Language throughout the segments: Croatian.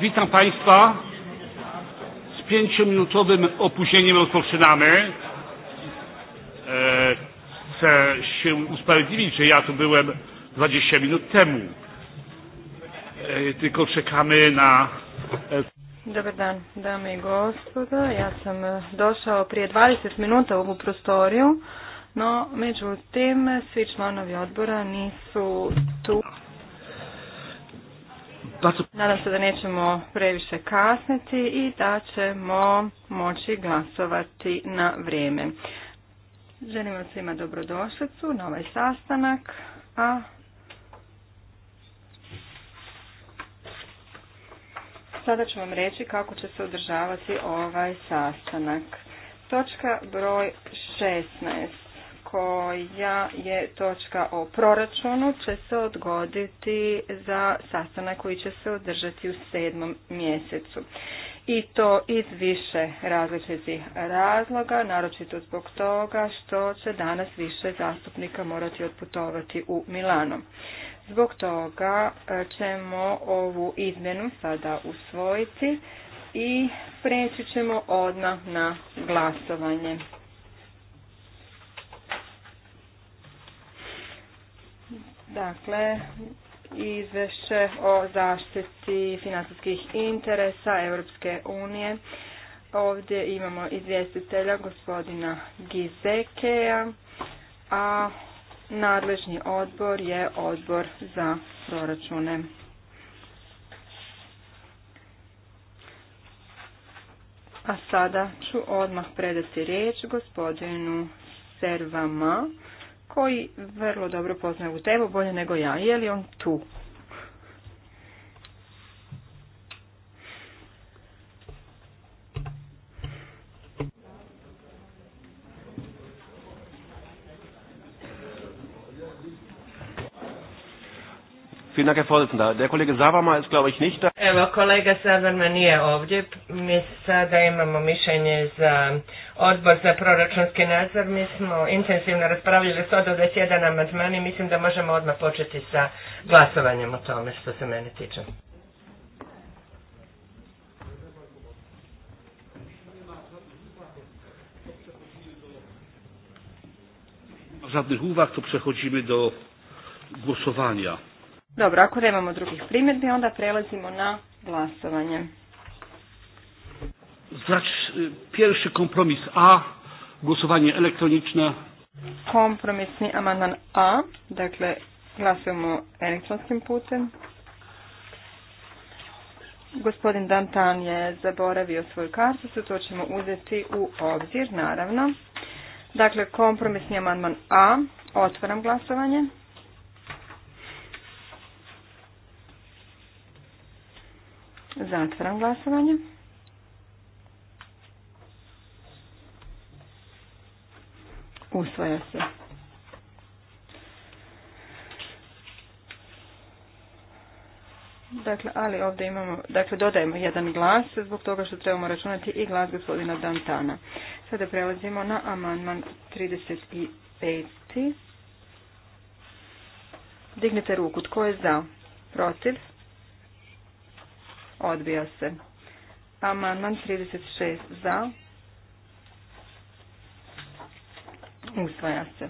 Witam Państwa. Z pięciominutowym opóźnieniem rozpoczynamy. E, chcę się usprawiedliwić, że ja tu byłem 20 minut temu. E, tylko czekamy na... E, Dobar dan, dame i gospodo. Ja sam došao prije 20 minuta u ovu prostoriju, no međutim svi članovi odbora nisu tu. Nadam se da nećemo previše kasniti i da ćemo moći glasovati na vrijeme. Želim vam svima dobrodošlicu na ovaj sastanak, a sada ću vam reći kako će se održavati ovaj sastanak. Točka broj 16 koja je točka o proračunu će se odgoditi za sastanak koji će se održati u sedmom mjesecu. I to iz više različitih razloga, naročito zbog toga što će danas više zastupnika morati otputovati u Milano. Zbog toga e, ćemo ovu izmjenu sada usvojiti i preći ćemo odmah na glasovanje. Dakle, izvješće o zaštiti financijskih interesa Europske unije. Ovdje imamo izvjestitelja gospodina Gizekeja, a nadležni odbor je odbor za proračune. A sada ću odmah predati riječ gospodinu Servama koji vrlo dobro poznaje ovu temu, bolje nego ja. Je li on tu? Vielen Dank, Herr Vorsitzender. Der Kollege Savama ist, glaube ich, nicht Evo, kolega Savama nije ovdje. Mi sada imamo mišljenje za odbor za proračunski nadzor. Mi smo intenzivno raspravljali 121 amandman i mislim da možemo odmah početi sa glasovanjem o tome što se mene tiče. Zadnjih uvah to do głosowania. Dobro, ako nemamo drugih primjedbi, onda prelazimo na glasovanje. Znači, pierwszy kompromis A, głosowanie elektroniczne. Kompromisni amandman A, dakle glasujemo elektronskim putem. Gospodin Dantan je zaboravio svoju karticu, to ćemo uzeti u obzir, naravno. Dakle, kompromisni amandman A, otvaram glasovanje. Zatvaram glasovanje. Usvaja se. Dakle, ali ovdje imamo, dakle, dodajemo jedan glas zbog toga što trebamo računati i glas gospodina Dantana. Sada prelazimo na amandman 35. Dignite ruku. Tko je za? Protiv? Odbija se. Amandman 36 za. Usvaja se.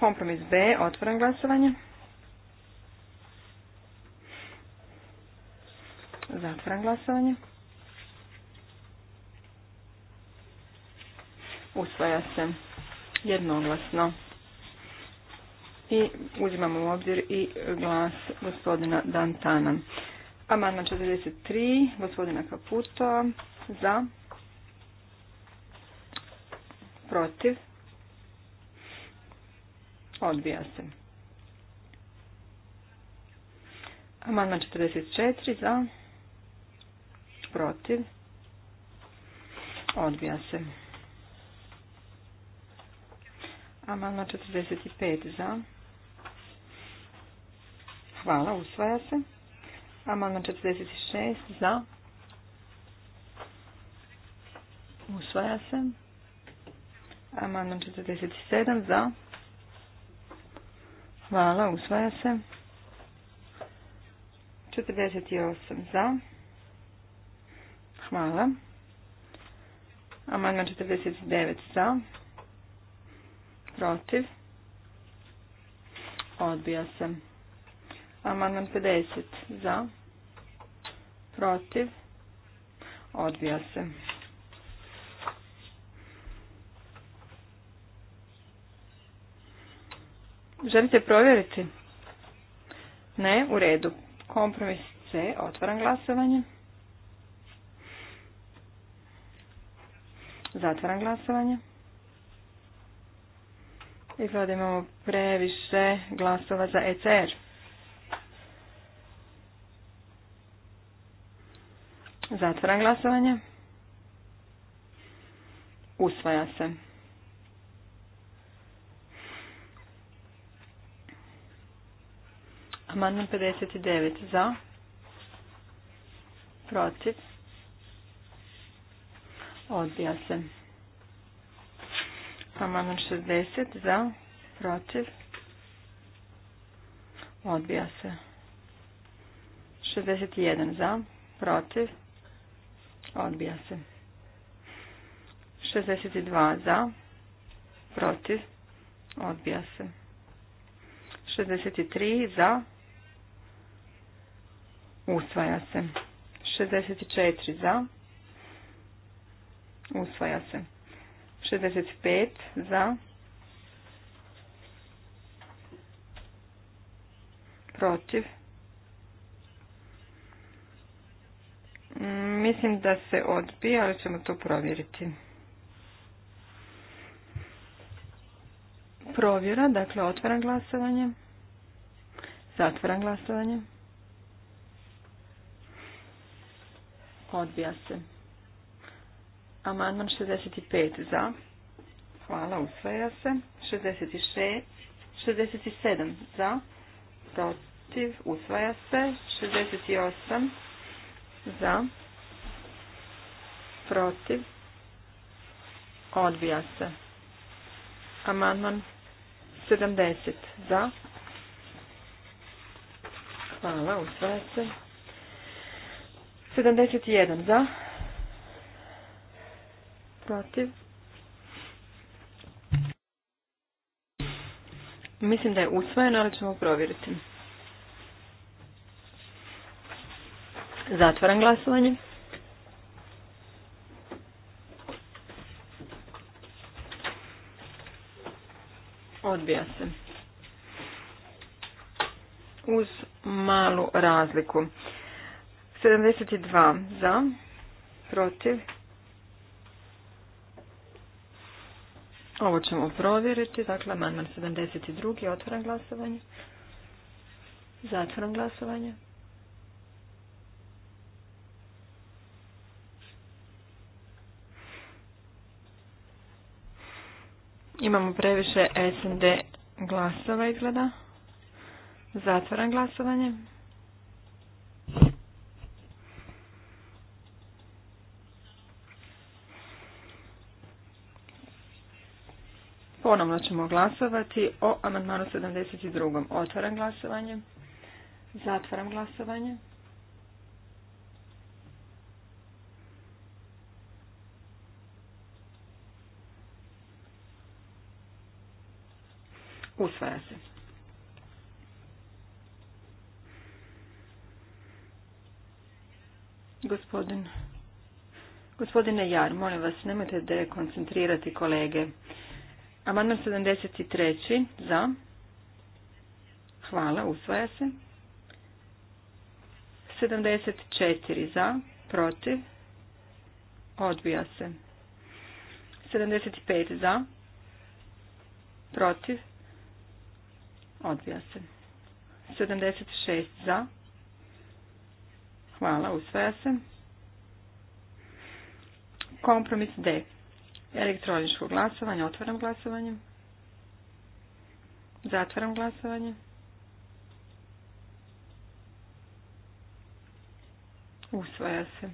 Kompromis B. Otvoren glasovanje. Zatvoren glasovanje. Usvaja se jednoglasno i uzimamo u obzir i glas gospodina Dantana. Amandman 43, gospodina Kaputo, za, protiv, odbija se. Amandman 44, za, protiv, odbija se. Amandman 45, za, Hvala, usvaja se. Amandman 46 za. Usvaja se. Amandman 47 za. Hvala, usvaja se. 48 za. Hvala. Amandman 49 za. Protiv. Odbija se. Amandman 50 za, protiv, odbija se. Želite provjeriti? Ne, u redu. Kompromis C, otvaram glasovanje. Zatvaram glasovanje. I sada imamo previše glasova za ECR. Zatvaram glasovanje. Usvaja se. Amandman 59 za. Protiv. Odbija se. Amandman 60 za. Protiv. Odbija se. 61 za. Protiv. Odbija se. 62 za. Protiv. Odbija se. 63 za. Usvaja se. 64 za. Usvaja se. 65 za. Protiv. Mislim da se odbija, ali ćemo to provjeriti. Provjera, dakle otvaram glasovanje. Zatvaram glasovanje. Odbija se. Amandman 65 za. Hvala, usvaja se. 66, 67 za. Protiv, usvaja se. 68 za, protiv, odbija se. Amandman 70 za, hvala, usvaja se. 71 za, protiv. Mislim da je usvojeno, ali ćemo provjeriti. Zatvaram glasovanje. Odbija se. Uz malu razliku. 72 za, protiv. Ovo ćemo provjeriti. Dakle, amandman 72. Otvaram glasovanje. Zatvaram glasovanje. Imamo previše SND glasova izgleda. Zatvaram glasovanje. Ponovno ćemo glasovati o amandmanu 72. Otvaram glasovanje. Zatvaram glasovanje. Usvaja se. Gospodin. Gospodine Jar, molim vas, nemojte dekoncentrirati kolege. Amandman 73. Za. Hvala, usvaja se. 74. Za. Protiv. Odbija se. 75. Za. Protiv. Odvija se. 76 za. Hvala, usvaja se. Kompromis D. Elektroničko glasovanje. Otvaram glasovanje. Zatvaram glasovanje. Usvaja se.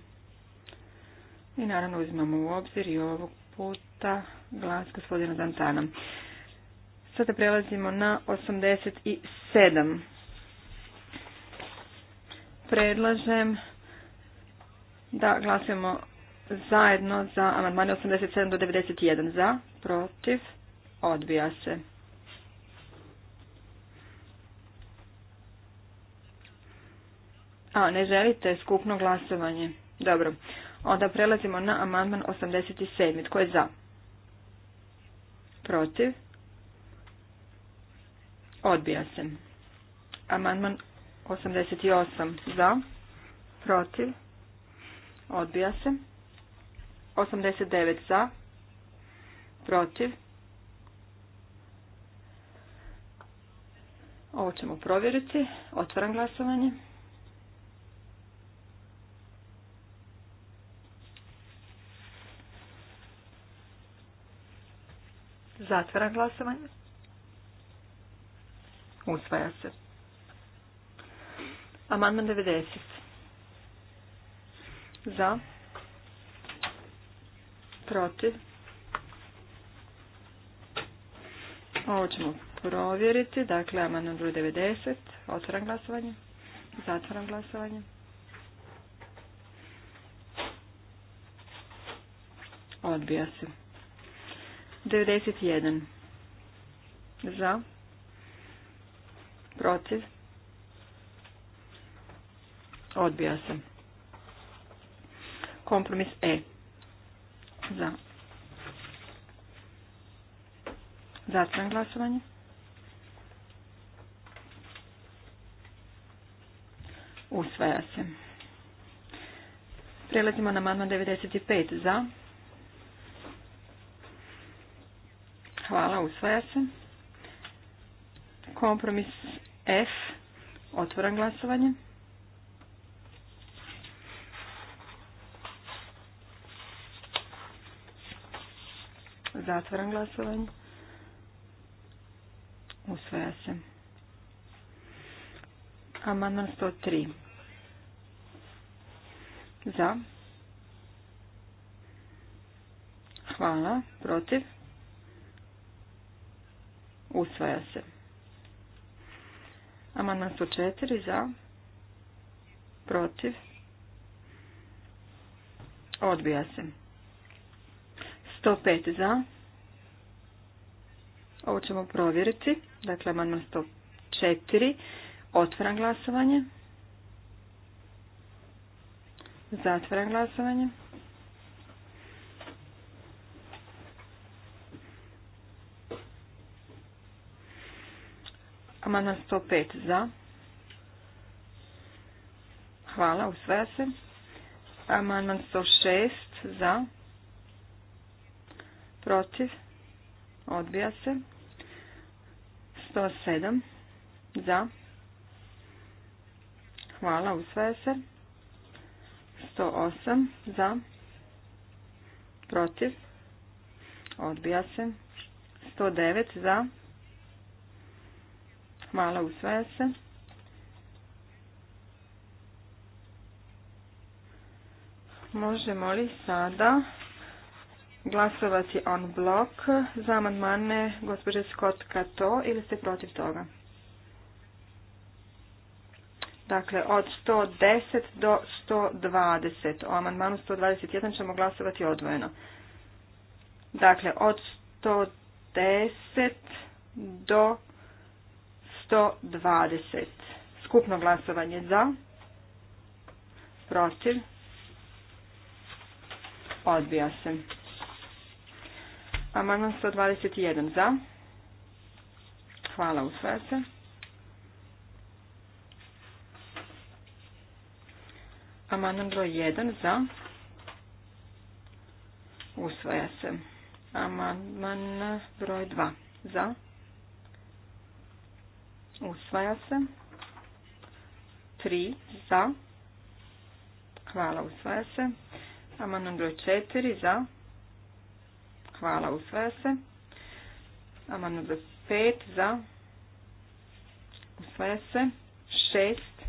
I naravno uzimamo u obzir i ovog puta glas gospodina Zantana. Sada prelazimo na 87. Predlažem da glasujemo zajedno za amandmane 87 do 91 za, protiv, odbija se. A, ne želite skupno glasovanje. Dobro. Onda prelazimo na amandman 87. Tko je za? Protiv? Odbija se. Amandman 88 za, protiv, odbija se. 89 za, protiv. Ovo ćemo provjeriti. Otvaram glasovanje. Zatvaram glasovanje. Usvaja se. Amandman 90. Za. Protiv. Ovo ćemo provjeriti. Dakle, amandman broj 90. Otvoram glasovanje. Zatvoram glasovanje. Odbija se. 91. Za. Protiv. Odbija se. Kompromis E. Za. Zatvoren glasovanje. Usvaja se. Prelazimo na devedeset 95 za. Hvala, usvaja se. Kompromis F. Otvoram glasovanje. Zatvoram glasovanje. Usvaja se. Amandman 103. Za. Hvala. Protiv. Usvaja se. Amandman 104 za, protiv, odbija se. 105 za, ovo ćemo provjeriti, dakle amandman 104, otvaram glasovanje, zatvaram glasovanje. Amandman 105 za. Hvala, usvaja se. Amandman 106 za. Protiv. Odbija se. 107 za. Hvala, usvaja se. 108 za. Protiv. Odbija se. 109 za. Hvala, usvaja se. Možemo li sada glasovati on blok za amandmane gospođe Scott Kato ili ste protiv toga? Dakle, od 110 do 120. O amandmanu 121 ćemo glasovati odvojeno. Dakle, od 110 do 120. Skupno glasovanje za. Protiv. Odbija se. Amandman 121 za. Hvala, usvaja se. Amandman broj 1 za. Usvaja se. Amandman broj 2 za. Usvaja se. Tri za. Hvala, usvaja se. Amandman broj četiri za. Hvala, usvaja se. Amandman broj pet za. Usvaja se. Šest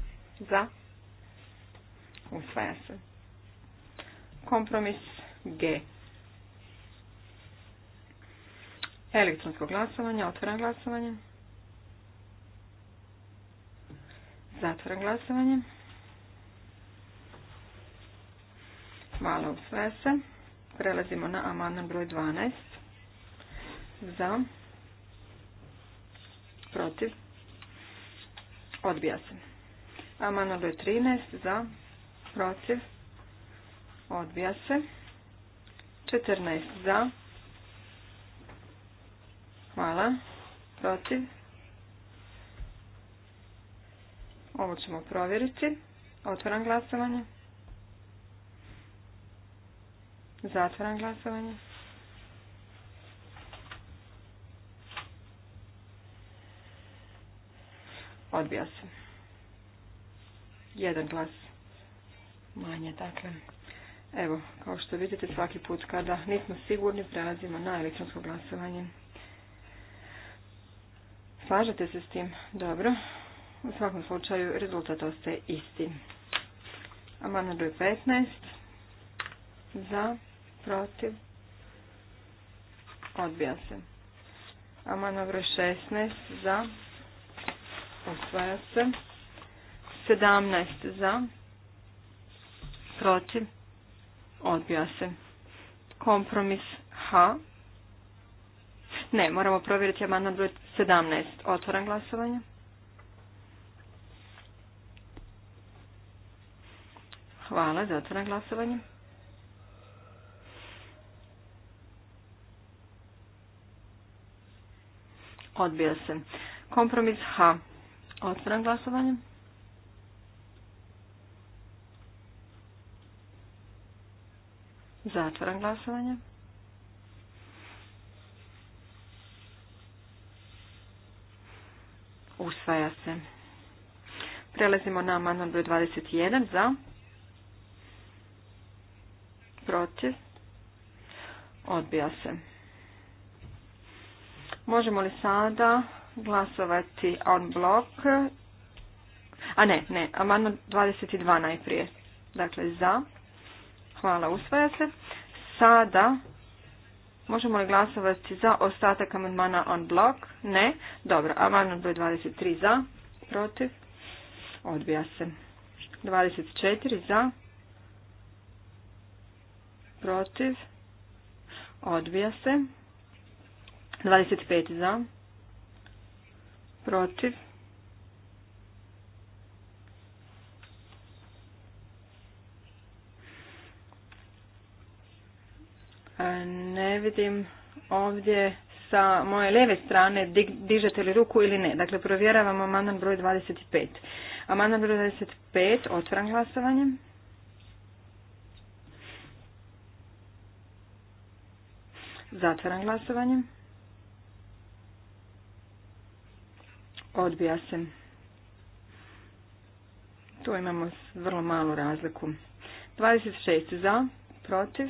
za. Usvaja se. Kompromis G. Elektronsko glasovanje, otvoran glasovanje. Zatvoram glasovanje. Hvala, sve se. Prelazimo na amandman broj 12. Za. Protiv. Odbija se. Amandman broj 13. Za. Protiv. Odbija se. 14. Za. Hvala. Protiv. Ovo ćemo provjeriti. Otvaram glasovanje. Zatvaram glasovanje. Odbija se. Jedan glas manje, dakle. Evo, kao što vidite, svaki put kada nismo sigurni, prelazimo na elektronsko glasovanje. Slažete se s tim? Dobro. U svakom slučaju rezultat ostaje isti. Amandman broj 15. Za, protiv, odbija se. Amandman broj 16. Za, osvaja se. 17. Za, protiv, odbija se. Kompromis H. Ne, moramo provjeriti amandman broj 17. Otvoram glasovanje. Hvala, zatvoram glasovanje. Odbija se. Kompromis H. otvoran glasovanje. zatvoran glasovanje. Usvaja se. Prelazimo na amandman broj 21 za protiv, odbija se. Možemo li sada glasovati on blok? A ne, ne, amandman 22 najprije. Dakle, za. Hvala, usvaja se. Sada možemo li glasovati za ostatak amandmana on blok? Ne. Dobro, amandman broj 23 za, protiv, odbija se. 24 za, protiv, odbija se. 25 za, protiv, ne vidim ovdje sa moje lijeve strane dižete li ruku ili ne. Dakle, provjeravamo amandman broj 25. Amandman broj 25, otvaram glasovanje. Zatvaram glasovanje. Odbija se. Tu imamo vrlo malu razliku. 26 za, protiv.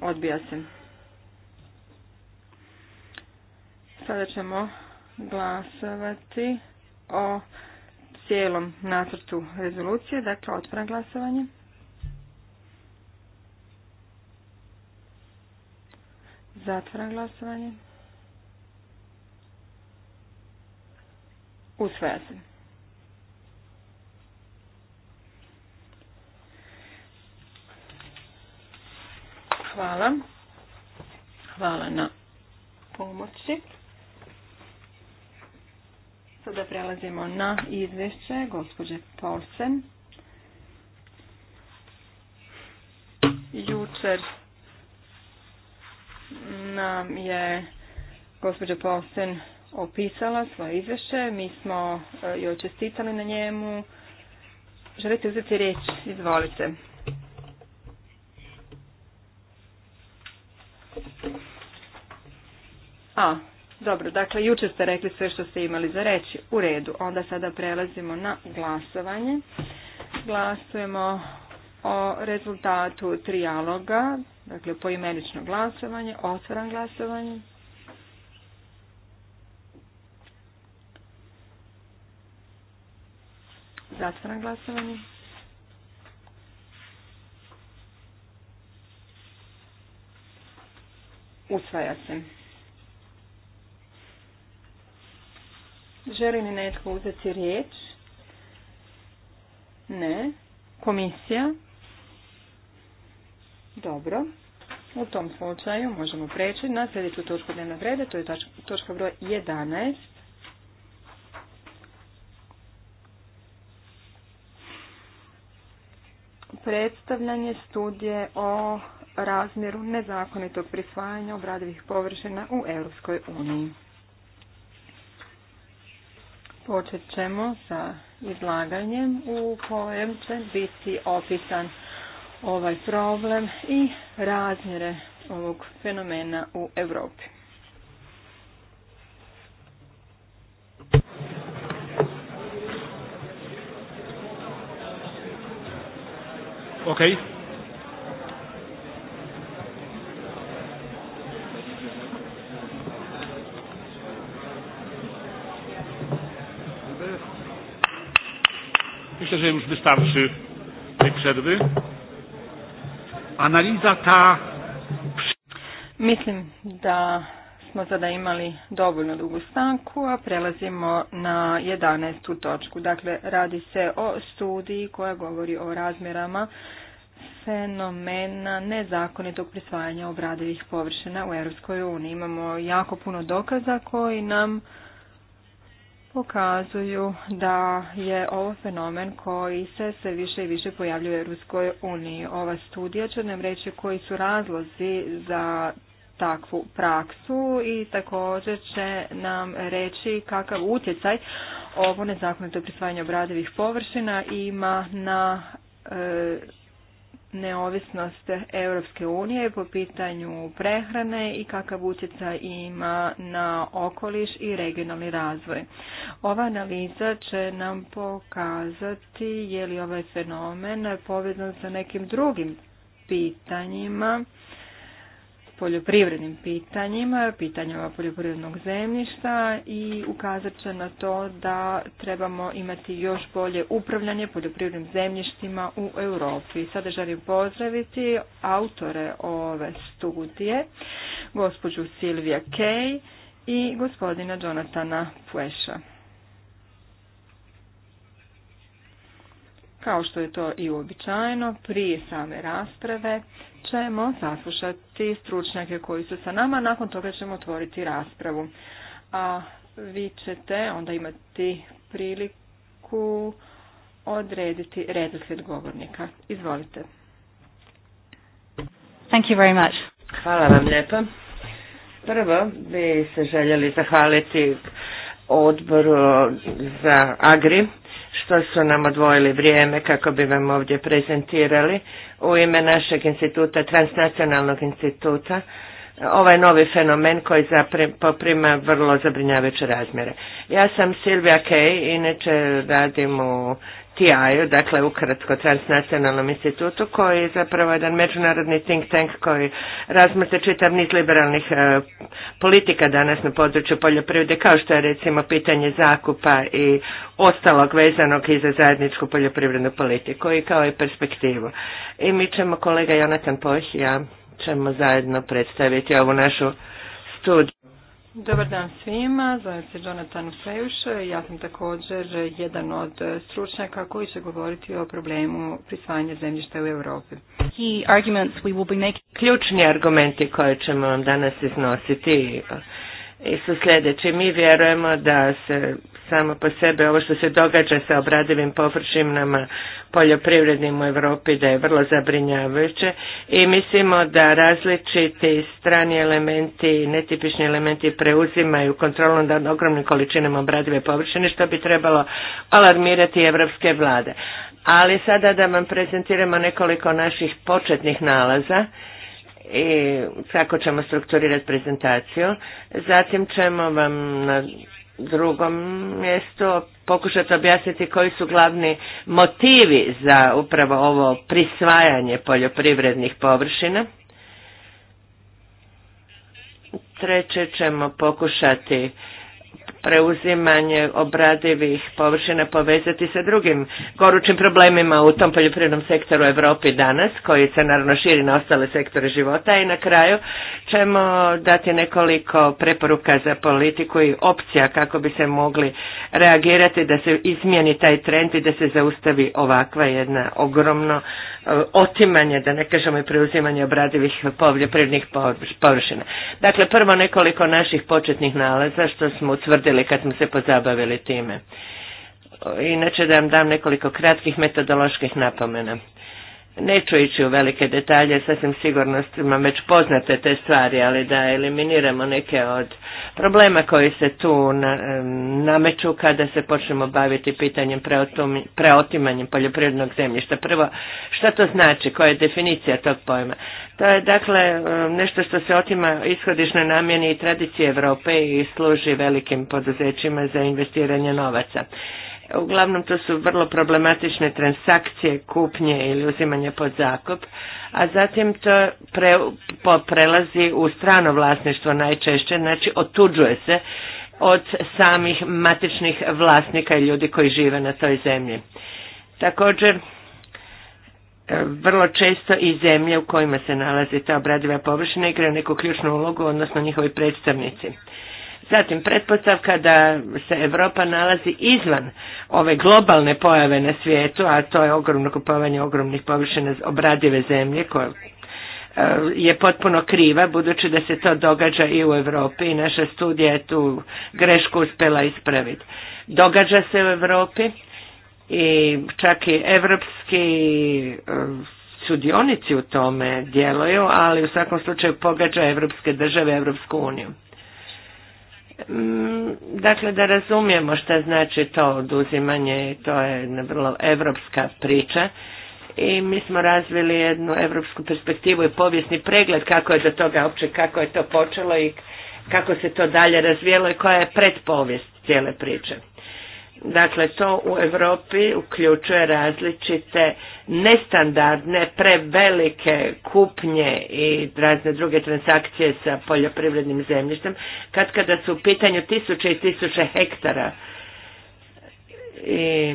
Odbija se. Sada ćemo glasovati o cijelom nacrtu rezolucije. Dakle, otvaram glasovanje. Zatvaram glasovanje. Usvaja se. Hvala. Hvala na pomoći. Sada prelazimo na izvješće gospođe Paulsen. Jučer nam je gospođa Paulsen opisala svoje izvješće. Mi smo e, joj čestitali na njemu. Želite uzeti riječ? Izvolite. A, dobro, dakle, jučer ste rekli sve što ste imali za reći. U redu, onda sada prelazimo na glasovanje. Glasujemo o rezultatu trijaloga Dakle, poimenično glasovanje, Otvoran glasovanje. zatvoran glasovanje. Usvaja se. Želi li netko uzeti riječ? Ne. Komisija? Dobro. U tom slučaju možemo preći na sljedeću točku dnevnog reda, to je točka broj 11. Predstavljanje studije o razmjeru nezakonitog prisvajanja obradivih površina u Europskoj uniji. Počet ćemo sa izlaganjem u kojem će biti opisan ovaj problem i razmjere ovog fenomena u Europi. Okay. Myślę, że już wystarczy tej przerwy analiza ta... Mislim da smo sada imali dovoljno dugu stanku, a prelazimo na 11. točku. Dakle, radi se o studiji koja govori o razmjerama fenomena nezakonitog prisvajanja obradivih površina u EU. Imamo jako puno dokaza koji nam pokazuju da je ovo fenomen koji se sve više i više pojavljuje u Ruskoj uniji. Ova studija će nam reći koji su razlozi za takvu praksu i također će nam reći kakav utjecaj ovo nezakonito prisvajanje obradivih površina ima na e, neovisnost Europske unije po pitanju prehrane i kakav utjecaj ima na okoliš i regionalni razvoj. Ova analiza će nam pokazati je li ovaj fenomen povezan sa nekim drugim pitanjima poljoprivrednim pitanjima, pitanjima poljoprivrednog zemljišta i ukazat će na to da trebamo imati još bolje upravljanje poljoprivrednim zemljištima u Europi. Sada želim pozdraviti autore ove studije, gospođu Silvija Kej i gospodina Jonatana Pueša. Kao što je to i uobičajeno, prije same rasprave ćemo saslušati stručnjake koji su sa nama, nakon toga ćemo otvoriti raspravu. A vi ćete onda imati priliku odrediti redoslijed govornika. Izvolite. Thank you very much. Hvala vam lijepa. Prvo bi se željeli zahvaliti odboru za Agri što su nam odvojili vrijeme kako bi vam ovdje prezentirali u ime našeg instituta, transnacionalnog instituta, ovaj novi fenomen koji poprima vrlo zabrinjavajuće razmjere. Ja sam Silvija Kej, inače radim u TI-u, dakle ukratko transnacionalnom institutu, koji je zapravo jedan međunarodni think tank koji razmrte čitav niz liberalnih e, politika danas na području poljoprivrede, kao što je recimo pitanje zakupa i ostalog vezanog i za zajedničku poljoprivrednu politiku i kao i perspektivu. I mi ćemo, kolega Jonathan Poh, ja ćemo zajedno predstaviti ovu našu studiju. Dobar dan svima, zovem se Jonathan Fejuš, ja sam također jedan od stručnjaka koji će govoriti o problemu prisvajanja zemljišta u Europi. Ključni argumenti koje ćemo danas iznositi i su sljedeći. Mi vjerujemo da se samo po sebe ovo što se događa sa obradivim površinama poljoprivrednim u Europi da je vrlo zabrinjavajuće i mislimo da različiti strani elementi, netipični elementi preuzimaju kontrolu nad ogromnim količinama obradive površine što bi trebalo alarmirati evropske vlade. Ali sada da vam prezentiramo nekoliko naših početnih nalaza i kako ćemo strukturirati prezentaciju. Zatim ćemo vam na drugom mjestu pokušati objasniti koji su glavni motivi za upravo ovo prisvajanje poljoprivrednih površina. Treće ćemo pokušati preuzimanje obradivih površina povezati sa drugim gorućim problemima u tom poljoprivrednom sektoru Europi danas, koji se naravno širi na ostale sektore života i na kraju ćemo dati nekoliko preporuka za politiku i opcija kako bi se mogli reagirati da se izmijeni taj trend i da se zaustavi ovakva jedna ogromno eh, otimanje, da ne kažemo i preuzimanje obradivih poljoprivrednih površina. Dakle, prvo nekoliko naših početnih nalaza što smo utvrdili ili kad smo se pozabavili time. Inače da vam dam nekoliko kratkih metodoloških napomena. Neću ići u velike detalje, sasvim sigurno vam već poznate te stvari, ali da eliminiramo neke od problema koji se tu nameću kada se počnemo baviti pitanjem preotimanjem poljoprivrednog zemljišta. Prvo, šta to znači, koja je definicija tog pojma? To je dakle e, nešto što se otima ishodišnoj namjeni i tradicije Europe i služi velikim poduzećima za investiranje novaca. Uglavnom to su vrlo problematične transakcije, kupnje ili uzimanje pod zakup, a zatim to prelazi u strano vlasništvo najčešće, znači otuđuje se od samih matičnih vlasnika i ljudi koji žive na toj zemlji. Također, vrlo često i zemlje u kojima se nalazi ta obradiva površina igraju neku ključnu ulogu, odnosno njihovi predstavnici. Zatim, pretpostavka da se Europa nalazi izvan ove globalne pojave na svijetu, a to je ogromno kupovanje ogromnih površina obradive zemlje koje je potpuno kriva, budući da se to događa i u Europi i naša studija je tu grešku uspjela ispraviti. Događa se u Europi, i čak i evropski e, sudionici u tome djeluju, ali u svakom slučaju pogađa evropske države, Evropsku uniju. Mm, dakle, da razumijemo šta znači to oduzimanje, to je jedna vrlo evropska priča i mi smo razvili jednu evropsku perspektivu i povijesni pregled kako je do toga uopće, kako je to počelo i kako se to dalje razvijelo i koja je predpovijest cijele priče. Dakle, to u Europi uključuje različite nestandardne, prevelike kupnje i razne druge transakcije sa poljoprivrednim zemljištem, kad kada su u pitanju tisuće i tisuće hektara. I,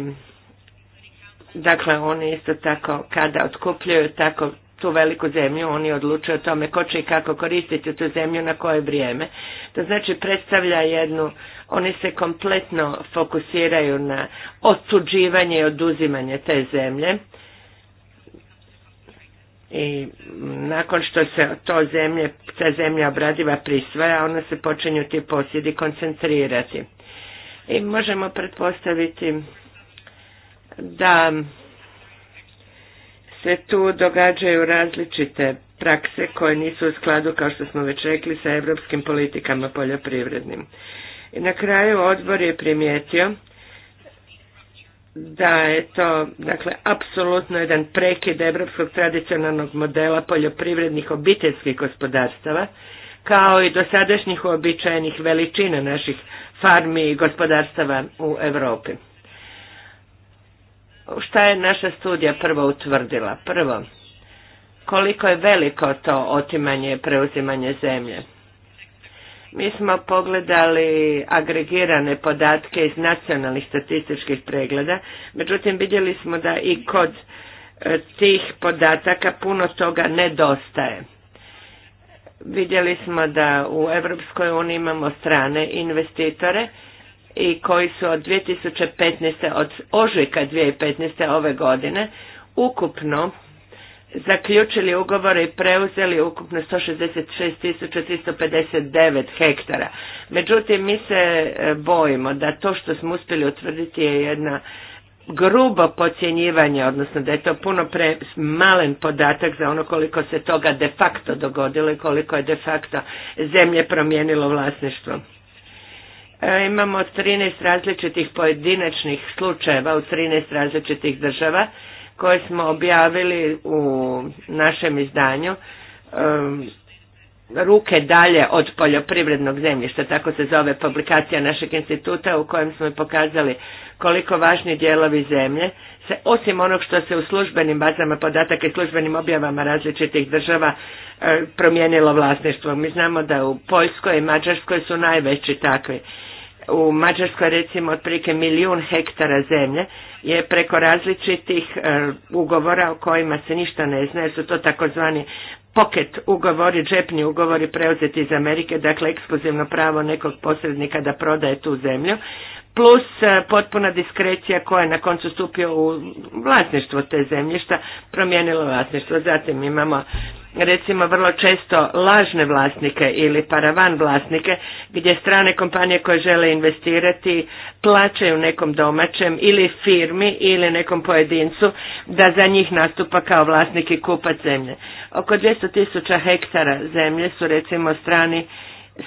dakle, oni isto tako kada otkupljuju tako tu veliku zemlju, oni odlučuju o tome ko će i kako koristiti tu zemlju, na koje vrijeme. To znači predstavlja jednu, oni se kompletno fokusiraju na osuđivanje i oduzimanje te zemlje i nakon što se to zemlje, ta zemlja obradiva prisvaja, ona se počinju ti posjedi koncentrirati. I možemo pretpostaviti da se tu događaju različite prakse koje nisu u skladu, kao što smo već rekli, sa europskim politikama poljoprivrednim. I na kraju odbor je primijetio da je to, dakle, apsolutno jedan prekid europskog tradicionalnog modela poljoprivrednih obiteljskih gospodarstava, kao i dosadašnjih uobičajenih veličina naših farmi i gospodarstava u Europi šta je naša studija prvo utvrdila? Prvo, koliko je veliko to otimanje i preuzimanje zemlje? Mi smo pogledali agregirane podatke iz nacionalnih statističkih pregleda, međutim vidjeli smo da i kod e, tih podataka puno toga nedostaje. Vidjeli smo da u Europskoj imamo strane investitore i koji su od 2015. od ožujka 2015. ove godine ukupno zaključili ugovore i preuzeli ukupno 166.359 hektara. Međutim, mi se e, bojimo da to što smo uspjeli utvrditi je jedna grubo pocijenjivanje, odnosno da je to puno pre malen podatak za ono koliko se toga de facto dogodilo i koliko je de facto zemlje promijenilo vlasništvo. E, imamo 13 različitih pojedinačnih slučajeva u 13 različitih država koje smo objavili u našem izdanju ruke dalje od poljoprivrednog zemljišta, tako se zove publikacija našeg instituta u kojem smo pokazali koliko važni dijelovi zemlje se osim onog što se u službenim bazama podataka i službenim objavama različitih država e, promijenilo vlasništvo. Mi znamo da u Poljskoj i Mađarskoj su najveći takvi u Mađarskoj recimo otprilike milijun hektara zemlje je preko različitih e, ugovora o kojima se ništa ne zna jer su to takozvani pocket ugovori, džepni ugovori preuzeti iz Amerike, dakle ekskluzivno pravo nekog posrednika da prodaje tu zemlju plus e, potpuna diskrecija koja je na koncu stupio u vlasništvo te zemljišta, promijenilo vlasništvo. Zatim imamo recimo vrlo često lažne vlasnike ili paravan vlasnike gdje strane kompanije koje žele investirati plaćaju nekom domaćem ili firmi ili nekom pojedincu da za njih nastupa kao vlasnik i kupac zemlje. Oko 200 tisuća hektara zemlje su recimo strani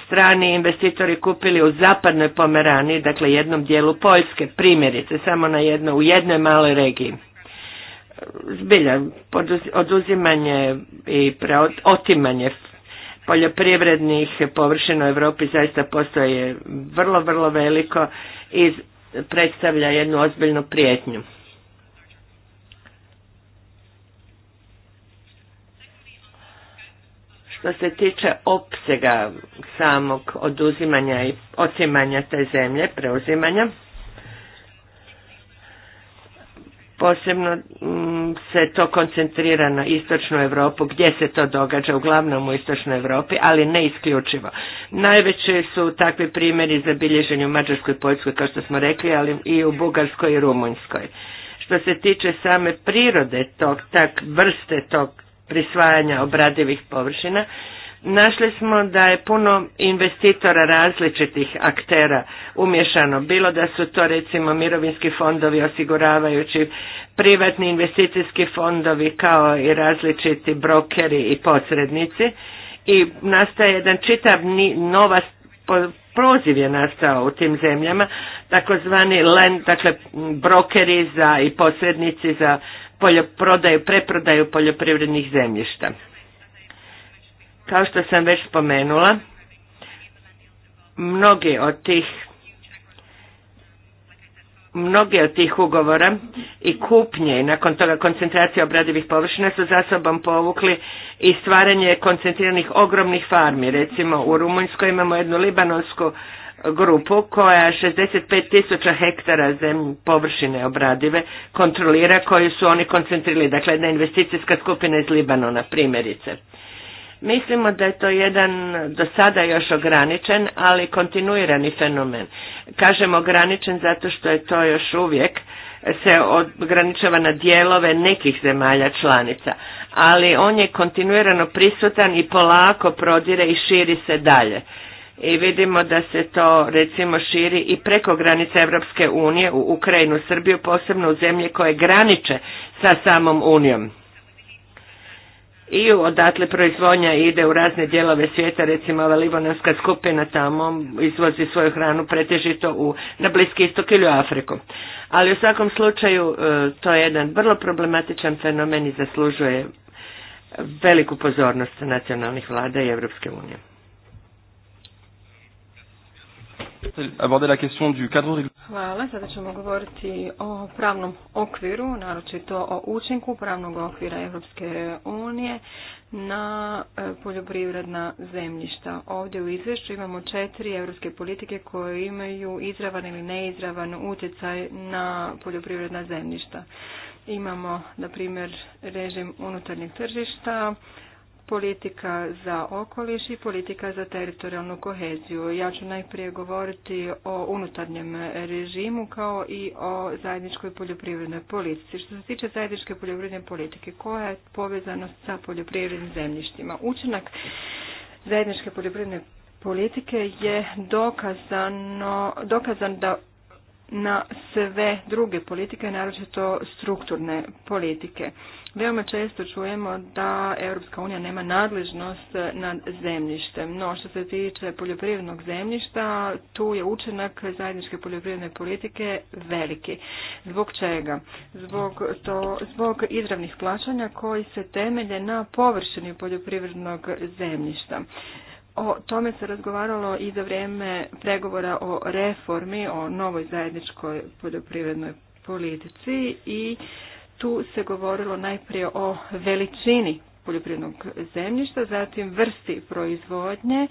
strani investitori kupili u zapadnoj Pomerani, dakle jednom dijelu Poljske, primjerice, samo na jedno, u jednoj maloj regiji. Zbilja, oduzimanje i otimanje poljoprivrednih površina u Europi zaista postoje vrlo, vrlo veliko i predstavlja jednu ozbiljnu prijetnju. Što se tiče opsega samog oduzimanja i otimanja te zemlje, preuzimanja, posebno mm, se to koncentrira na istočnu Europu, gdje se to događa, uglavnom u istočnoj Europi, ali ne isključivo. Najveći su takvi primjeri zabilježeni u Mađarskoj Poljskoj, kao što smo rekli, ali i u Bugarskoj i Rumunjskoj. Što se tiče same prirode tog, tak vrste tog prisvajanja obradivih površina, našli smo da je puno investitora različitih aktera umješano. Bilo da su to recimo mirovinski fondovi, osiguravajući privatni investicijski fondovi kao i različiti brokeri i posrednici i nastaje jedan čitav nova proziv je nastao u tim zemljama, takozvani land, dakle brokeri za i posrednici za prodaju, preprodaju poljoprivrednih zemljišta. Kao što sam već spomenula, mnogi od tih mnogi od tih ugovora i kupnje i nakon toga koncentracije obradivih površina su za sobom povukli i stvaranje koncentriranih ogromnih farmi. Recimo u Rumunjskoj imamo jednu libanonsku grupu koja 65 tisuća hektara zemlje površine obradive kontrolira koju su oni koncentrili, dakle jedna investicijska skupina iz Libanona primjerice. Mislimo da je to jedan do sada još ograničen, ali kontinuirani fenomen. Kažem ograničen zato što je to još uvijek se ograničava na dijelove nekih zemalja članica, ali on je kontinuirano prisutan i polako prodire i širi se dalje i vidimo da se to recimo širi i preko granice Europske unije u Ukrajinu, Srbiju, posebno u zemlje koje graniče sa samom Unijom. I odatle proizvodnja ide u razne dijelove svijeta, recimo ova libanonska skupina tamo izvozi svoju hranu pretežito u, na Bliski istok ili u Afriku. Ali u svakom slučaju e, to je jedan vrlo problematičan fenomen i zaslužuje veliku pozornost nacionalnih vlada i Europske unije. Hvala, sada ćemo govoriti o pravnom okviru, naročito o učinku pravnog okvira Europske unije na e, poljoprivredna zemljišta. Ovdje u izvješću imamo četiri europske politike koje imaju izravan ili neizravan utjecaj na poljoprivredna zemljišta. Imamo, na primjer, režim unutarnjeg tržišta, politika za okoliš i politika za teritorijalnu koheziju. Ja ću najprije govoriti o unutarnjem režimu kao i o zajedničkoj poljoprivrednoj politici. Što se tiče zajedničke poljoprivredne politike, koja je povezanost sa poljoprivrednim zemljištima? Učinak zajedničke poljoprivredne politike je dokazano, dokazan da na sve druge politike, naročito strukturne politike. Veoma često čujemo da Europska unija nema nadležnost nad zemljištem, no što se tiče poljoprivrednog zemljišta, tu je učinak zajedničke poljoprivredne politike veliki. Zbog čega? Zbog, to, zbog izravnih plaćanja koji se temelje na površini poljoprivrednog zemljišta. O tome se razgovaralo i za vrijeme pregovora o reformi, o novoj zajedničkoj poljoprivrednoj politici i tu se govorilo najprije o veličini poljoprivrednog zemljišta, zatim vrsti proizvodnje,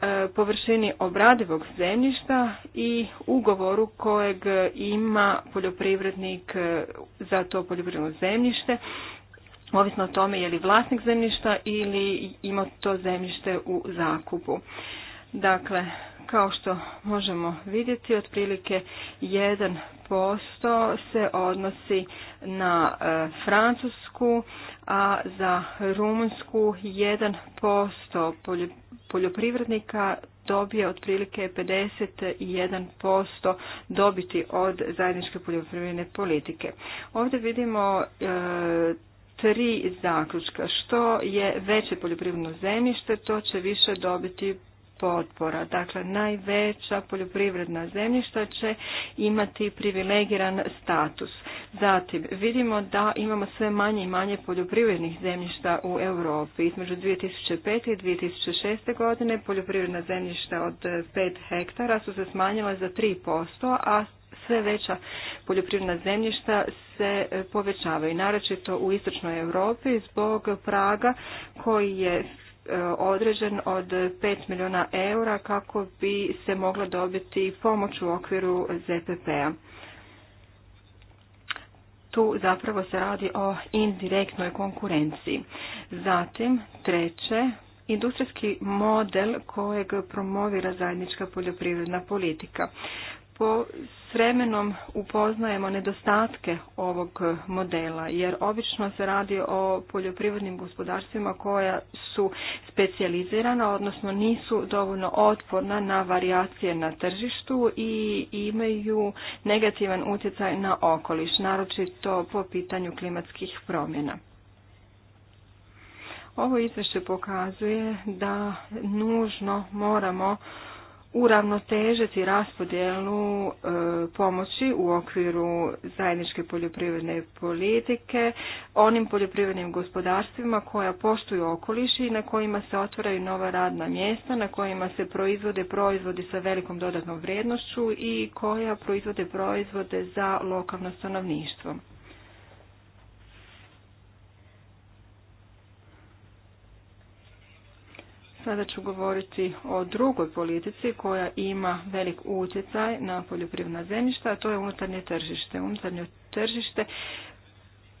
e, površini obradivog zemljišta i ugovoru kojeg ima poljoprivrednik e, za to poljoprivredno zemljište, ovisno o tome je li vlasnik zemljišta ili ima to zemljište u zakupu. Dakle, kao što možemo vidjeti, otprilike 1% se odnosi na e, Francusku, a za Rumunsku 1% poljoprivrednika dobije otprilike 51% dobiti od zajedničke poljoprivredne politike. Ovdje vidimo e, tri zaključka. Što je veće poljoprivredno zemljište, to će više dobiti potpora. Dakle, najveća poljoprivredna zemljišta će imati privilegiran status. Zatim, vidimo da imamo sve manje i manje poljoprivrednih zemljišta u Europi. Između 2005. i 2006. godine poljoprivredna zemljišta od 5 hektara su se smanjila za 3%, a sve veća poljoprivredna zemljišta se povećavaju, naročito u istočnoj Europi zbog praga koji je određen od 5 milijuna eura kako bi se mogla dobiti pomoć u okviru ZPP-a. Tu zapravo se radi o indirektnoj konkurenciji. Zatim, treće, industrijski model kojeg promovira zajednička poljoprivredna politika po, s vremenom upoznajemo nedostatke ovog modela, jer obično se radi o poljoprivrednim gospodarstvima koja su specijalizirana, odnosno nisu dovoljno otporna na varijacije na tržištu i imaju negativan utjecaj na okoliš, naročito po pitanju klimatskih promjena. Ovo izvješće pokazuje da nužno moramo uravnotežiti raspodjelu e, pomoći u okviru zajedničke poljoprivredne politike onim poljoprivrednim gospodarstvima koja poštuju okoliš i na kojima se otvaraju nova radna mjesta, na kojima se proizvode proizvodi sa velikom dodatnom vrijednošću i koja proizvode proizvode za lokalno stanovništvo. Sada ću govoriti o drugoj politici koja ima velik utjecaj na poljoprivredna zemljišta, a to je unutarnje tržište. Unutarnje tržište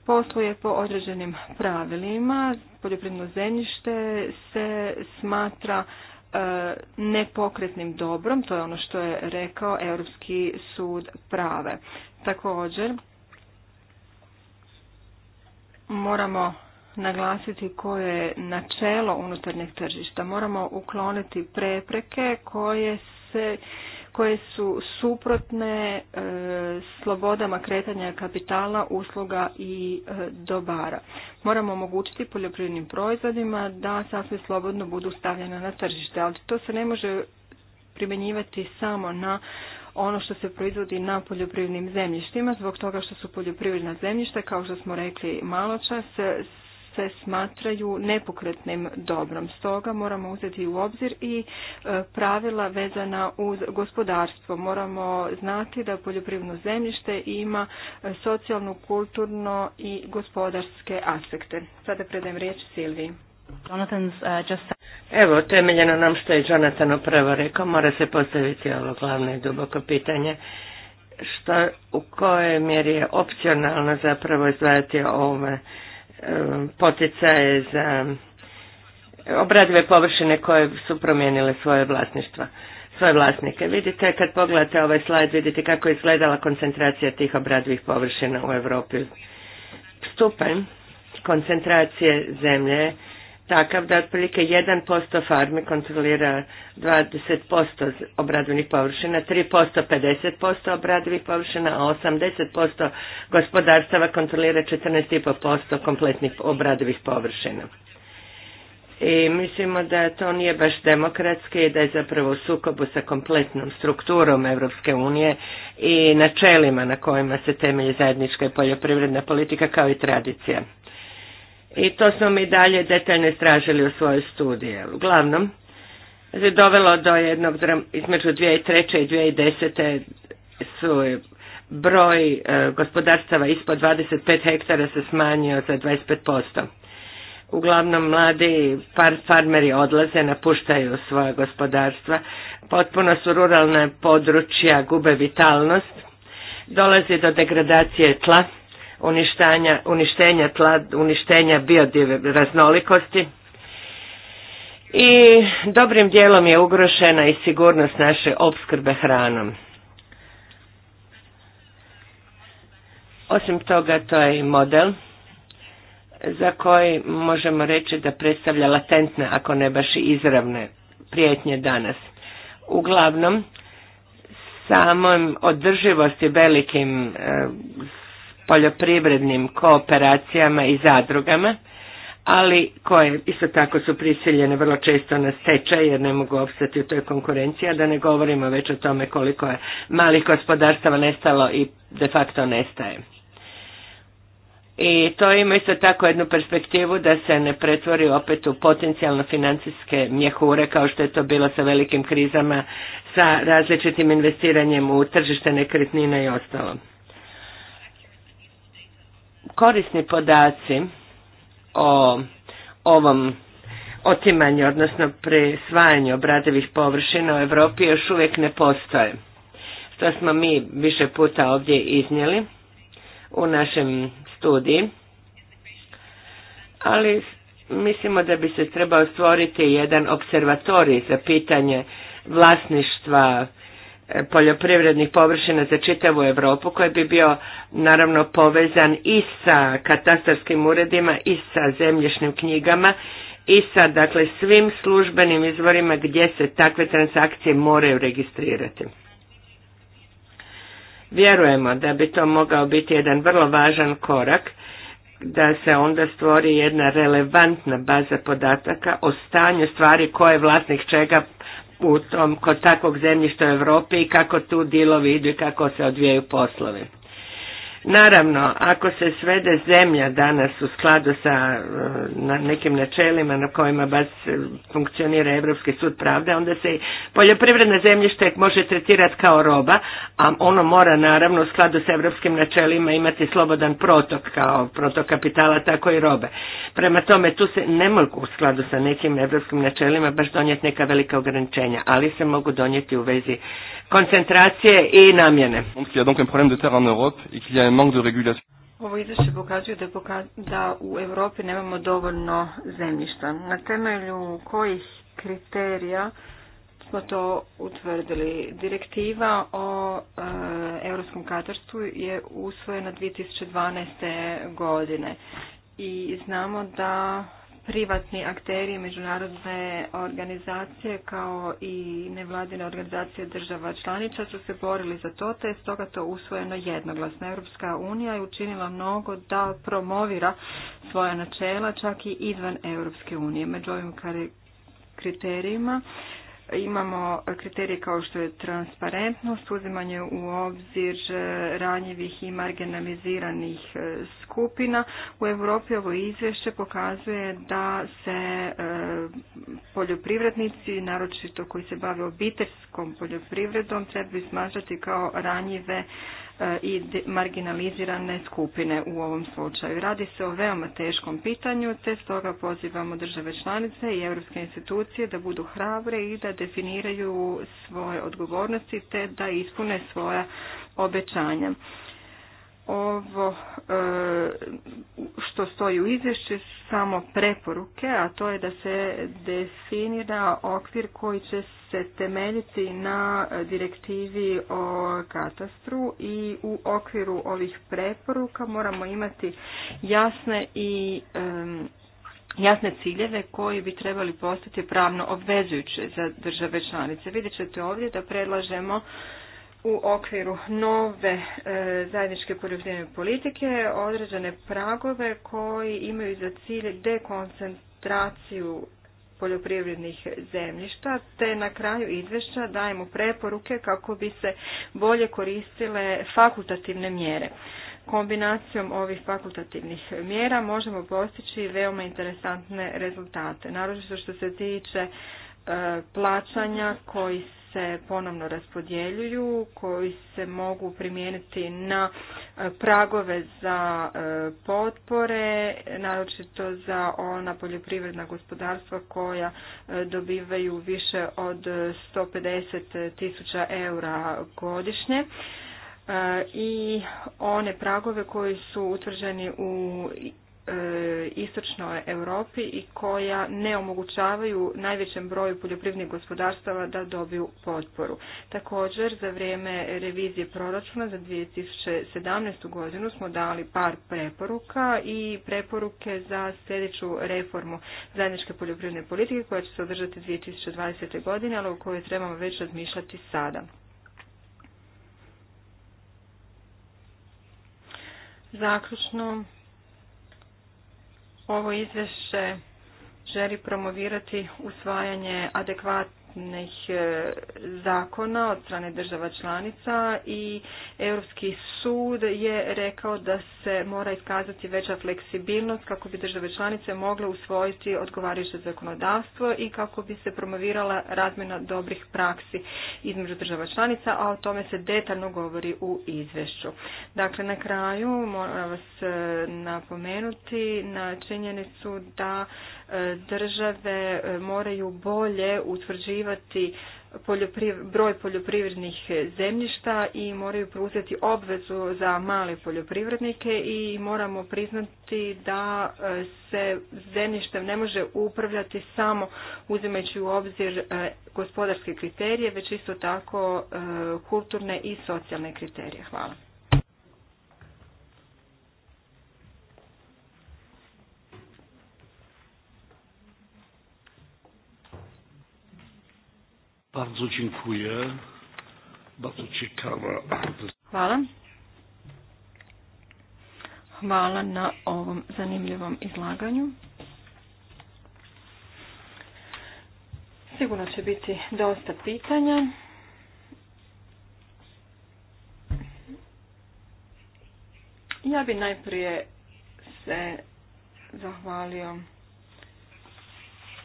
posluje po određenim pravilima. Poljoprivredno zemljište se smatra e, nepokretnim dobrom, to je ono što je rekao Europski sud prave. Također, moramo naglasiti koje je načelo unutarnjeg tržišta. Moramo ukloniti prepreke koje se koje su suprotne e, slobodama kretanja kapitala, usluga i e, dobara. Moramo omogućiti poljoprivrednim proizvodima da sasvim slobodno budu stavljene na tržište, ali to se ne može primjenjivati samo na ono što se proizvodi na poljoprivrednim zemljištima, zbog toga što su poljoprivredna zemljišta, kao što smo rekli malo čas, se smatraju nepokretnim dobrom. Stoga moramo uzeti u obzir i e, pravila vezana uz gospodarstvo. Moramo znati da poljoprivredno zemljište ima e, socijalno, kulturno i gospodarske aspekte. Sada predajem riječ Silviji. E, Evo, temeljeno nam što je Jonathan upravo rekao, mora se postaviti ovo glavno i duboko pitanje, što u kojoj mjeri je opcionalno zapravo izdvajati ovome Um, poticaje za obradive površine koje su promijenile svoje vlasništva, svoje vlasnike. Vidite, kad pogledate ovaj slajd, vidite kako je izgledala koncentracija tih obradivih površina u Europi. Stupanj koncentracije zemlje takav da otprilike 1% farmi kontrolira 20% obradovnih površina, 3% 50% obradivih površina, a 80% gospodarstava kontrolira 14,5% kompletnih obradivih površina. I mislimo da to nije baš demokratski i da je zapravo u sukobu sa kompletnom strukturom Europske unije i načelima na kojima se temelji zajednička i poljoprivredna politika kao i tradicija i to smo mi dalje detaljno istražili u svojoj studiji. Uglavnom, je dovelo do jednog, između 2003. i 2010. su broj e, gospodarstava ispod 25 hektara se smanjio za 25%. Uglavnom mladi farmeri odlaze, napuštaju svoje gospodarstva, potpuno su ruralna područja, gube vitalnost, dolazi do degradacije tla, uništanja, uništenja tla, uništenja raznolikosti I dobrim dijelom je ugrošena i sigurnost naše opskrbe hranom. Osim toga, to je i model za koji možemo reći da predstavlja latentne, ako ne baš i izravne prijetnje danas. Uglavnom, samom održivosti velikim eh, poljoprivrednim kooperacijama i zadrugama, ali koje isto tako su prisiljene vrlo često na stečaj jer ne mogu opstati u toj konkurenciji, a da ne govorimo već o tome koliko je malih gospodarstava nestalo i de facto nestaje. I to ima isto tako jednu perspektivu da se ne pretvori opet u potencijalno financijske mjehure kao što je to bilo sa velikim krizama, sa različitim investiranjem u tržište nekretnina i ostalo korisni podaci o ovom otimanju, odnosno presvajanju obradivih površina u Europi još uvijek ne postoje. To smo mi više puta ovdje iznijeli u našem studiji, ali mislimo da bi se trebao stvoriti jedan observatorij za pitanje vlasništva E, poljoprivrednih površina za čitavu Europu koji bi bio naravno povezan i sa katastarskim uredima i sa zemljišnim knjigama i sa dakle svim službenim izvorima gdje se takve transakcije moraju registrirati. Vjerujemo da bi to mogao biti jedan vrlo važan korak da se onda stvori jedna relevantna baza podataka o stanju stvari koje vlasnik čega u tom, kod takvog zemljišta u Europi i kako tu dilovi idu i kako se odvijaju poslovi. Naravno, ako se svede zemlja danas u skladu sa e, na nekim načelima na kojima baš funkcionira Europski sud pravde, onda se poljoprivredno zemljište može tretirati kao roba, a ono mora naravno u skladu sa europskim načelima imati slobodan protok kao protok kapitala, tako i robe. Prema tome, tu se ne mogu u skladu sa nekim europskim načelima baš donijeti neka velika ograničenja, ali se mogu donijeti u vezi koncentracije i namjene. Ovo izvješće pokazuje da, da u Europi nemamo dovoljno zemljišta. Na temelju kojih kriterija smo to utvrdili. Direktiva o e, europskom katarstvu je usvojena 2012. godine i znamo da privatni akteri međunarodne organizacije kao i nevladine organizacije država članica su se borili za to, te je stoga to usvojeno jednoglasno. Europska unija je učinila mnogo da promovira svoja načela čak i izvan Europske unije. Među ovim kriterijima imamo kriterije kao što je transparentnost, uzimanje u obzir e, ranjivih i marginaliziranih e, skupina. U Europi ovo izvješće pokazuje da se e, poljoprivrednici, naročito koji se bave obiteljskom poljoprivredom, trebaju smatrati kao ranjive E, i marginalizirane skupine u ovom slučaju. Radi se o veoma teškom pitanju, te stoga pozivamo države članice i europske institucije da budu hrabre i da definiraju svoje odgovornosti te da ispune svoja obećanja ovo e, što stoji u izvješću samo preporuke, a to je da se definira okvir koji će se temeljiti na direktivi o katastru i u okviru ovih preporuka moramo imati jasne i e, jasne ciljeve koji bi trebali postati pravno obvezujuće za države članice. Vidjet ćete ovdje da predlažemo u okviru nove e, zajedničke poljoprivredne politike određene pragove koji imaju za cilj dekoncentraciju poljoprivrednih zemljišta, te na kraju izvješća dajemo preporuke kako bi se bolje koristile fakultativne mjere. Kombinacijom ovih fakultativnih mjera možemo postići veoma interesantne rezultate, Naravno što se tiče e, plaćanja koji se ponovno raspodjeljuju, koji se mogu primijeniti na e, pragove za e, potpore, naročito za ona poljoprivredna gospodarstva koja e, dobivaju više od 150 tisuća eura godišnje i one pragove koji su utvrđeni u E, istočnoj Europi i koja ne omogućavaju najvećem broju poljoprivrednih gospodarstava da dobiju potporu. Također, za vrijeme revizije proračuna za 2017. godinu smo dali par preporuka i preporuke za sljedeću reformu zajedničke poljoprivredne politike koja će se održati 2020. godine, ali o kojoj trebamo već razmišljati sada. Zaključno, ovo izvješće želi promovirati usvajanje adekvatnih E, zakona od strane država članica i Europski sud je rekao da se mora iskazati veća fleksibilnost kako bi države članice mogle usvojiti odgovarajuće zakonodavstvo i kako bi se promovirala razmjena dobrih praksi između država članica, a o tome se detaljno govori u izvješću. Dakle, na kraju moram vas e, napomenuti na činjenicu da države e, moraju bolje utvrđivati broj poljoprivrednih zemljišta i moraju preuzeti obvezu za male poljoprivrednike i moramo priznati da e, se zemljištem ne može upravljati samo uzimajući u obzir e, gospodarske kriterije, već isto tako kulturne i socijalne kriterije. Hvala. Bardzo dziękuję. Bardzo Hvala. Hvala na ovom zanimljivom izlaganju. Sigurno će biti dosta pitanja. Ja bi najprije se zahvalio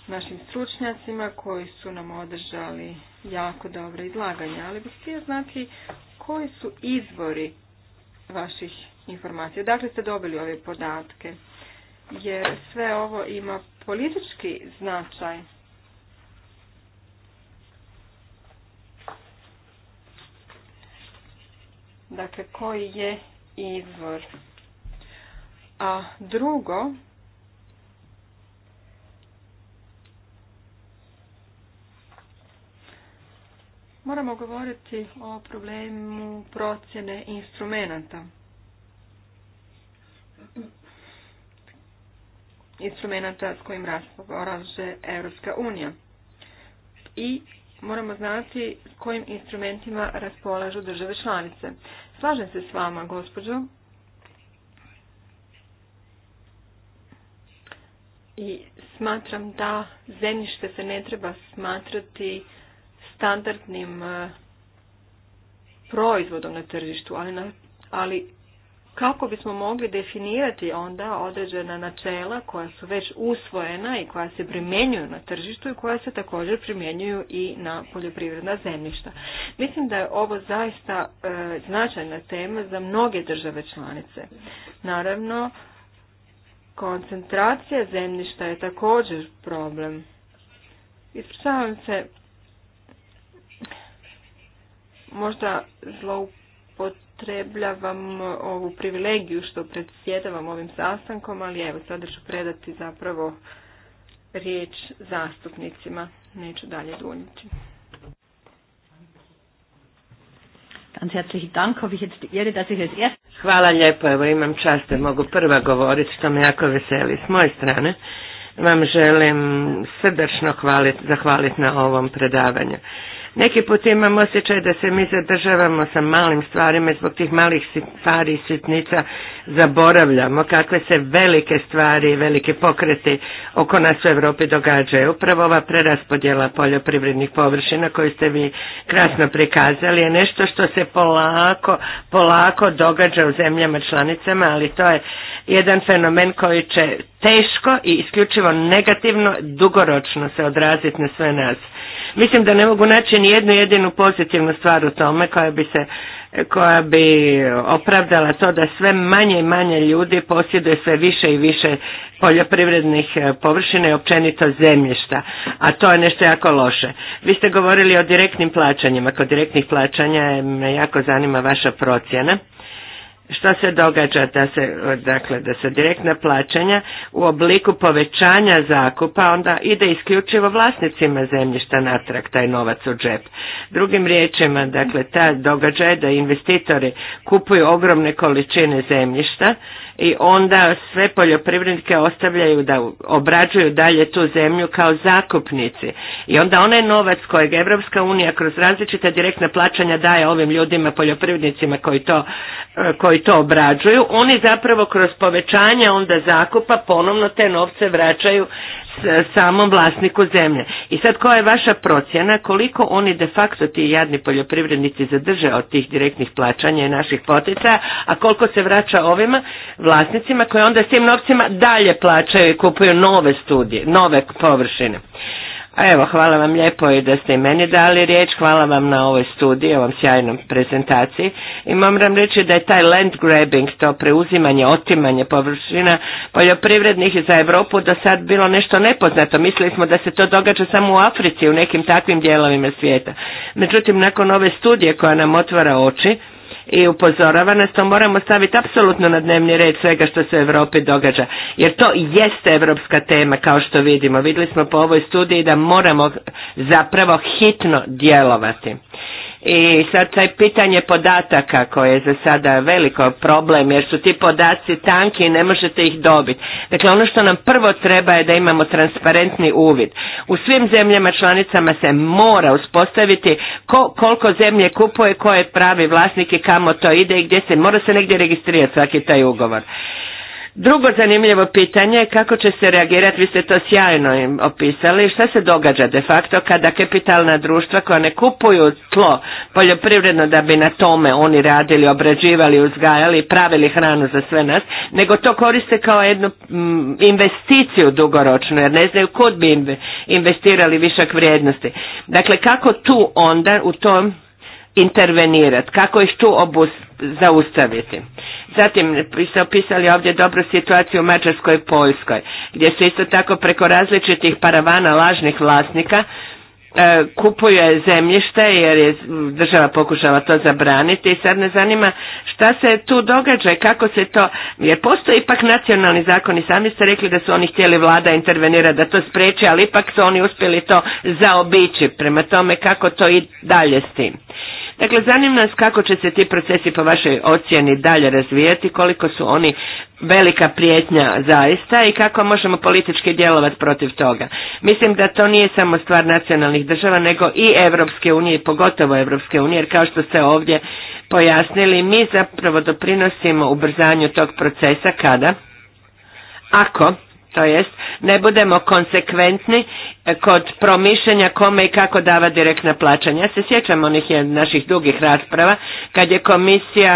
našim stručnjacima koji su nam održali jako dobre izlaganja, ali bih htio znati koji su izvori vaših informacija. Dakle, ste dobili ove podatke, jer sve ovo ima politički značaj. Dakle, koji je izvor? A drugo, Moramo govoriti o problemu procjene instrumenta. Instrumenta s kojim raspolaže Europska unija. I moramo znati s kojim instrumentima raspolažu države članice. Slažem se s vama, gospođo. I smatram da zemljište se ne treba smatrati standardnim e, proizvodom na tržištu, ali, na, ali kako bismo mogli definirati onda određena načela koja su već usvojena i koja se primjenjuju na tržištu i koja se također primjenjuju i na poljoprivredna zemljišta. Mislim da je ovo zaista e, značajna tema za mnoge države članice. Naravno, koncentracija zemljišta je također problem. Ispričavam se, možda zloupotrebljavam ovu privilegiju što predsjedavam ovim sastankom, ali evo sada ću predati zapravo riječ zastupnicima. Neću dalje duljiti. Hvala lijepo, evo imam čast da mogu prva govoriti, što me jako veseli. S moje strane vam želim srdačno zahvaliti na ovom predavanju. Neki put imam osjećaj da se mi zadržavamo sa malim stvarima i zbog tih malih stvari i sitnica zaboravljamo kakve se velike stvari i velike pokreti oko nas u Europi događaju. Upravo ova preraspodjela poljoprivrednih površina koju ste vi krasno prikazali je nešto što se polako, polako događa u zemljama članicama, ali to je jedan fenomen koji će teško i isključivo negativno dugoročno se odraziti na sve nas Mislim da ne mogu naći ni jednu jedinu pozitivnu stvar u tome koja bi se koja bi opravdala to da sve manje i manje ljudi posjeduje sve više i više poljoprivrednih e, površina i općenito zemljišta, a to je nešto jako loše. Vi ste govorili o direktnim plaćanjima, kod direktnih plaćanja me jako zanima vaša procjena što se događa da se, dakle, da se direktna plaćanja u obliku povećanja zakupa onda ide isključivo vlasnicima zemljišta natrag taj novac u džep. Drugim riječima, dakle, ta događaj da investitori kupuju ogromne količine zemljišta i onda sve poljoprivrednike ostavljaju da obrađuju dalje tu zemlju kao zakupnici. I onda onaj novac kojeg Evropska unija kroz različite direktne plaćanja daje ovim ljudima, poljoprivrednicima koji to, e, koji to obrađuju, oni zapravo kroz povećanje onda zakupa ponovno te novce vraćaju E, samom vlasniku zemlje. I sad koja je vaša procjena koliko oni de facto ti jadni poljoprivrednici zadrže od tih direktnih plaćanja i naših poticaja, a koliko se vraća ovima vlasnicima koji onda s tim novcima dalje plaćaju i kupuju nove studije, nove površine. A evo, hvala vam lijepo i da ste i meni dali riječ, hvala vam na ovoj studiji, ovom sjajnom prezentaciji. I moram reći da je taj land grabbing, to preuzimanje, otimanje površina poljoprivrednih za Europu do sad bilo nešto nepoznato. Mislili smo da se to događa samo u Africi, u nekim takvim dijelovima svijeta. Međutim, nakon ove studije koja nam otvara oči, i upozorava nas, to moramo staviti apsolutno na dnevni red svega što se u Europi događa. Jer to jeste evropska tema kao što vidimo. Vidjeli smo po ovoj studiji da moramo zapravo hitno djelovati. I sad taj pitanje podataka koje je za sada veliko problem jer su ti podaci tanki i ne možete ih dobiti. Dakle ono što nam prvo treba je da imamo transparentni uvid. U svim zemljama članicama se mora uspostaviti ko, koliko zemlje kupuje, koje pravi vlasnik i kamo to ide i gdje se mora se negdje registrirati svaki taj ugovor. Drugo zanimljivo pitanje je kako će se reagirati, vi ste to sjajno im opisali, šta se događa de facto kada kapitalna društva koja ne kupuju tlo poljoprivredno da bi na tome oni radili, obrađivali, uzgajali i pravili hranu za sve nas, nego to koriste kao jednu mm, investiciju dugoročnu jer ne znaju kod bi investirali višak vrijednosti. Dakle, kako tu onda u tom intervenirati, kako ih tu obus, zaustaviti. Zatim ste opisali ovdje dobru situaciju u Mađarskoj i Poljskoj, gdje se isto tako preko različitih paravana lažnih vlasnika e, kupuje zemljište jer je država pokušala to zabraniti i sad ne zanima šta se tu događa i kako se to, jer postoji ipak nacionalni zakoni, sami ste rekli da su oni htjeli vlada intervenira da to spriječe, ali ipak su oni uspjeli to zaobići, prema tome kako to i dalje s tim. Dakle, zanima nas kako će se ti procesi po vašoj ocjeni dalje razvijati, koliko su oni velika prijetnja zaista i kako možemo politički djelovati protiv toga. Mislim da to nije samo stvar nacionalnih država, nego i Evropske unije, pogotovo Evropske unije, jer kao što ste ovdje pojasnili, mi zapravo doprinosimo ubrzanju tog procesa kada, ako to jest ne budemo konsekventni e, kod promišljanja kome i kako dava direktna plaćanja. Ja se sjećam onih naših dugih rasprava kad je komisija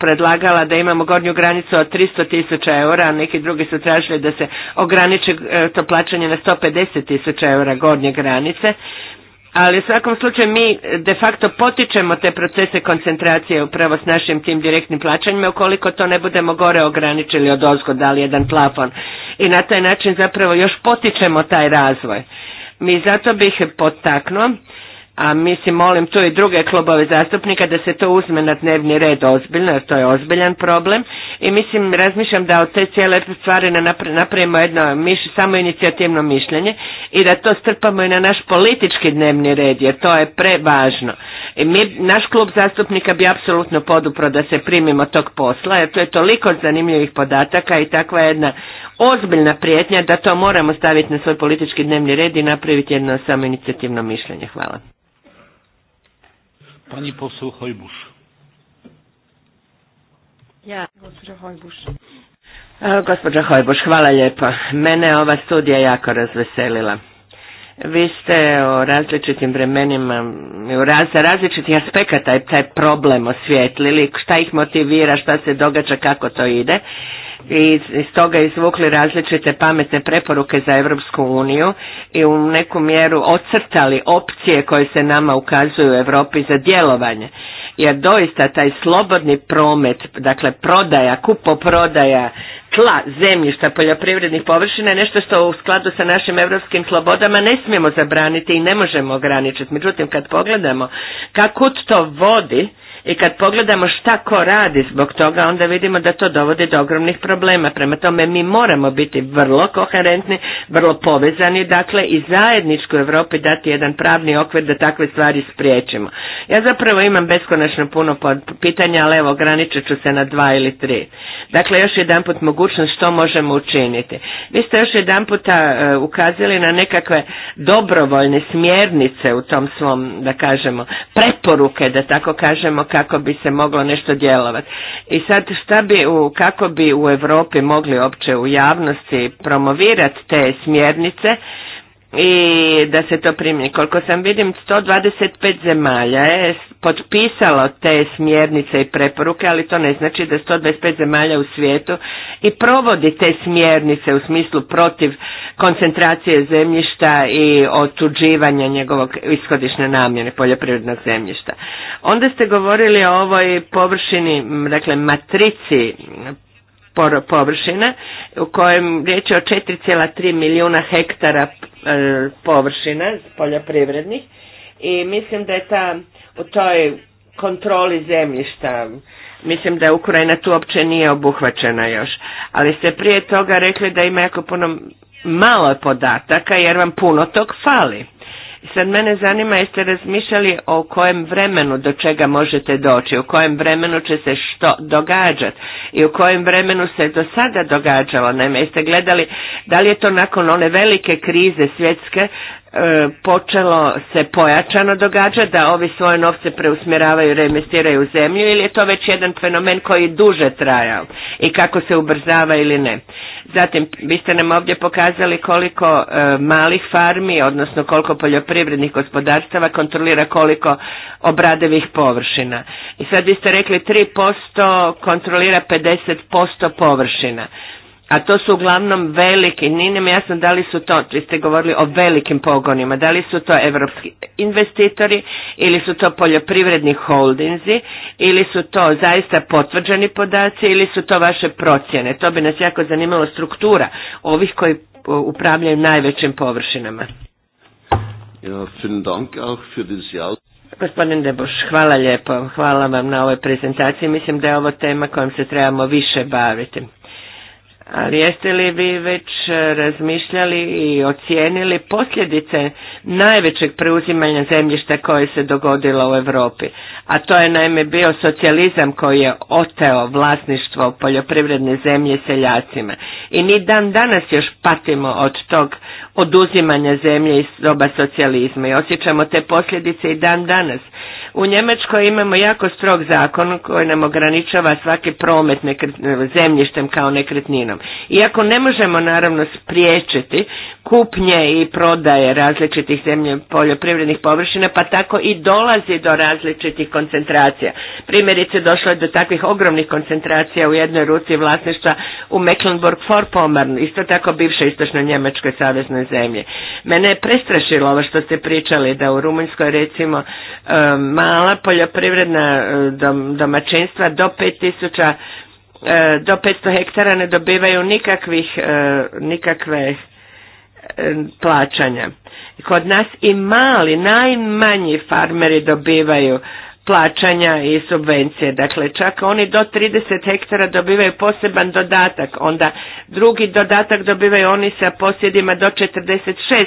predlagala da imamo gornju granicu od 300 tisuća eura, a neki drugi su tražili da se ograniči e, to plaćanje na 150 tisuća eura gornje granice ali u svakom slučaju mi eh, de facto potičemo te procese koncentracije upravo s našim tim direktnim plaćanjima ukoliko to ne budemo gore ograničili od ozgo dali jedan plafon i na taj način zapravo još potičemo taj razvoj. Mi zato bih potaknuo a mislim molim tu i druge klubove zastupnika da se to uzme na dnevni red ozbiljno, jer to je ozbiljan problem i mislim razmišljam da od te cijele stvari napravimo jedno samo inicijativno mišljenje i da to strpamo i na naš politički dnevni red, jer to je prevažno. I mi, naš klub zastupnika bi apsolutno podupro da se primimo tog posla, jer to je toliko zanimljivih podataka i takva jedna ozbiljna prijetnja da to moramo staviti na svoj politički dnevni red i napraviti jedno samo inicijativno mišljenje. Hvala. Pani poslu Hojbuš. Ja, gospođa Hojbuš. E, gospođa Hojbuš, hvala lijepo. Mene ova studija jako razveselila. Vi ste o različitim vremenima, raz, različitih aspekata taj problem osvijetlili, šta ih motivira, šta se događa, kako to ide i iz toga izvukli različite pametne preporuke za Europsku uniju i u neku mjeru ocrtali opcije koje se nama ukazuju u Europi za djelovanje. Jer doista taj slobodni promet, dakle prodaja, kupoprodaja, tla, zemljišta, poljoprivrednih površina je nešto što u skladu sa našim europskim slobodama ne smijemo zabraniti i ne možemo ograničiti. Međutim, kad pogledamo kako to vodi i kad pogledamo šta ko radi zbog toga, onda vidimo da to dovodi do ogromnih problema. Prema tome mi moramo biti vrlo koherentni, vrlo povezani, dakle i zajedničku Europi dati jedan pravni okvir da takve stvari spriječimo. Ja zapravo imam beskonačno puno pitanja, ali evo ograničit ću se na dva ili tri. Dakle, još jedanput mogućnost što možemo učiniti. Vi ste još jedan e, ukazali na nekakve dobrovoljne smjernice u tom svom, da kažemo, preporuke, da tako kažemo, kako bi se moglo nešto djelovati. I sad šta bi u, kako bi u Europi mogli opće u javnosti promovirati te smjernice i da se to primi. Koliko sam vidim, 125 zemalja je potpisalo te smjernice i preporuke, ali to ne znači da 125 zemalja u svijetu i provodi te smjernice u smislu protiv koncentracije zemljišta i otuđivanja njegovog ishodišne namjene poljoprivrednog zemljišta. Onda ste govorili o ovoj površini, dakle matrici površina u kojem riječ je o 4,3 milijuna hektara E, površina poljoprivrednih i mislim da je ta u toj kontroli zemljišta mislim da Ukrajina tu uopće nije obuhvaćena još ali ste prije toga rekli da ima jako puno malo podataka jer vam puno tog fali i sad mene zanima jeste razmišljali o kojem vremenu do čega možete doći, u kojem vremenu će se što događati i u kojem vremenu se do sada događalo. Naime, jeste gledali da li je to nakon one velike krize svjetske E, počelo se pojačano događa da ovi svoje novce preusmjeravaju i reinvestiraju u zemlju ili je to već jedan fenomen koji duže trajao i kako se ubrzava ili ne. Zatim, vi ste nam ovdje pokazali koliko e, malih farmi, odnosno koliko poljoprivrednih gospodarstava kontrolira koliko obradevih površina. I sad vi ste rekli 3% kontrolira 50% površina a to su uglavnom veliki, nije nam jasno da li su to, vi ste govorili o velikim pogonima, da li su to evropski investitori ili su to poljoprivredni holdinzi ili su to zaista potvrđeni podaci ili su to vaše procjene. To bi nas jako zanimalo struktura ovih koji upravljaju najvećim površinama. Gospodin Deboš, hvala lijepo, hvala vam na ovoj prezentaciji. Mislim da je ovo tema kojom se trebamo više baviti. Ali jeste li vi već razmišljali i ocijenili posljedice najvećeg preuzimanja zemljišta koje se dogodilo u Europi? A to je naime bio socijalizam koji je oteo vlasništvo poljoprivredne zemlje seljacima. I mi dan danas još patimo od tog oduzimanja zemlje iz doba socijalizma i osjećamo te posljedice i dan danas. U Njemačkoj imamo jako strog zakon koji nam ograničava svaki promet zemljištem kao nekretninom. Iako ne možemo naravno spriječiti kupnje i prodaje različitih zemlje poljoprivrednih površina, pa tako i dolazi do različitih koncentracija. Primjerice došlo je do takvih ogromnih koncentracija u jednoj ruci vlasništva u Mecklenburg-Vorpommern, isto tako bivše istočno Njemačkoj saveznoj zemlji. Mene je prestrašilo ovo što ste pričali da u Rumunjskoj recimo um, mala poljoprivredna e, domaćinstva do 5000 e, do 500 hektara ne dobivaju nikakvih e, nikakve plaćanja. Kod nas i mali, najmanji farmeri dobivaju plaćanja i subvencije. Dakle, čak oni do 30 hektara dobivaju poseban dodatak, onda drugi dodatak dobivaju oni sa posjedima do 46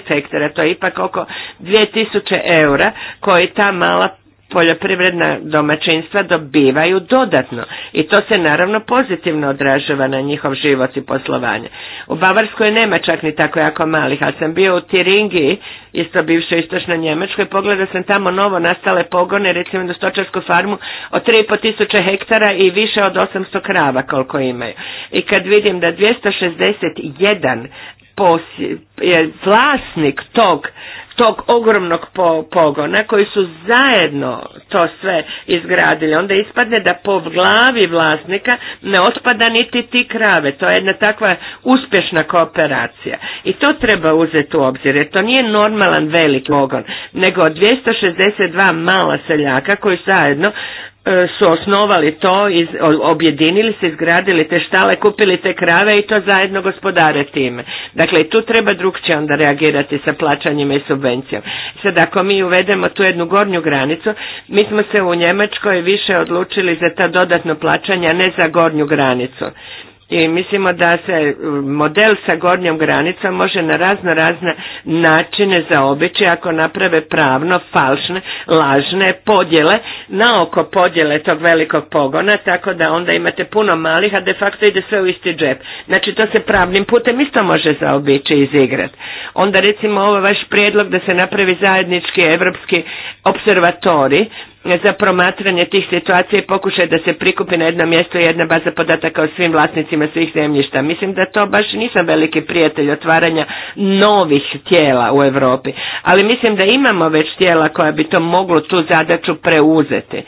hektara, to je ipak oko 2000 eura koje ta mala poljoprivredna domaćinstva dobivaju dodatno i to se naravno pozitivno odražava na njihov život i poslovanje. U Bavarskoj nema čak ni tako jako malih, ali sam bio u Tiringi isto bivšoj istočnoj Njemačkoj, pogledao sam tamo novo nastale pogone, recimo na stočarsku farmu od 3500 hektara i više od 800 krava koliko imaju. I kad vidim da 261 je vlasnik tog tog ogromnog pogona koji su zajedno to sve izgradili. Onda ispadne da po glavi vlasnika ne otpada niti ti krave. To je jedna takva uspješna kooperacija. I to treba uzeti u obzir jer to nije normalan velik pogon, nego 262 mala seljaka koji zajedno E, su osnovali to, iz, objedinili se, izgradili te štale, kupili te krave i to zajedno gospodare time. Dakle, tu treba drugčije onda reagirati sa plaćanjima i subvencijom. Sad, ako mi uvedemo tu jednu gornju granicu, mi smo se u Njemačkoj više odlučili za ta dodatno plaćanja, ne za gornju granicu i mislimo da se e, model sa gornjom granicom može na razno razne načine zaobići ako naprave pravno falšne, lažne podjele, na oko podjele tog velikog pogona, tako da onda imate puno malih, a de facto ide sve u isti džep. Znači to se pravnim putem isto može zaobići i izigrati. Onda recimo ovo vaš prijedlog da se napravi zajednički evropski observatori za promatranje tih situacija i pokušaj da se prikupi na jedno mjesto jedna baza podataka o svim vlasnicima svih zemljišta. Mislim da to baš nisam veliki prijatelj otvaranja novih tijela u Europi, ali mislim da imamo već tijela koja bi to moglo tu zadaću preuzeti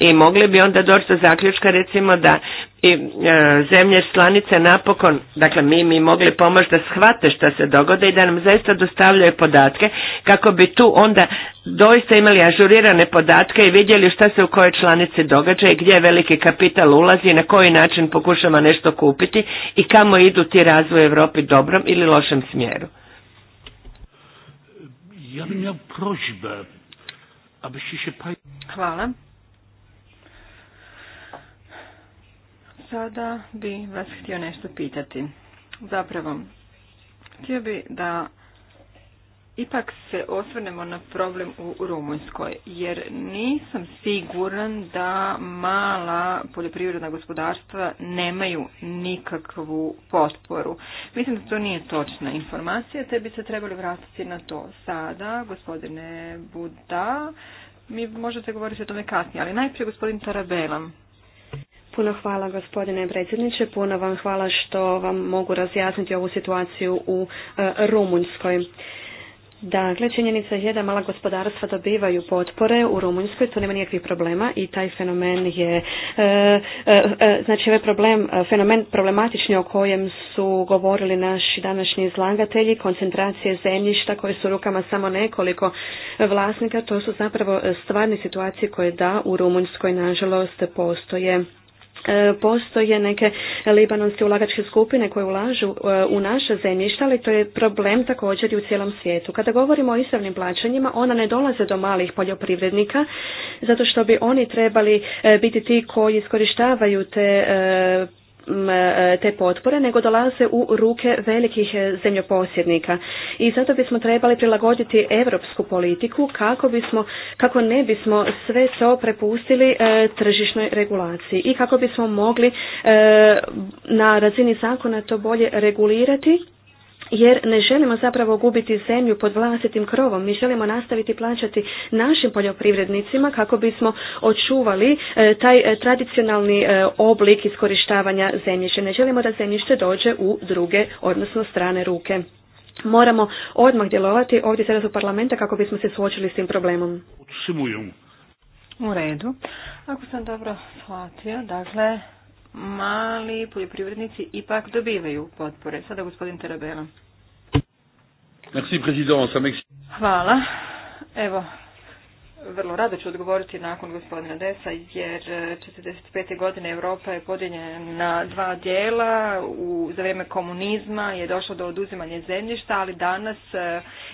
i mogli bi onda doći do zaključka recimo da i e, zemlje članice napokon, dakle mi mi mogli pomoći da shvate šta se dogode i da nam zaista dostavljaju podatke kako bi tu onda doista imali ažurirane podatke i vidjeli šta se u kojoj članici događa i gdje veliki kapital ulazi i na koji način pokušava nešto kupiti i kamo idu ti razvoj Europi dobrom ili lošem smjeru. Ja bih pa- Hvala. sada bi vas htio nešto pitati. Zapravo, htio bi da ipak se osvrnemo na problem u Rumunjskoj, jer nisam siguran da mala poljoprivredna gospodarstva nemaju nikakvu potporu. Mislim da to nije točna informacija, te bi se trebali vratiti na to sada, gospodine Buda. Mi možete govoriti o tome kasnije, ali najprije gospodin Tarabela. Puno hvala gospodine predsjedniče, puno vam hvala što vam mogu razjasniti ovu situaciju u e, Rumunjskoj. Dakle, činjenica je da mala gospodarstva dobivaju potpore u Rumunjskoj, to nema nikakvih problema i taj fenomen je, e, e, znači ovaj problem, fenomen problematični o kojem su govorili naši današnji izlagatelji, koncentracije zemljišta koje su u rukama samo nekoliko vlasnika, to su zapravo stvarne situacije koje da u Rumunjskoj nažalost postoje E, postoje neke libanonske ulagačke skupine koje ulažu e, u naše zemljišta, ali to je problem također i u cijelom svijetu. Kada govorimo o izravnim plaćanjima, ona ne dolaze do malih poljoprivrednika, zato što bi oni trebali e, biti ti koji iskorištavaju te E, te potpore, nego dolaze u ruke velikih e, zemljoposjednika. I zato bismo trebali prilagoditi europsku politiku kako, bismo, kako ne bismo sve to prepustili e, tržišnoj regulaciji i kako bismo mogli na razini zakona to bolje regulirati jer ne želimo zapravo gubiti zemlju pod vlastitim krovom. Mi želimo nastaviti plaćati našim poljoprivrednicima kako bismo očuvali e, taj e, tradicionalni e, oblik iskorištavanja zemljišta. Ne želimo da zemljište dođe u druge, odnosno strane ruke. Moramo odmah djelovati ovdje sada u parlamenta kako bismo se suočili s tim problemom. U redu. Ako sam dobro shvatio, dakle, mali poljoprivrednici ipak dobivaju potpore. Sada gospodin Terabela. Hvala. Evo, vrlo rado ću odgovoriti nakon gospodina Desa, jer 45. godine Europa je podijeljena na dva dijela. U, za vrijeme komunizma je došlo do oduzimanja zemljišta, ali danas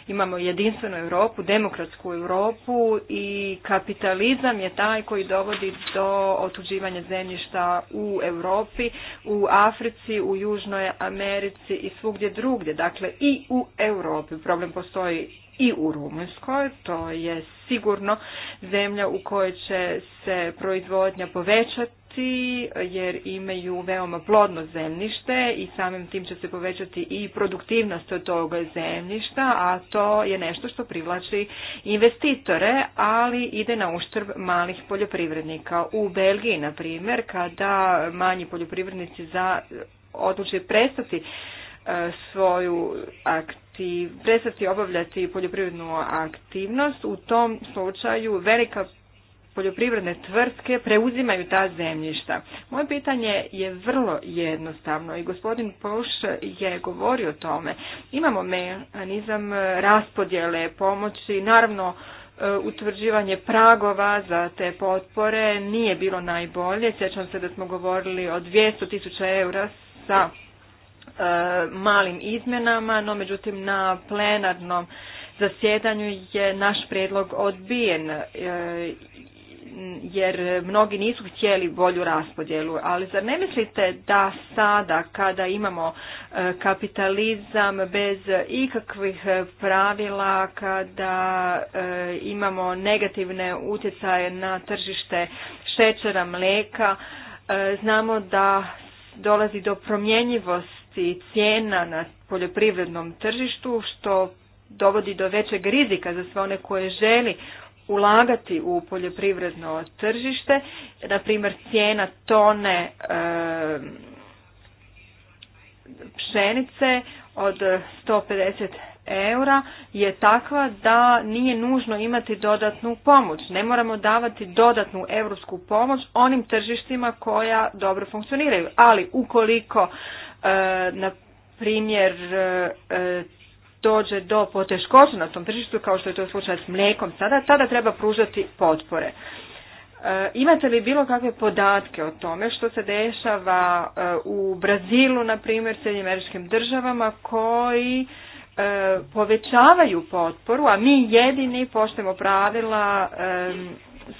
Imamo jedinstvenu Europu, demokratsku Europu i kapitalizam je taj koji dovodi do otuđivanja zemljišta u Europi, u Africi, u Južnoj Americi i svugdje drugdje, dakle i u Europi. Problem postoji i u Rumunjskoj. To je sigurno zemlja u kojoj će se proizvodnja povećati jer imaju veoma plodno zemljište i samim tim će se povećati i produktivnost od toga zemljišta, a to je nešto što privlači investitore, ali ide na uštrb malih poljoprivrednika. U Belgiji, na primjer, kada manji poljoprivrednici za prestati svoju aktiv, prestati obavljati poljoprivrednu aktivnost, u tom slučaju velika poljoprivredne tvrtke preuzimaju ta zemljišta. Moje pitanje je vrlo jednostavno i gospodin Poš je govorio o tome. Imamo mehanizam raspodjele pomoći, naravno e, utvrđivanje pragova za te potpore nije bilo najbolje. Sjećam se da smo govorili o 200.000 tisuća eura sa E, malim izmjenama, no međutim na plenarnom zasjedanju je naš prijedlog odbijen e, jer mnogi nisu htjeli bolju raspodjelu, ali zar ne mislite da sada kada imamo e, kapitalizam bez ikakvih pravila, kada imamo negativne utjecaje na tržište šećera, mleka, znamo da dolazi do promjenjivosti i cijena na poljoprivrednom tržištu što dovodi do većeg rizika za sve one koje želi ulagati u poljoprivredno tržište, na primjer cijena tone pšenice od 150 eura je takva da nije nužno imati dodatnu pomoć. Ne moramo davati dodatnu europsku pomoć onim tržištima koja dobro funkcioniraju. Ali ukoliko E, na primjer e, e, dođe do poteškoća na tom tržištu, kao što je to slučaj s mlijekom sada, tada treba pružati potpore. Imate li bilo kakve podatke o tome što se dešava u Brazilu, na primjer, s američkim državama koji povećavaju potporu, a mi jedini poštemo pravila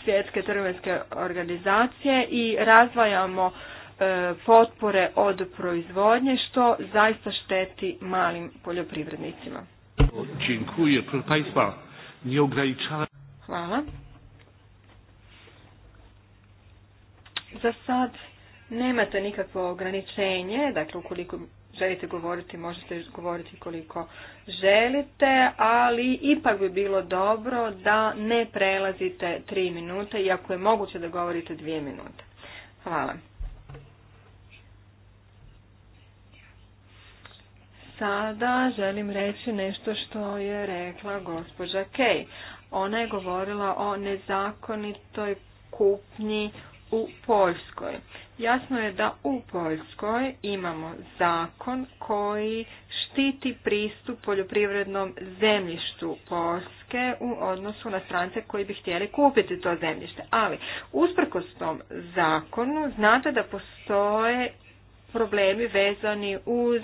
svjetske trgovinske organizacije i razvajamo E, potpore od proizvodnje što zaista šteti malim poljoprivrednicima. Hvala. Za sad nemate nikakvo ograničenje, dakle ukoliko želite govoriti, možete govoriti koliko želite, ali ipak bi bilo dobro da ne prelazite tri minute, iako je moguće da govorite dvije minute. Hvala. sada želim reći nešto što je rekla gospođa Kej. Ona je govorila o nezakonitoj kupnji u Poljskoj. Jasno je da u Poljskoj imamo zakon koji štiti pristup poljoprivrednom zemljištu Poljske u odnosu na strance koji bi htjeli kupiti to zemljište. Ali, usprkos tom zakonu, znate da postoje problemi vezani uz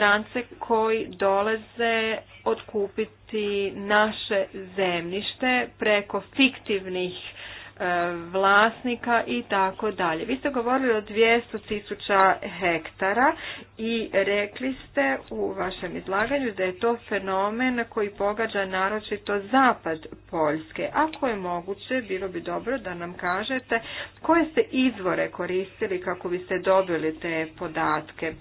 strance koji dolaze otkupiti naše zemljište preko fiktivnih e, vlasnika i tako dalje. Vi ste govorili o 200 tisuća hektara i rekli ste u vašem izlaganju da je to fenomen koji pogađa naročito zapad Poljske. Ako je moguće, bilo bi dobro da nam kažete koje ste izvore koristili kako biste dobili te podatke.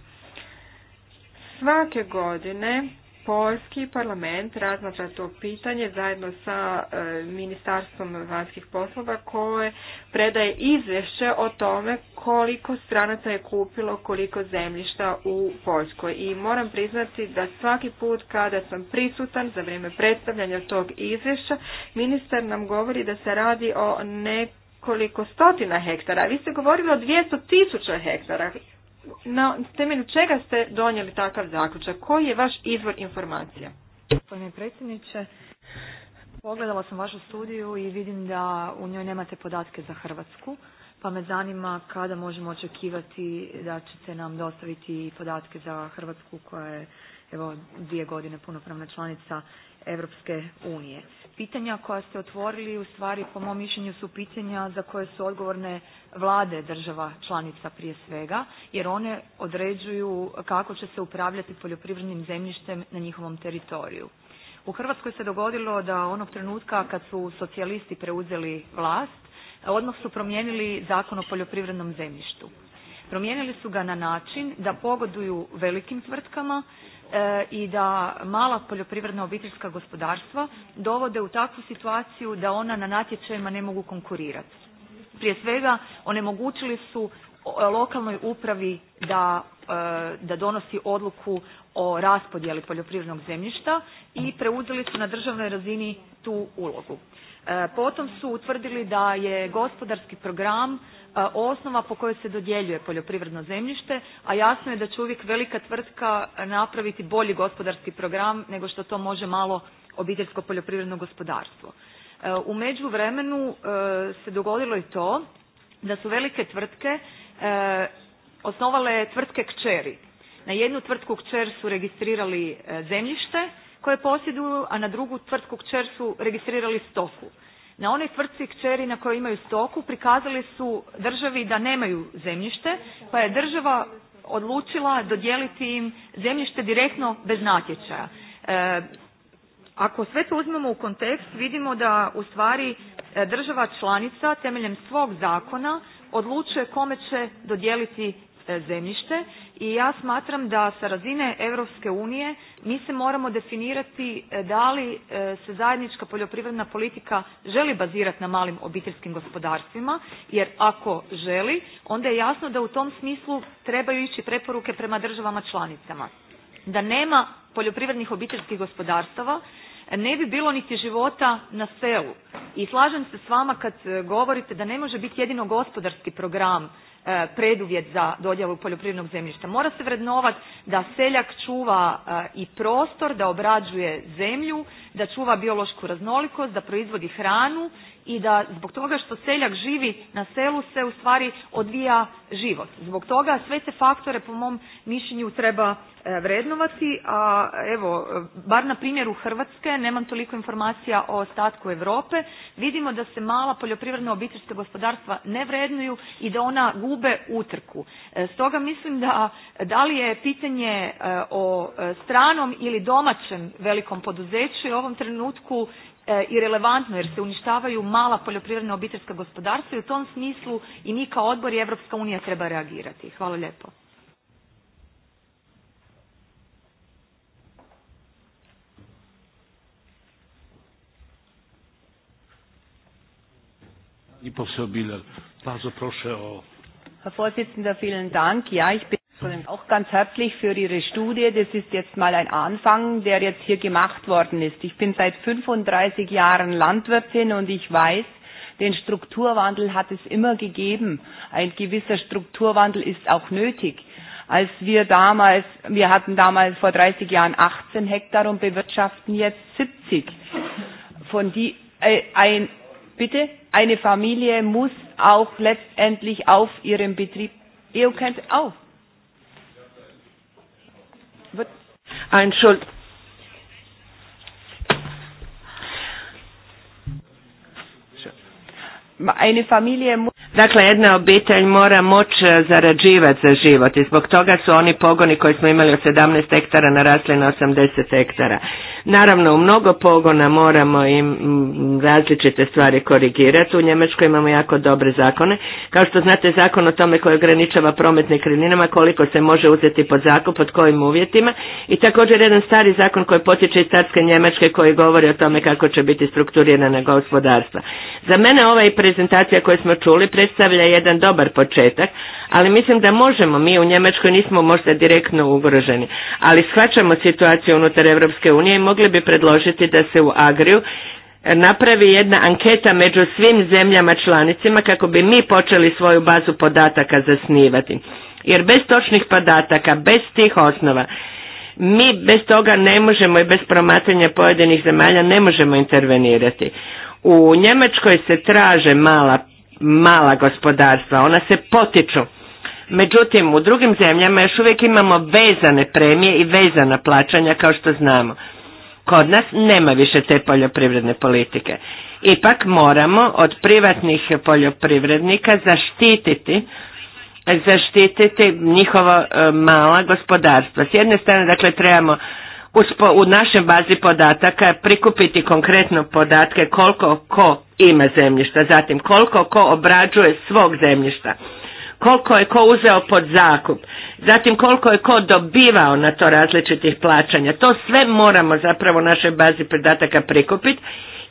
Svake godine Poljski parlament razmatra to pitanje zajedno sa e, Ministarstvom vanjskih poslova koje predaje izvješće o tome koliko stranaca je kupilo koliko zemljišta u Poljskoj. I moram priznati da svaki put kada sam prisutan za vrijeme predstavljanja tog izvješća, ministar nam govori da se radi o nekoliko stotina hektara. Vi ste govorili o 200 tisuća hektara na temelju čega ste donijeli takav zaključak? Koji je vaš izvor informacija? Gospodine predsjedniče, pogledala sam vašu studiju i vidim da u njoj nemate podatke za Hrvatsku pa me zanima kada možemo očekivati da se nam dostaviti podatke za Hrvatsku koja je evo dvije godine punopravna članica Europske unije. Pitanja koja ste otvorili u stvari po mom mišljenju su pitanja za koje su odgovorne vlade država članica prije svega jer one određuju kako će se upravljati poljoprivrednim zemljištem na njihovom teritoriju. U Hrvatskoj se dogodilo da onog trenutka kad su socijalisti preuzeli vlast odmah su promijenili Zakon o poljoprivrednom zemljištu. Promijenili su ga na način da pogoduju velikim tvrtkama e, i da mala poljoprivredna obiteljska gospodarstva dovode u takvu situaciju da ona na natječajima ne mogu konkurirati. Prije svega onemogućili su lokalnoj upravi da, e, da donosi odluku o raspodjeli poljoprivrednog zemljišta i preuzeli su na državnoj razini tu ulogu. E, potom su utvrdili da je gospodarski program e, osnova po kojoj se dodjeljuje poljoprivredno zemljište, a jasno je da će uvijek velika tvrtka napraviti bolji gospodarski program nego što to može malo obiteljsko poljoprivredno gospodarstvo. U međuvremenu se dogodilo i to da su velike tvrtke E, osnovale tvrtke kćeri. Na jednu tvrtku kćer su registrirali e, zemljište koje posjeduju, a na drugu tvrtku kćer su registrirali stoku. Na onoj tvrtci kćeri na kojoj imaju stoku prikazali su državi da nemaju zemljište, pa je država odlučila dodijeliti im zemljište direktno bez natječaja. E, ako sve to uzmemo u kontekst, vidimo da u stvari država članica temeljem svog zakona odlučuje kome će dodijeliti e, zemljište i ja smatram da sa razine Europske unije mi se moramo definirati e, da li e, se zajednička poljoprivredna politika želi bazirati na malim obiteljskim gospodarstvima jer ako želi onda je jasno da u tom smislu trebaju ići preporuke prema državama članicama da nema poljoprivrednih obiteljskih gospodarstava ne bi bilo niti života na selu. I slažem se s vama kad e, govorite da ne može biti jedino gospodarski program e, preduvjet za dodjelu poljoprivrednog zemljišta. Mora se vrednovati da seljak čuva e, i prostor, da obrađuje zemlju, da čuva biološku raznolikost, da proizvodi hranu i da zbog toga što seljak živi na selu se u stvari odvija život. Zbog toga sve te faktore po mom mišljenju treba e, vrednovati, a evo, bar na primjeru Hrvatske, nemam toliko informacija o ostatku Europe, vidimo da se mala poljoprivredna obiteljska gospodarstva ne vrednuju i da ona gube utrku. E, stoga mislim da da li je pitanje e, o stranom ili domaćem velikom poduzeću i u ovom trenutku E, i relevantno jer se uništavaju mala poljoprivredna obiteljska gospodarstva i u tom smislu i mi kao odbor i Europska unija treba reagirati. Hvala lijepo. Herr Vorsitzender, vielen Dank. Ja, ich Auch ganz herzlich für Ihre Studie. Das ist jetzt mal ein Anfang, der jetzt hier gemacht worden ist. Ich bin seit 35 Jahren Landwirtin und ich weiß, den Strukturwandel hat es immer gegeben. Ein gewisser Strukturwandel ist auch nötig. Als wir damals, wir hatten damals vor 30 Jahren 18 Hektar und bewirtschaften jetzt 70. Von die, äh, ein, bitte, eine Familie muss auch letztendlich auf ihrem Betrieb, ihr könnt auf, Ein Schuld. eine familie Dakle, jedna obitelj mora moć e, zarađivati za život i zbog toga su oni pogoni koji smo imali od 17 hektara narasli na 80 hektara. Naravno, u mnogo pogona moramo im različite stvari korigirati. U Njemačkoj imamo jako dobre zakone. Kao što znate, zakon o tome koji ograničava promet nekretninama, koliko se može uzeti pod zakup, pod kojim uvjetima. I također jedan stari zakon koji potiče iz Tarske Njemačke koji govori o tome kako će biti strukturirana gospodarstva. Za mene ovaj pre prezentacija koje smo čuli predstavlja jedan dobar početak, ali mislim da možemo, mi u Njemačkoj nismo možda direktno ugroženi, ali shvaćamo situaciju unutar Europske unije i mogli bi predložiti da se u Agriju napravi jedna anketa među svim zemljama članicima kako bi mi počeli svoju bazu podataka zasnivati. Jer bez točnih podataka, bez tih osnova, mi bez toga ne možemo i bez promatranja pojedinih zemalja ne možemo intervenirati. U Njemačkoj se traže mala, mala gospodarstva, ona se potiču. Međutim, u drugim zemljama još uvijek imamo vezane premije i vezana plaćanja kao što znamo. Kod nas nema više te poljoprivredne politike. Ipak moramo od privatnih poljoprivrednika zaštititi zaštititi njihovo e, mala gospodarstva. S jedne strane, dakle, trebamo u našoj bazi podataka prikupiti konkretno podatke koliko ko ima zemljišta, zatim koliko ko obrađuje svog zemljišta, koliko je ko uzeo pod zakup, zatim koliko je ko dobivao na to različitih plaćanja. To sve moramo zapravo u našoj bazi podataka prikupiti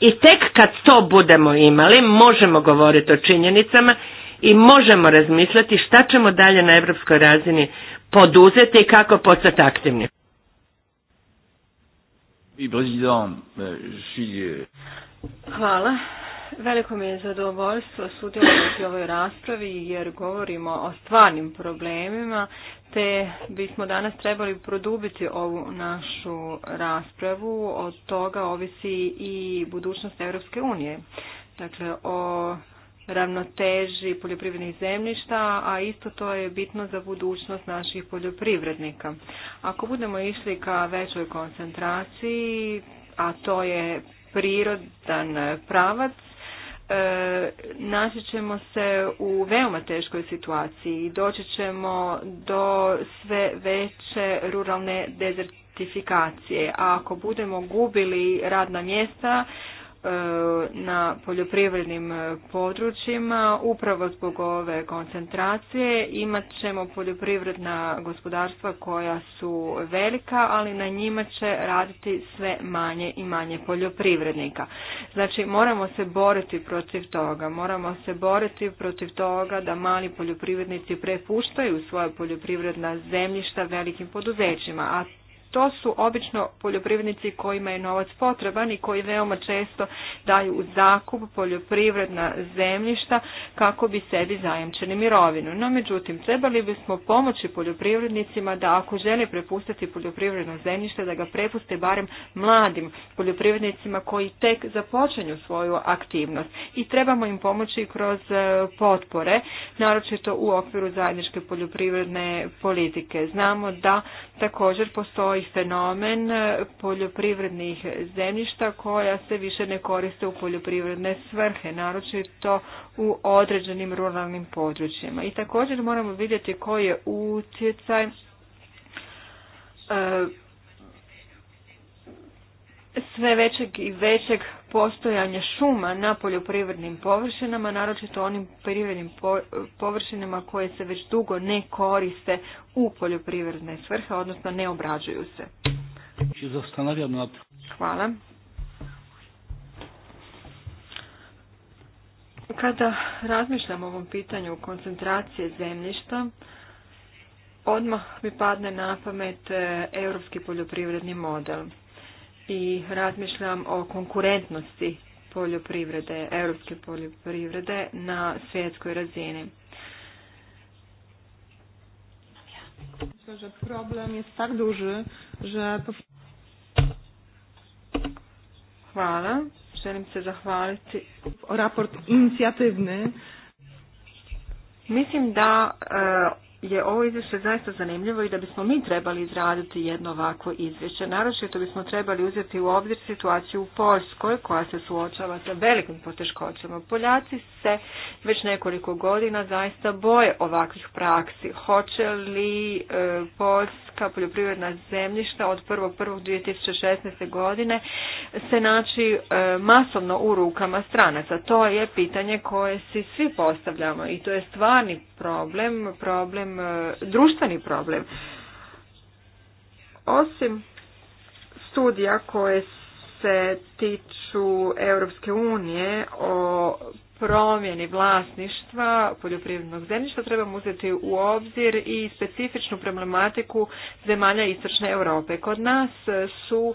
i tek kad to budemo imali možemo govoriti o činjenicama i možemo razmisliti šta ćemo dalje na europskoj razini poduzeti i kako postati aktivni. I e, e, Hvala. Veliko mi je zadovoljstvo sudjelovati u ovoj raspravi jer govorimo o stvarnim problemima te bismo danas trebali produbiti ovu našu raspravu. Od toga ovisi i budućnost Europske unije. Dakle, o ravnoteži poljoprivrednih zemljišta, a isto to je bitno za budućnost naših poljoprivrednika. Ako budemo išli ka većoj koncentraciji, a to je prirodan pravac, e, naći ćemo se u veoma teškoj situaciji i doći ćemo do sve veće ruralne dezertifikacije. A ako budemo gubili radna mjesta, E, na poljoprivrednim e, područjima upravo zbog ove koncentracije imat ćemo poljoprivredna gospodarstva koja su velika ali na njima će raditi sve manje i manje poljoprivrednika znači moramo se boriti protiv toga moramo se boriti protiv toga da mali poljoprivrednici prepuštaju svoja poljoprivredna zemljišta velikim poduzećima a to su obično poljoprivrednici kojima je novac potreban i koji veoma često daju u zakup poljoprivredna zemljišta kako bi sebi zajamčili mirovinu. No međutim, trebali bismo pomoći poljoprivrednicima da ako žele prepustiti poljoprivredno zemljište, da ga prepuste barem mladim poljoprivrednicima koji tek započinju svoju aktivnost. I trebamo im pomoći kroz e, potpore, naročito u okviru zajedničke poljoprivredne politike. Znamo da također postoji fenomen e, poljoprivrednih zemljišta koja se više ne koriste u poljoprivredne svrhe, naročito u određenim ruralnim područjima. I također moramo vidjeti koji je utjecaj e, sve većeg i većeg postojanje šuma na poljoprivrednim površinama, naročito onim poljoprivrednim površinama koje se već dugo ne koriste u poljoprivredne svrhe, odnosno ne obrađuju se. Hvala. Kada razmišljam o ovom pitanju koncentracije zemljišta, odmah mi padne na pamet e, europski poljoprivredni model i razmišljam o konkurentnosti poljoprivrede, europske poljoprivrede na svjetskoj razini. problem je tak že Hvala. Želim se zahvaliti. Raport inicijativni. Mislim da e, je ovo izvješće zaista zanimljivo i da bismo mi trebali izraditi jedno ovako izvješće. Naročito bismo trebali uzeti u obzir situaciju u Poljskoj koja se suočava sa velikim poteškoćama. Poljaci se već nekoliko godina zaista boje ovakvih praksi. Hoće li e, Poljska poljoprivredna zemljišta od 1.1.2016. godine se naći e, masovno u rukama stranaca? To je pitanje koje si svi postavljamo i to je stvarni problem, problem E, društveni problem. Osim studija koje se tiču Europske unije o promjeni vlasništva poljoprivrednog zemljišta trebamo uzeti u obzir i specifičnu problematiku zemalja Istočne Europe. Kod nas su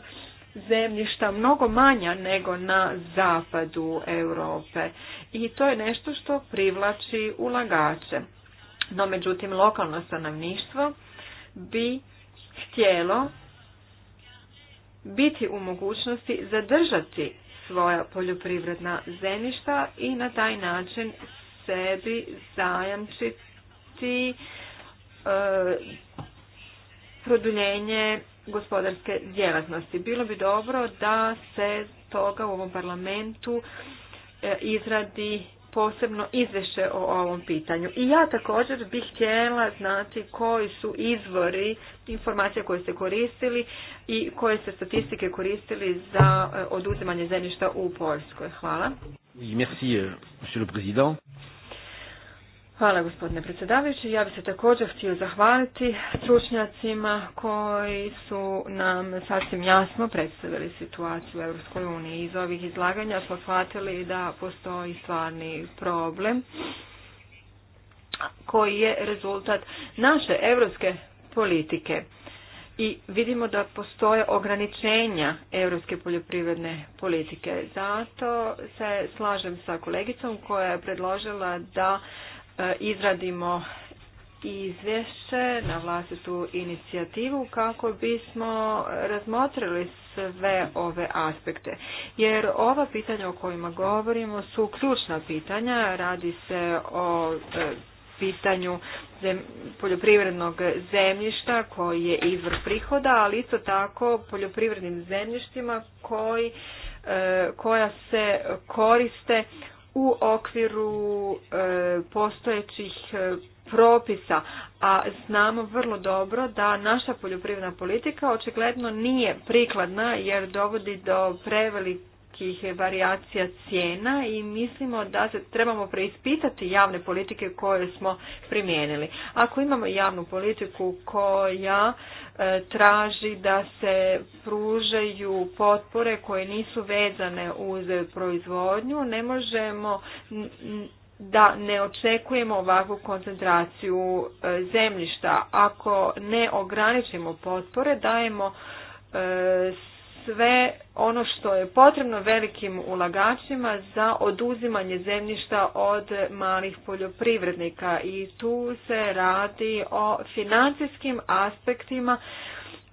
zemljišta mnogo manja nego na zapadu Europe i to je nešto što privlači ulagače. No, međutim, lokalno stanovništvo bi htjelo biti u mogućnosti zadržati svoja poljoprivredna zemljišta i na taj način sebi zajamčiti e, produljenje gospodarske djelatnosti. Bilo bi dobro da se toga u ovom parlamentu e, izradi posebno izvješće o ovom pitanju. I ja također bih htjela znati koji su izvori informacija koje ste koristili i koje ste statistike koristili za e, oduzimanje zemljišta u Poljskoj. Hvala. Merci, euh, monsieur le président. Hvala gospodine predsjedavajući. Ja bih se također htio zahvaliti stručnjacima koji su nam sasvim jasno predstavili situaciju u Europskoj uniji. Iz ovih izlaganja smo shvatili da postoji stvarni problem koji je rezultat naše europske politike. I vidimo da postoje ograničenja europske poljoprivredne politike. Zato se slažem sa kolegicom koja je predložila da E, izradimo izvješće na vlastitu inicijativu kako bismo razmotrili sve ove aspekte. Jer ova pitanja o kojima govorimo su ključna pitanja. Radi se o e, pitanju poljoprivrednog zemljišta koji je izvor prihoda, ali isto tako poljoprivrednim zemljištima koji e, koja se koriste u okviru e, postojećih e, propisa, a znamo vrlo dobro da naša poljoprivredna politika očigledno nije prikladna jer dovodi do prevelikih varijacija cijena i mislimo da se trebamo preispitati javne politike koje smo primijenili. Ako imamo javnu politiku koja E, traži da se pružaju potpore koje nisu vezane uz proizvodnju, ne možemo da ne očekujemo ovakvu koncentraciju e, zemljišta. Ako ne ograničimo potpore, dajemo e, sve ono što je potrebno velikim ulagačima za oduzimanje zemljišta od malih poljoprivrednika i tu se radi o financijskim aspektima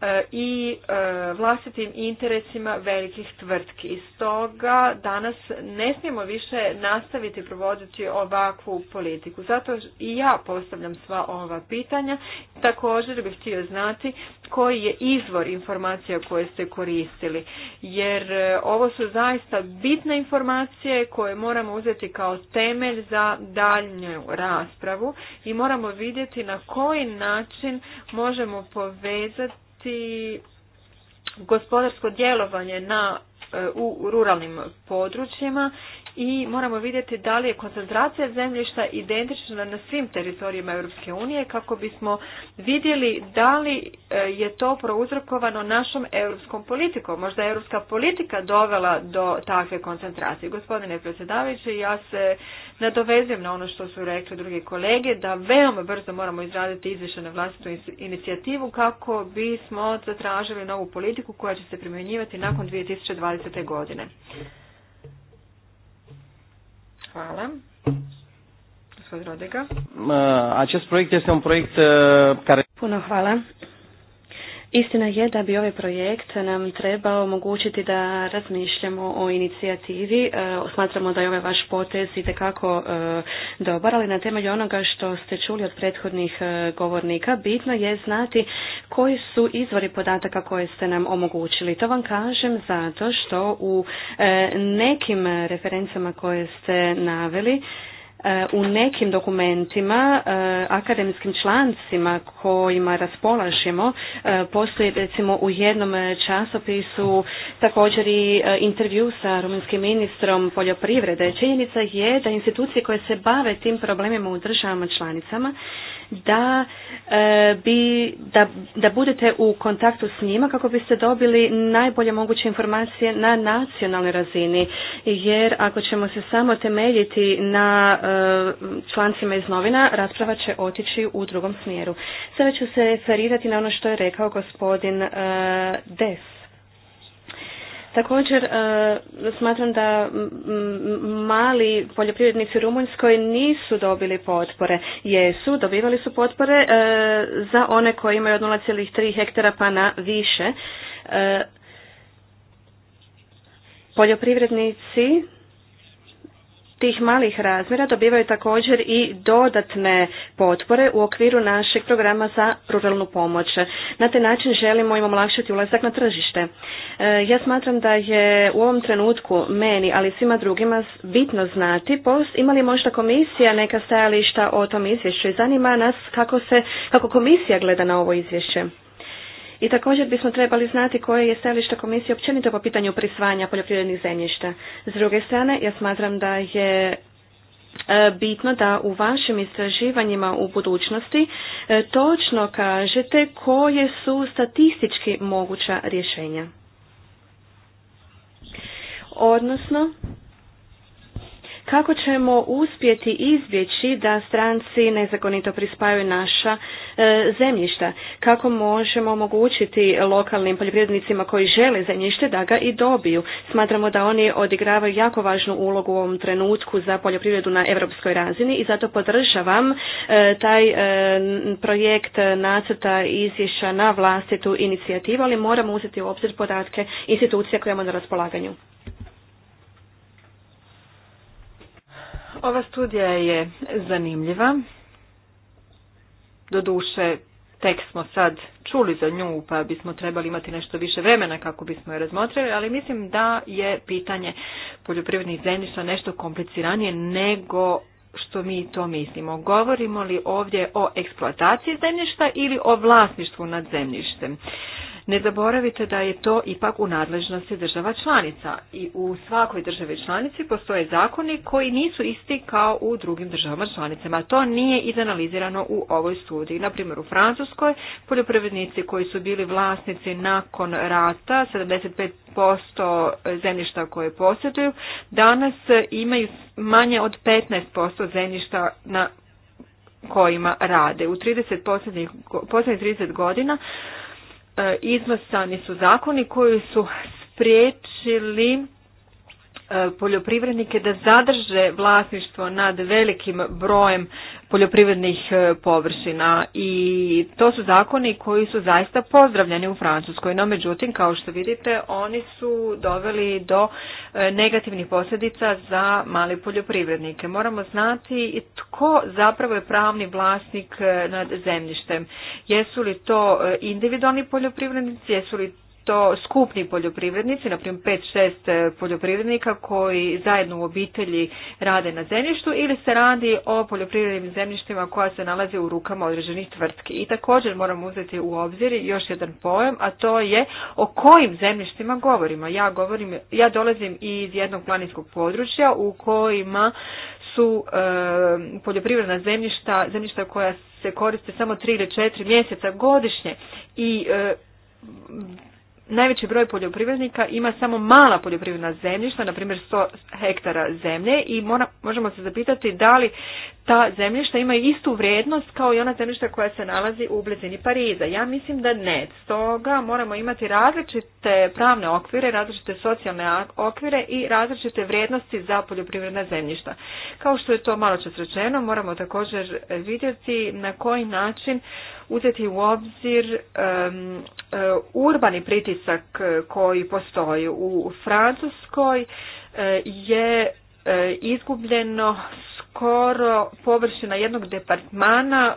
Eh, i eh, vlastitim interesima velikih tvrtki. stoga danas ne smijemo više nastaviti provoditi ovakvu politiku. Zato i ja postavljam sva ova pitanja. Također bih htio znati koji je izvor informacija koje ste koristili. Jer eh, ovo su zaista bitne informacije koje moramo uzeti kao temelj za daljnju raspravu i moramo vidjeti na koji način možemo povezati gospodarsko djelovanje na e, u ruralnim područjima i moramo vidjeti da li je koncentracija zemljišta identična na svim teritorijima Europske unije kako bismo vidjeli da li e, je to prouzrokovano našom europskom politikom. Možda je europska politika dovela do takve koncentracije. Gospodine predsjedavajući, ja se nadovezujem na ono što su rekli druge kolege, da veoma brzo moramo izraditi izvješće na vlastitu inicijativu kako bismo zatražili novu politiku koja će se primjenjivati nakon 2020. godine. Hvala. Gospodin Rodega. Uh, Puno hvala. Istina je da bi ovaj projekt nam trebao omogućiti da razmišljamo o inicijativi. E, smatramo da je ovaj vaš potez itekako e, dobar, ali na temelju onoga što ste čuli od prethodnih e, govornika, bitno je znati koji su izvori podataka koje ste nam omogućili. To vam kažem zato što u nekim referencama koje ste naveli, u nekim dokumentima, e, akademskim člancima kojima raspolažimo, e, postoji recimo u jednom časopisu također i e, intervju sa rumunskim ministrom poljoprivrede. Činjenica je da institucije koje se bave tim problemima u državama članicama da, e, bi, da, da budete u kontaktu s njima kako biste dobili najbolje moguće informacije na nacionalnoj razini. Jer ako ćemo se samo temeljiti na e, člancima iz novina, rasprava će otići u drugom smjeru. Sada ću se referirati na ono što je rekao gospodin e, Des. Također e, smatram da mali poljoprivrednici u Rumunjskoj nisu dobili potpore. Jesu, dobivali su potpore e, za one koji imaju od 0,3 hektara pa na više. E, poljoprivrednici tih malih razmjera dobivaju također i dodatne potpore u okviru našeg programa za ruralnu pomoć. Na taj način želimo im olakšati ulazak na tržište. E, ja smatram da je u ovom trenutku meni, ali svima drugima bitno znati post, ima li možda komisija neka stajališta o tom izvješću i zanima nas kako, se, kako komisija gleda na ovo izvješće. I također bismo trebali znati koje je stajalište komisije općenito po pitanju prisvajanja poljoprivrednih zemljišta. S druge strane, ja smatram da je e, bitno da u vašim istraživanjima u budućnosti e, točno kažete koje su statistički moguća rješenja. Odnosno, kako ćemo uspjeti izbjeći da stranci nezakonito prispaju naša e, zemljišta? Kako možemo omogućiti lokalnim poljoprivrednicima koji žele zemljište da ga i dobiju? Smatramo da oni odigravaju jako važnu ulogu u ovom trenutku za poljoprivredu na europskoj razini i zato podržavam e, taj e, projekt nacrta izvješća na vlastitu inicijativu, ali moramo uzeti u obzir podatke institucija koje imamo na raspolaganju. Ova studija je zanimljiva. Doduše, tek smo sad čuli za nju, pa bismo trebali imati nešto više vremena kako bismo je razmotrili, ali mislim da je pitanje poljoprivrednih zemljišta nešto kompliciranije nego što mi to mislimo. Govorimo li ovdje o eksploataciji zemljišta ili o vlasništvu nad zemljištem? Ne zaboravite da je to ipak u nadležnosti država članica i u svakoj državi članici postoje zakoni koji nisu isti kao u drugim državama članicama. To nije izanalizirano u ovoj studiji. Naprimjer u Francuskoj poljoprivrednici koji su bili vlasnici nakon rata 75% zemljišta koje posjeduju danas imaju manje od 15% zemljišta na kojima rade. U 30 posljednjih, posljednjih 30 godina E, izglasani su zakoni koji su spriječili E, poljoprivrednike da zadrže vlasništvo nad velikim brojem poljoprivrednih e, površina i to su zakoni koji su zaista pozdravljeni u Francuskoj, no međutim kao što vidite oni su doveli do e, negativnih posljedica za mali poljoprivrednike. Moramo znati tko zapravo je pravni vlasnik nad zemljištem. Jesu li to individualni poljoprivrednici, jesu li to skupni poljoprivrednici, na primjer 5-6 e, poljoprivrednika koji zajedno u obitelji rade na zemljištu ili se radi o poljoprivrednim zemljištima koja se nalaze u rukama određenih tvrtki. I također moramo uzeti u obzir još jedan pojam, a to je o kojim zemljištima govorimo. Ja, govorim, ja dolazim iz jednog planinskog područja u kojima su e, poljoprivredna zemljišta, zemljišta koja se koriste samo 3 ili 4 mjeseca godišnje i e, najveći broj poljoprivrednika ima samo mala poljoprivredna zemljišta, na primjer 100 hektara zemlje i možemo se zapitati da li ta zemljišta imaju istu vrijednost kao i ona zemljišta koja se nalazi u blizini Pariza. Ja mislim da ne. Stoga moramo imati različite pravne okvire, različite socijalne okvire i različite vrijednosti za poljoprivredna zemljišta. Kao što je to malo čas rečeno, moramo također vidjeti na koji način uzeti u obzir eh, urbani pritisak eh, koji postoji u Francuskoj eh, je izgubljeno skoro površina jednog departmana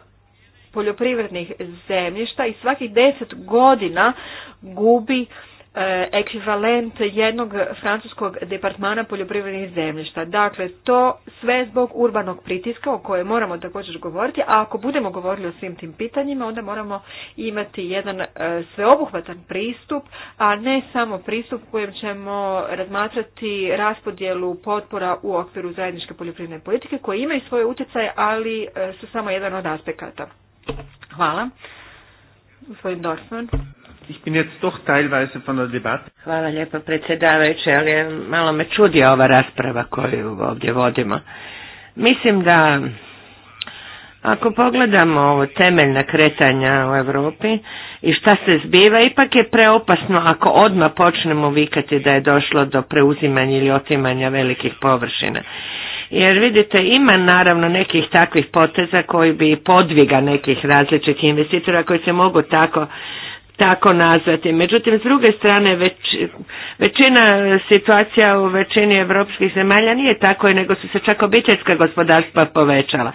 poljoprivrednih zemljišta i svakih deset godina gubi Eh, ekvivalent jednog francuskog departmana poljoprivrednih zemljišta. Dakle, to sve zbog urbanog pritiska o kojem moramo također govoriti, a ako budemo govorili o svim tim pitanjima, onda moramo imati jedan eh, sveobuhvatan pristup, a ne samo pristup kojem ćemo razmatrati raspodjelu potpora u okviru zajedničke poljoprivredne politike koje imaju svoje utjecaje, ali eh, su samo jedan od aspekata. Hvala. Gospodin Dorfman. Hvala lijepa predsjedavajući, ali malo me čudi ova rasprava koju ovdje vodimo. Mislim da ako pogledamo ovo temeljna kretanja u Europi i šta se zbiva, ipak je preopasno ako odmah počnemo vikati da je došlo do preuzimanja ili otimanja velikih površina. Jer vidite, ima naravno nekih takvih poteza koji bi podviga nekih različitih investitora koji se mogu tako tako nazvati. Međutim, s druge strane, već, većina situacija u većini evropskih zemalja nije tako, nego su se čak obiteljska gospodarstva povećala.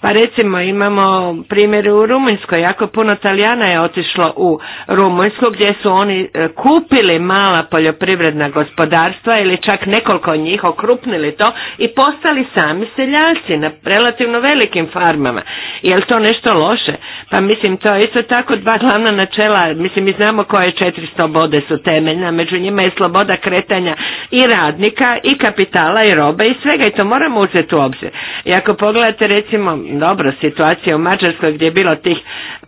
Pa recimo imamo primjer u Rumunjskoj, jako puno Talijana je otišlo u Rumunjsku gdje su oni e, kupili mala poljoprivredna gospodarstva ili čak nekoliko njih okrupnili to i postali sami seljaci na relativno velikim farmama. Je to nešto loše? Pa mislim, to isto tako dva glavna načela, mislim mi znamo koje 400 slobode su temeljna, među njima je sloboda kretanja i radnika i kapitala i robe i svega i to moramo uzeti u obzir. I ako pogledate recimo, dobro, situacija u Mađarskoj gdje je bilo tih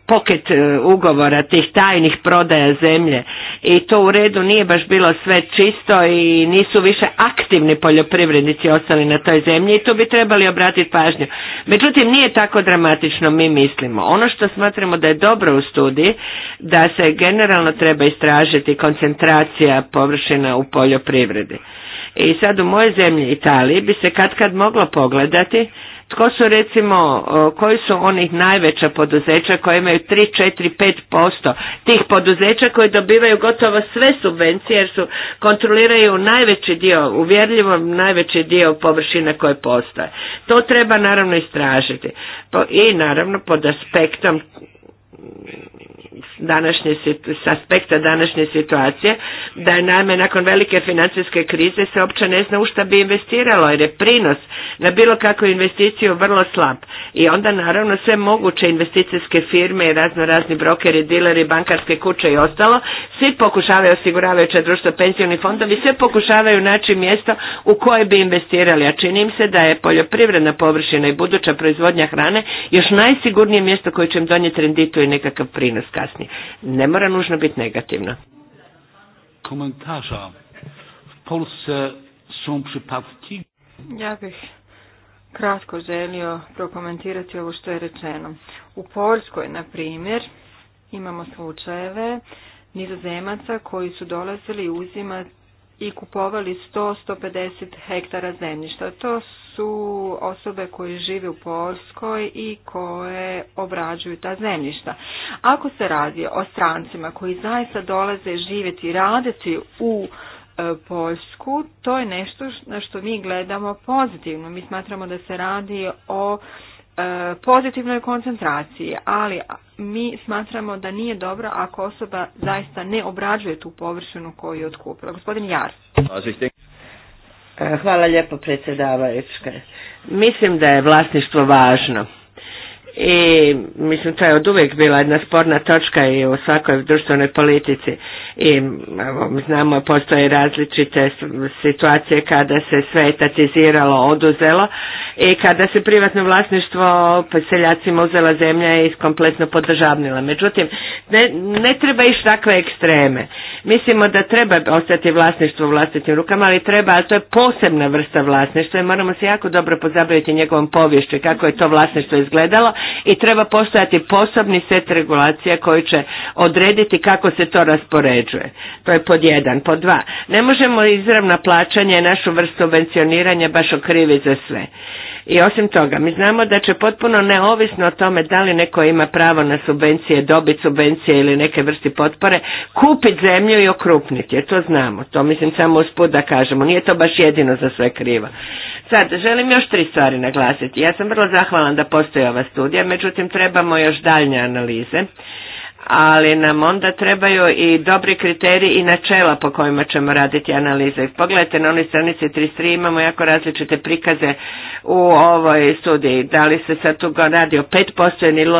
poket e, ugovora, tih tajnih prodaja zemlje i to u redu nije baš bilo sve čisto i nisu više aktivni poljoprivrednici ostali na toj zemlji i tu bi trebali obratiti pažnju. Međutim, nije tako dramatično, mi mislimo. Ono što smatramo da je dobro u studiji, da se generalno treba istražiti koncentracija površina u poljoprivredi. I sad u mojoj zemlji Italiji bi se kad kad moglo pogledati tko su recimo, koji su onih najveća poduzeća koja imaju 3, 4, 5% tih poduzeća koji dobivaju gotovo sve subvencije jer su, kontroliraju najveći dio, uvjerljivo najveći dio površina koje postoje. To treba naravno istražiti. I naravno pod aspektom današnje, s aspekta današnje situacije, da je naime nakon velike financijske krize se uopće ne zna u šta bi investiralo, jer je prinos na bilo kakvu investiciju vrlo slab. I onda naravno sve moguće investicijske firme i razno razni brokeri, dileri, bankarske kuće i ostalo, svi pokušavaju osiguravajuća društva penzioni fondovi, sve pokušavaju naći mjesto u koje bi investirali, a čini se da je poljoprivredna površina i buduća proizvodnja hrane još najsigurnije mjesto koje će im donijeti renditu i nekakav prinos kasnije. Ne mora nužno biti negativno. Polsce Ja bih kratko želio prokomentirati ovo što je rečeno. U Poljskoj, na primjer, imamo slučajeve nizozemaca koji su dolazili uzimati i kupovali 100-150 hektara zemljišta. To su osobe koje žive u Polskoj i koje obrađuju ta zemljišta. Ako se radi o strancima koji zaista dolaze živjeti i raditi u e, Poljsku, to je nešto na što mi gledamo pozitivno. Mi smatramo da se radi o e, pozitivnoj koncentraciji, ali mi smatramo da nije dobro ako osoba zaista ne obrađuje tu površinu koju je otkupila. Gospodin Jar. Hvala lijepo predsjedavajuće. Mislim da je vlasništvo važno. I mislim to je od uvijek bila jedna sporna točka i u svakoj društvenoj politici i znamo postoje različite situacije kada se sve etatiziralo, oduzelo i kada se privatno vlasništvo seljacima uzela zemlja i kompletno podržavnila. Međutim, ne, treba ići takve ekstreme. Mislimo da treba ostati vlasništvo u vlastitim rukama, ali treba, ali to je posebna vrsta vlasništva i moramo se jako dobro pozabaviti njegovom povješću kako je to vlasništvo izgledalo i treba postojati posebni set regulacija koji će odrediti kako se to rasporedi to je pod jedan. Pod dva, ne možemo izravna plaćanje našu vrstu subvencioniranja baš okrivi za sve. I osim toga, mi znamo da će potpuno neovisno o tome da li neko ima pravo na subvencije, dobiti subvencije ili neke vrsti potpore, kupit zemlju i okrupniti to znamo, to mislim samo usput da kažemo, nije to baš jedino za sve krivo. Sad, želim još tri stvari naglasiti, ja sam vrlo zahvalan da postoji ova studija, međutim trebamo još daljnje analize ali nam onda trebaju i dobri kriteriji i načela po kojima ćemo raditi analize. Pogledajte na onoj stranici 33 imamo jako različite prikaze u ovoj studiji. Da li se sad tu radi o 5% ili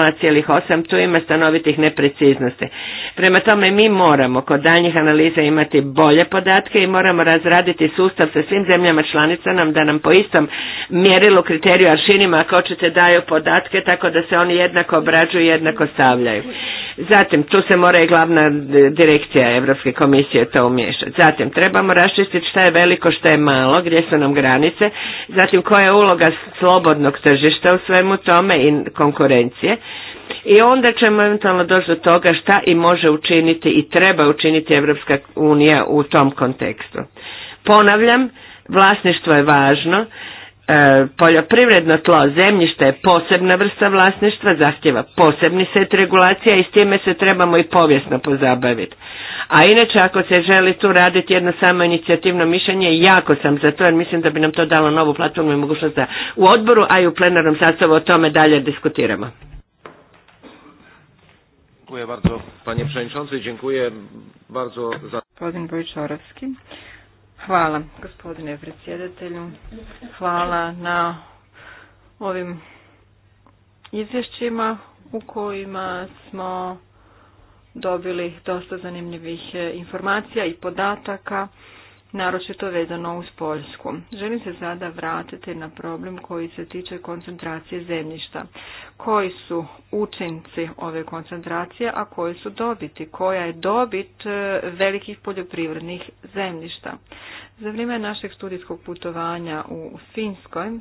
0,8, tu ima stanovitih nepreciznosti. Prema tome mi moramo kod daljnjih analiza imati bolje podatke i moramo razraditi sustav sa svim zemljama članicama da nam po istom mjerilu kriteriju aršinima ako ćete daju podatke tako da se oni jednako obrađuju i jednako stavljaju. Zatim, tu se mora i glavna direkcija Europske komisije to umiješati. Zatim, trebamo raščistiti šta je veliko, šta je malo, gdje su nam granice. Zatim, koja je uloga slobodnog tržišta u svemu tome i konkurencije. I onda ćemo eventualno doći do toga šta i može učiniti i treba učiniti Evropska unija u tom kontekstu. Ponavljam, vlasništvo je važno E, poljoprivredno tlo zemljište je posebna vrsta vlasništva, zahtjeva posebni set regulacija i s time se trebamo i povijesno pozabaviti. A inače ako se želi tu raditi jedno samo inicijativno mišljenje, jako sam za to jer mislim da bi nam to dalo novu platformu i mogućnost da u odboru, a i u plenarnom sastavu o tome dalje diskutiramo. Dziękuję bardzo, panie przewodniczący. Dziękuję bardzo za... Hvala gospodine predsjedatelju. Hvala na ovim izvješćima u kojima smo dobili dosta zanimljivih eh, informacija i podataka naročito vezano uz Poljsku. Želim se sada vratiti na problem koji se tiče koncentracije zemljišta. Koji su učinci ove koncentracije, a koji su dobiti? Koja je dobit e, velikih poljoprivrednih zemljišta? Za vrijeme našeg studijskog putovanja u Finskoj,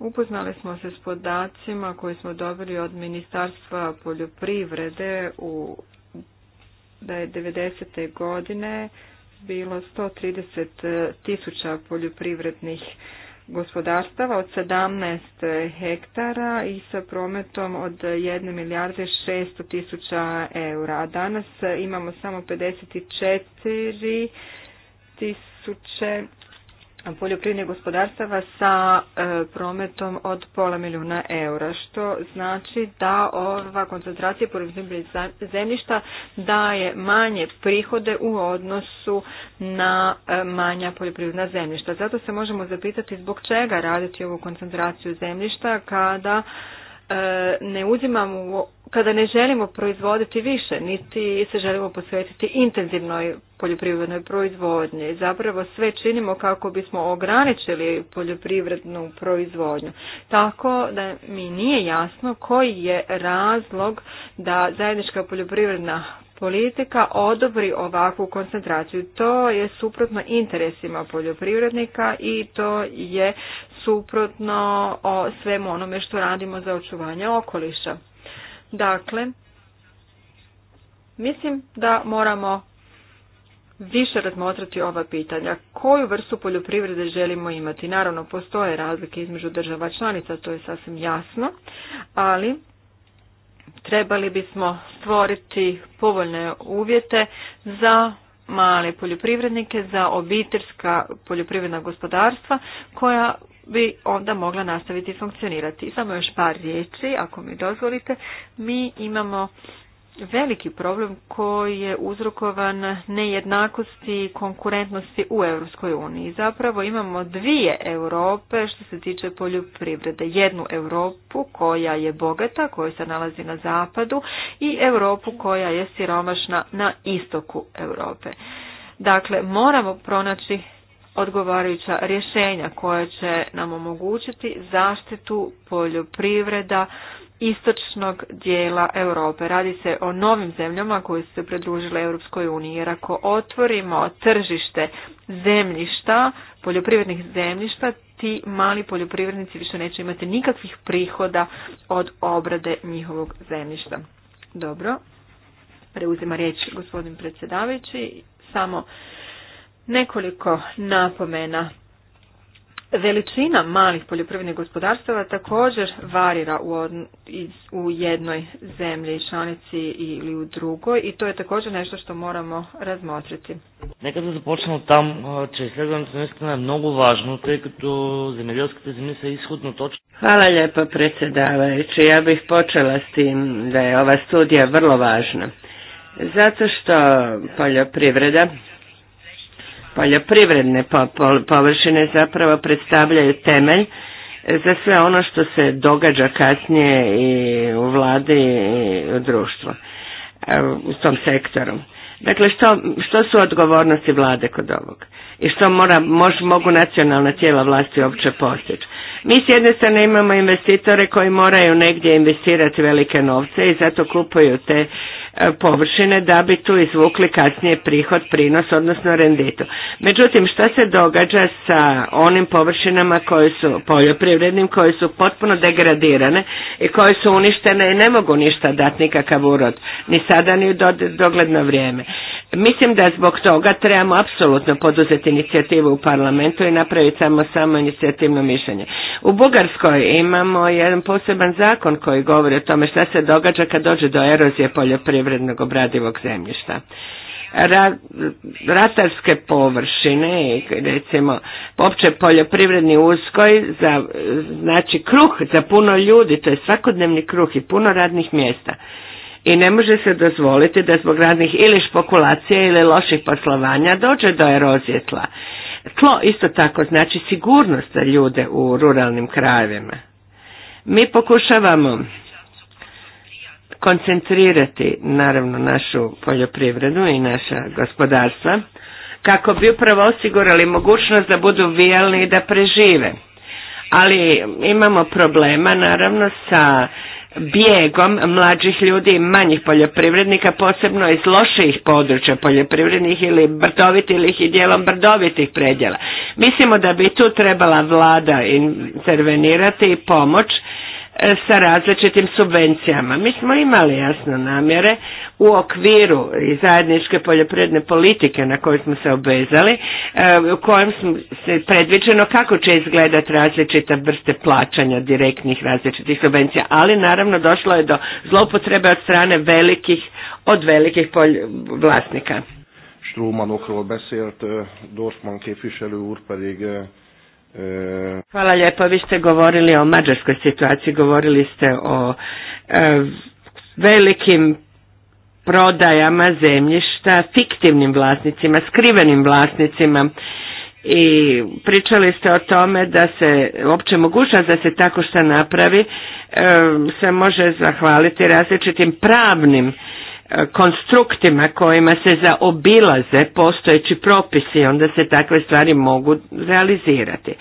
Upoznali smo se s podacima koje smo dobili od Ministarstva poljoprivrede u da je 90. godine bilo 130 tisuća poljoprivrednih gospodarstava od 17 hektara i sa prometom od 1 milijarde 600 tisuća eura. A danas imamo samo 54 tisuće poljoprivrednih gospodarstava sa e, prometom od pola milijuna eura, što znači da ova koncentracija poljoprivrednih zemljišta daje manje prihode u odnosu na e, manja poljoprivredna zemljišta. Zato se možemo zapitati zbog čega raditi ovu koncentraciju zemljišta kada E, ne uzimamo, kada ne želimo proizvoditi više, niti se želimo posvetiti intenzivnoj poljoprivrednoj proizvodnji. Zapravo sve činimo kako bismo ograničili poljoprivrednu proizvodnju. Tako da mi nije jasno koji je razlog da zajednička poljoprivredna politika odobri ovakvu koncentraciju. To je suprotno interesima poljoprivrednika i to je suprotno o svemu onome što radimo za očuvanje okoliša. Dakle, mislim da moramo više razmotrati ova pitanja. Koju vrstu poljoprivrede želimo imati? Naravno, postoje razlike između država članica, to je sasvim jasno, ali Trebali bismo stvoriti povoljne uvjete za male poljoprivrednike, za obiteljska poljoprivredna gospodarstva koja bi onda mogla nastaviti funkcionirati. Samo još par riječi, ako mi dozvolite. Mi imamo veliki problem koji je uzrokovan nejednakosti i konkurentnosti u Europskoj uniji. Zapravo imamo dvije Europe što se tiče poljoprivrede. Jednu Europu koja je bogata, koja se nalazi na zapadu i Europu koja je siromašna na istoku Europe. Dakle, moramo pronaći odgovarajuća rješenja koja će nam omogućiti zaštitu poljoprivreda istočnog dijela Europe. Radi se o novim zemljama koje su se pridružile Europskoj uniji, jer ako otvorimo tržište zemljišta, poljoprivrednih zemljišta, ti mali poljoprivrednici više neće imati nikakvih prihoda od obrade njihovog zemljišta. Dobro, preuzima riječ gospodin predsjedavajući, samo nekoliko napomena. Veličina malih poljoprivrednih gospodarstava također varira u jednoj zemlji članici ili u drugoj i to je također nešto što moramo razmotriti. nekad da započnemo tam, če че изследването je mnogo važno, важно, тъй като земеделските se se ishodno Hvala lijepo predsjedavajući. Ja bih počela s tim da je ova studija vrlo važna. Zato što poljoprivreda poljoprivredne površine zapravo predstavljaju temelj za sve ono što se događa kasnije i u vladi i u društvu e, u tom sektoru. Dakle, što, što su odgovornosti vlade kod ovog? I što mora, mož, mogu nacionalna tijela vlasti uopće postići? Mi s jedne strane imamo investitore koji moraju negdje investirati velike novce i zato kupuju te E, površine da bi tu izvukli kasnije prihod, prinos, odnosno renditu. Međutim, što se događa sa onim površinama koje su poljoprivrednim, koje su potpuno degradirane i koje su uništene i ne mogu ništa dati nikakav urod, ni sada ni u dogledno vrijeme. Mislim da zbog toga trebamo apsolutno poduzeti inicijativu u parlamentu i napraviti samo samo inicijativno mišljenje. U Bugarskoj imamo jedan poseban zakon koji govori o tome šta se događa kad dođe do erozije poljoprivrede poljoprivrednog obradivog zemljišta. Ra, ratarske površine, recimo opće poljoprivredni uskoj za, znači kruh za puno ljudi, to je svakodnevni kruh i puno radnih mjesta. I ne može se dozvoliti da zbog radnih ili špokulacija ili loših poslovanja dođe do erozije tla. Tlo isto tako znači sigurnost za ljude u ruralnim krajevima. Mi pokušavamo koncentrirati naravno našu poljoprivredu i naša gospodarstva kako bi upravo osigurali mogućnost da budu vijalni i da prežive. Ali imamo problema naravno sa bijegom mlađih ljudi i manjih poljoprivrednika, posebno iz loših područja poljoprivrednih ili brdovitih i dijelom brdovitih predjela. Mislimo da bi tu trebala vlada intervenirati i pomoć E, sa različitim subvencijama. Mi smo imali jasno namjere u okviru i zajedničke poljoprivredne politike na koju smo se obvezali, e, u kojem smo se predviđeno kako će izgledati različite vrste plaćanja direktnih različitih subvencija, ali naravno došlo je do zloupotrebe od strane velikih, od velikih polj vlasnika. Struman beszélt, eh, Dorfman képviselő úr eh, Hvala lijepo. Vi ste govorili o mađarskoj situaciji, govorili ste o e, velikim prodajama zemljišta, fiktivnim vlasnicima, skrivenim vlasnicima i pričali ste o tome da se uopće mogućnost da se tako što napravi e, se može zahvaliti različitim pravnim E, konstruktima kojima se zaobilaze postojeći propisi, onda se takve stvari mogu realizirati.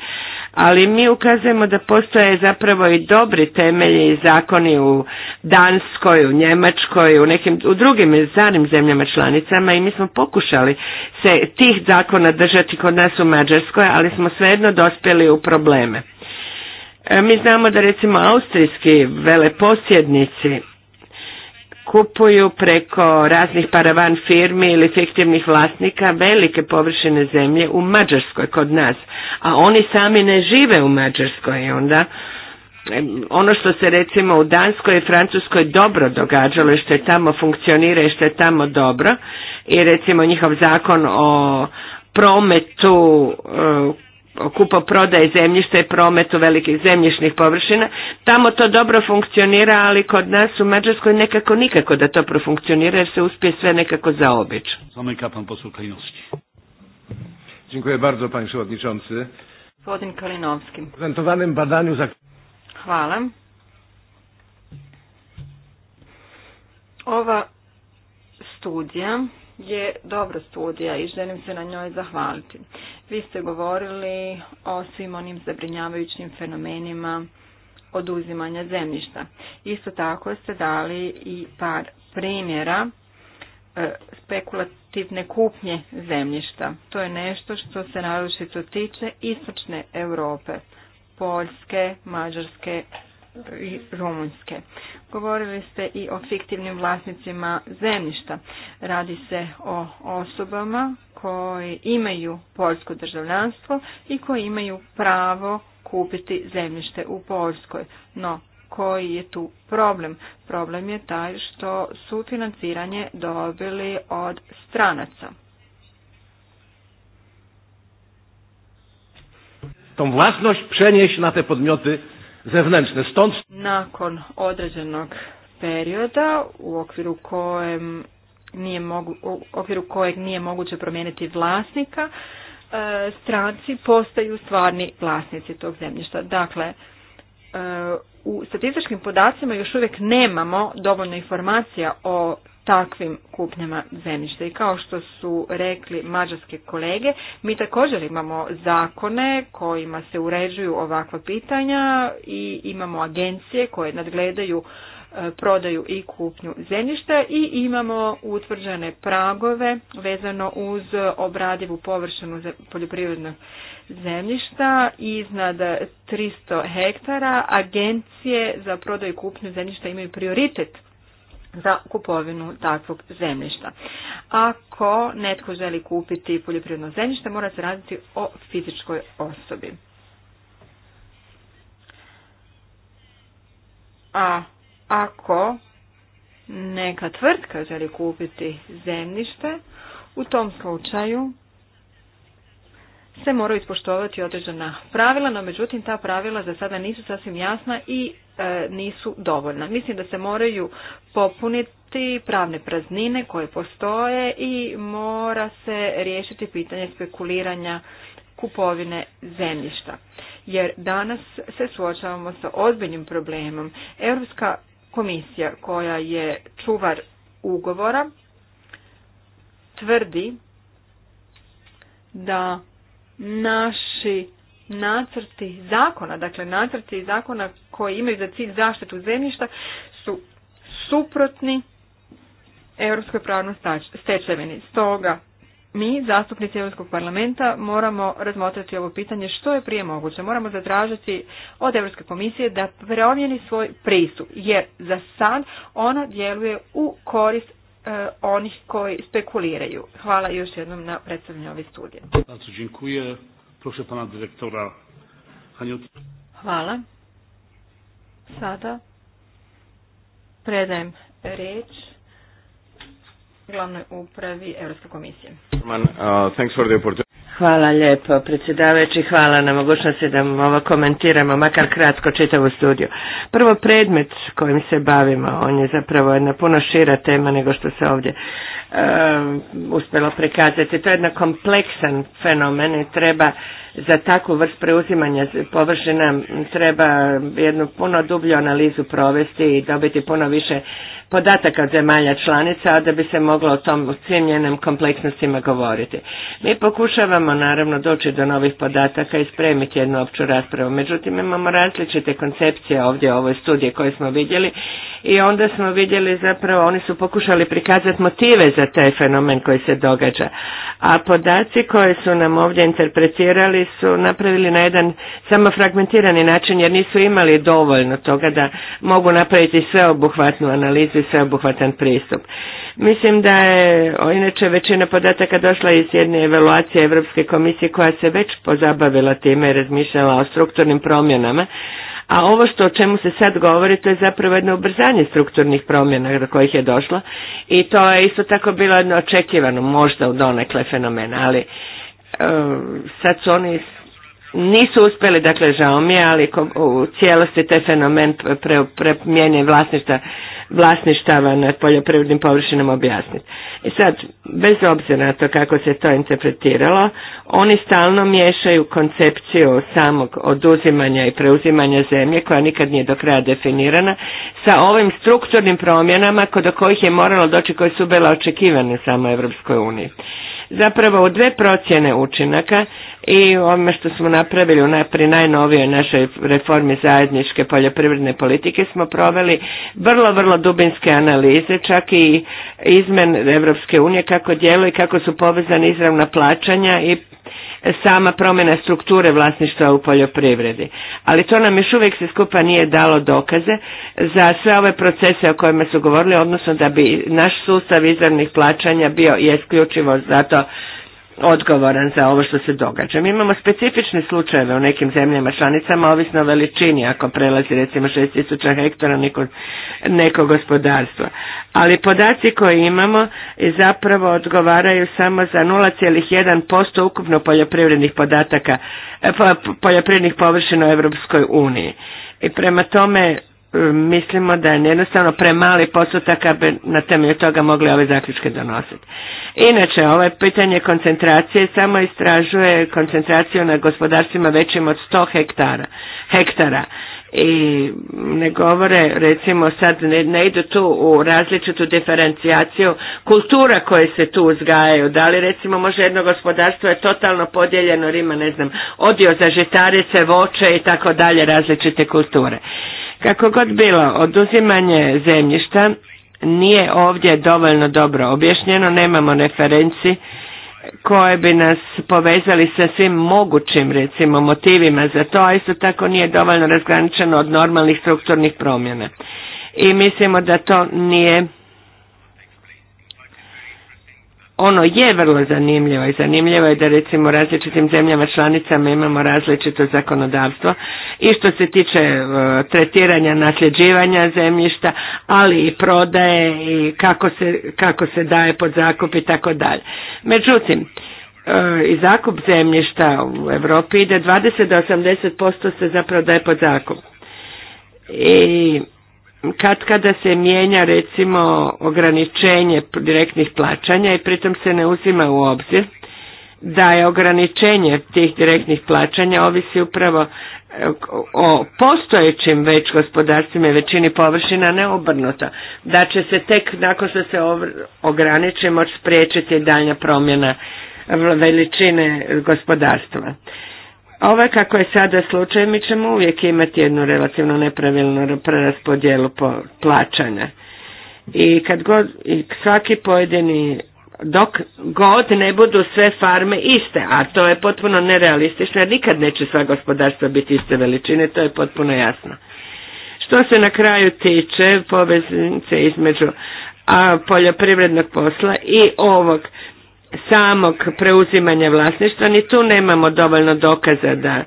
Ali mi ukazujemo da postoje zapravo i dobri temelji i zakoni u Danskoj, u Njemačkoj, u nekim u drugim zanim zemljama članicama i mi smo pokušali se tih zakona držati kod nas u Mađarskoj, ali smo svejedno dospjeli u probleme. E, mi znamo da recimo austrijski veleposjednici kupuju preko raznih paravan firmi ili fiktivnih vlasnika velike površine zemlje u Mađarskoj kod nas, a oni sami ne žive u Mađarskoj i onda ono što se recimo u Danskoj i Francuskoj dobro događalo i što je tamo funkcionira i što je tamo dobro i recimo njihov zakon o prometu e, kupo prodaje zemljišta i prometu velikih zemljišnih površina. Tamo to dobro funkcionira, ali kod nas u Mađarskoj nekako nikako da to profunkcionira jer se uspije sve nekako zaobići. Zamyka pan poslu Dziękuję bardzo panie przewodniczący. Gospodin Prezentowanym badaniu za... Hvala. Ova studija je dobra studija i želim se na njoj zahvaliti. Vi ste govorili o svim onim zabrinjavajućim fenomenima oduzimanja zemljišta. Isto tako ste dali i par primjera e, spekulativne kupnje zemljišta. To je nešto što se naročito tiče istočne Europe, Poljske, Mađarske, Rumunjske. Govorili ste i o fiktivnim vlasnicima zemljišta. Radi se o osobama koji imaju poljsko državljanstvo i koji imaju pravo kupiti zemljište u Poljskoj. No, koji je tu problem? Problem je taj što su financiranje dobili od stranaca. Tom własność przenieść na te podmioty zewnętrzne. Stąd... Nakon određenog perioda u okviru kojem nije mogu, u okviru kojeg nije moguće promijeniti vlasnika, e, stranci postaju stvarni vlasnici tog zemljišta. Dakle, E, u statističkim podacima još uvijek nemamo dovoljno informacija o takvim kupnjama zemljišta. I kao što su rekli mađarske kolege, mi također imamo zakone kojima se uređuju ovakva pitanja i imamo agencije koje nadgledaju E, prodaju i kupnju zemljišta i imamo utvrđene pragove vezano uz obradivu površinu poljoprivrednog zemljišta iznad 300 hektara. Agencije za prodaju i kupnju zemljišta imaju prioritet za kupovinu takvog zemljišta. Ako netko želi kupiti poljoprivredno zemljište, mora se raditi o fizičkoj osobi. A ako neka tvrtka želi kupiti zemljište, u tom slučaju se moraju ispoštovati određena pravila, no međutim ta pravila za sada nisu sasvim jasna i e, nisu dovoljna. Mislim da se moraju popuniti pravne praznine koje postoje i mora se riješiti pitanje spekuliranja kupovine zemljišta. Jer danas se suočavamo sa ozbiljnim problemom. Europska komisija koja je čuvar ugovora tvrdi da naši nacrti zakona, dakle nacrti zakona koji imaju za cilj zaštitu zemljišta su suprotni europskoj pravnoj stečevini. Stoga mi, zastupnici Europskog parlamenta, moramo razmotrati ovo pitanje što je prije moguće. Moramo zatražiti od Europske komisije da promijeni svoj pristup, jer za sad ona djeluje u korist e, onih koji spekuliraju. Hvala još jednom na predstavljanju ove studije. Hvala. Sada predajem reč glavnoj upravi Europske komisije. Uh, hvala lijepo, predsjedavajući, hvala na mogućnosti da ovo komentiramo, makar kratko čitavu studiju. Prvo predmet kojim se bavimo, on je zapravo jedna puno šira tema nego što se ovdje uh, uspjelo prikazati. To je jedan kompleksan fenomen i treba za takvu vrst preuzimanja površina treba jednu puno dublju analizu provesti i dobiti puno više podataka od zemalja članica, a da bi se moglo o tom svim njenim kompleksnostima govoriti. Mi pokušavamo naravno doći do novih podataka i spremiti jednu opću raspravu, međutim imamo različite koncepcije ovdje ovoj studije koje smo vidjeli i onda smo vidjeli zapravo, oni su pokušali prikazati motive za taj fenomen koji se događa, a podaci koje su nam ovdje interpretirali su napravili na jedan samo fragmentirani način jer nisu imali dovoljno toga da mogu napraviti sveobuhvatnu analizu i sveobuhvatan pristup. Mislim da je inače većina podataka došla iz jedne evaluacije Europske komisije koja se već pozabavila time i razmišljala o strukturnim promjenama, a ovo što o čemu se sad govori to je zapravo jedno ubrzanje strukturnih promjena do kojih je došlo i to je isto tako bilo jedno očekivano možda u donekle fenomena, ali Eh, sad su oni nisu uspjeli, dakle žao mi je, ali u cijelosti te fenomen premijenje pre, vlasništa, vlasništava nad poljoprivrednim površinama objasniti. I e sad, bez obzira na to kako se to interpretiralo, oni stalno miješaju koncepciju samog oduzimanja i preuzimanja zemlje koja nikad nije do kraja definirana sa ovim strukturnim promjenama kod kojih je moralo doći koji su bila očekivane samo Evropskoj uniji zapravo u dve procjene učinaka i ono što smo napravili pri najnovijoj našoj reformi zajedničke poljoprivredne politike smo proveli vrlo, vrlo dubinske analize, čak i izmen Evropske unije kako djeluje, kako su povezani izravna plaćanja i sama promjena strukture vlasništva u poljoprivredi. Ali to nam još uvijek se skupa nije dalo dokaze za sve ove procese o kojima su govorili, odnosno da bi naš sustav izravnih plaćanja bio i isključivo zato odgovoran za ovo što se događa. Mi imamo specifične slučajeve u nekim zemljama članicama, ovisno o veličini, ako prelazi recimo 6000 hektara neko, gospodarstvo. Ali podaci koje imamo zapravo odgovaraju samo za 0,1% ukupno poljoprivrednih podataka, poljoprivrednih površina u Europskoj uniji. I prema tome mislimo da je jednostavno premali postotak da bi na temelju toga mogli ove zaključke donositi. Inače, ovo ovaj pitanje koncentracije samo istražuje koncentraciju na gospodarstvima većim od 100 hektara. hektara i ne govore recimo sad ne, ne idu tu u različitu diferencijaciju kultura koje se tu uzgajaju da li recimo može jedno gospodarstvo je totalno podijeljeno rima ima ne znam odio za žitarice, voće i tako dalje različite kulture kako god bilo oduzimanje zemljišta nije ovdje dovoljno dobro objašnjeno nemamo referenci koje bi nas povezali sa svim mogućim recimo motivima za to, a isto tako nije dovoljno razgraničeno od normalnih strukturnih promjena. I mislimo da to nije ono je vrlo zanimljivo i zanimljivo je da recimo u različitim zemljama članicama imamo različito zakonodavstvo i što se tiče e, tretiranja nasljeđivanja zemljišta, ali i prodaje i kako se, kako se daje pod zakup i tako dalje. Međutim, e, i zakup zemljišta u Europi ide 20 do 80% se zapravo daje pod zakup. I kad kada se mijenja recimo ograničenje direktnih plaćanja i pritom se ne uzima u obzir da je ograničenje tih direktnih plaćanja ovisi upravo e, o postojećim već gospodarstvima i većini površina ne da će se tek nakon što se ograniče moći spriječiti daljnja promjena veličine gospodarstva. Ovo kako je sada slučaj, mi ćemo uvijek imati jednu relativno nepravilnu preraspodjelu plaćanja. I kad god, i svaki pojedini, dok god ne budu sve farme iste, a to je potpuno nerealistično jer nikad neće sva gospodarstva biti iste veličine, to je potpuno jasno. Što se na kraju tiče poveznice između poljoprivrednog posla i ovog samog preuzimanja vlasništva, ni tu nemamo dovoljno dokaza da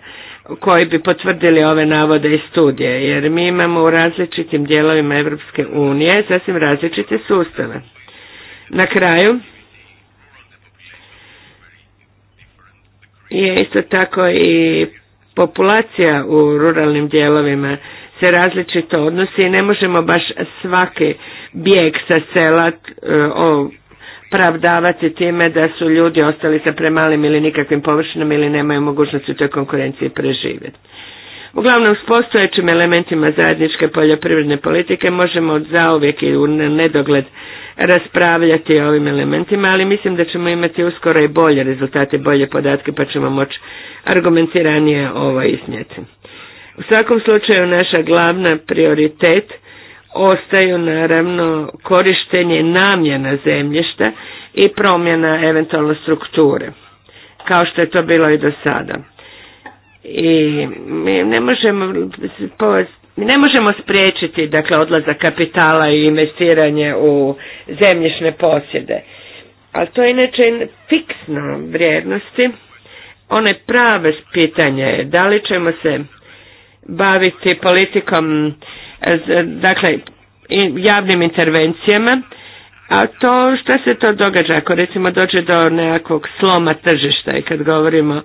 koji bi potvrdili ove navode i studije, jer mi imamo u različitim dijelovima Europske unije sasvim različite sustave. Na kraju je isto tako i populacija u ruralnim dijelovima se različito odnosi i ne možemo baš svaki bijeg sa sela e, o, pravdavati time da su ljudi ostali sa premalim ili nikakvim površinama ili nemaju mogućnosti u toj konkurenciji preživjeti. Uglavnom, s postojećim elementima zajedničke poljoprivredne politike možemo zauvijek i u nedogled raspravljati o ovim elementima, ali mislim da ćemo imati uskoro i bolje rezultate, bolje podatke, pa ćemo moći argumentiranije ovo iznijeti. U svakom slučaju, naša glavna prioritet ostaju naravno korištenje namjena zemljišta i promjena eventualno strukture, kao što je to bilo i do sada. I mi ne možemo, mi ne možemo spriječiti dakle, odlazak kapitala i investiranje u zemljišne posjede, ali to je inače fiksno vrijednosti. One prave pitanje je da li ćemo se baviti politikom dakle, javnim intervencijama, a to što se to događa ako recimo dođe do nekakvog sloma tržišta i kad govorimo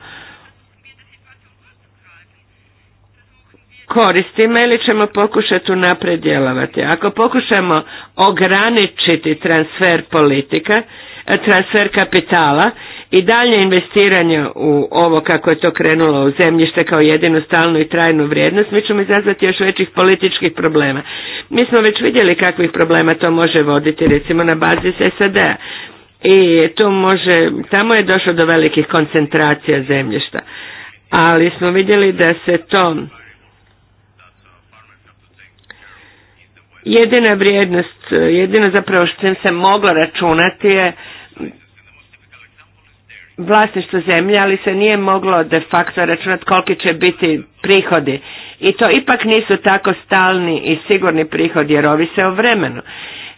koristima ili ćemo pokušati unaprijed djelovati. Ako pokušamo ograničiti transfer politika E, transfer kapitala i dalje investiranje u ovo kako je to krenulo u zemljište kao jedinu stalnu i trajnu vrijednost, mi ćemo izazvati još većih političkih problema. Mi smo već vidjeli kakvih problema to može voditi, recimo na bazi SAD-a. I to može, tamo je došlo do velikih koncentracija zemljišta. Ali smo vidjeli da se to jedina vrijednost, jedino zapravo što se moglo računati je vlasništvo zemlje, ali se nije moglo de facto računati koliki će biti prihodi. I to ipak nisu tako stalni i sigurni prihodi jer ovise o vremenu.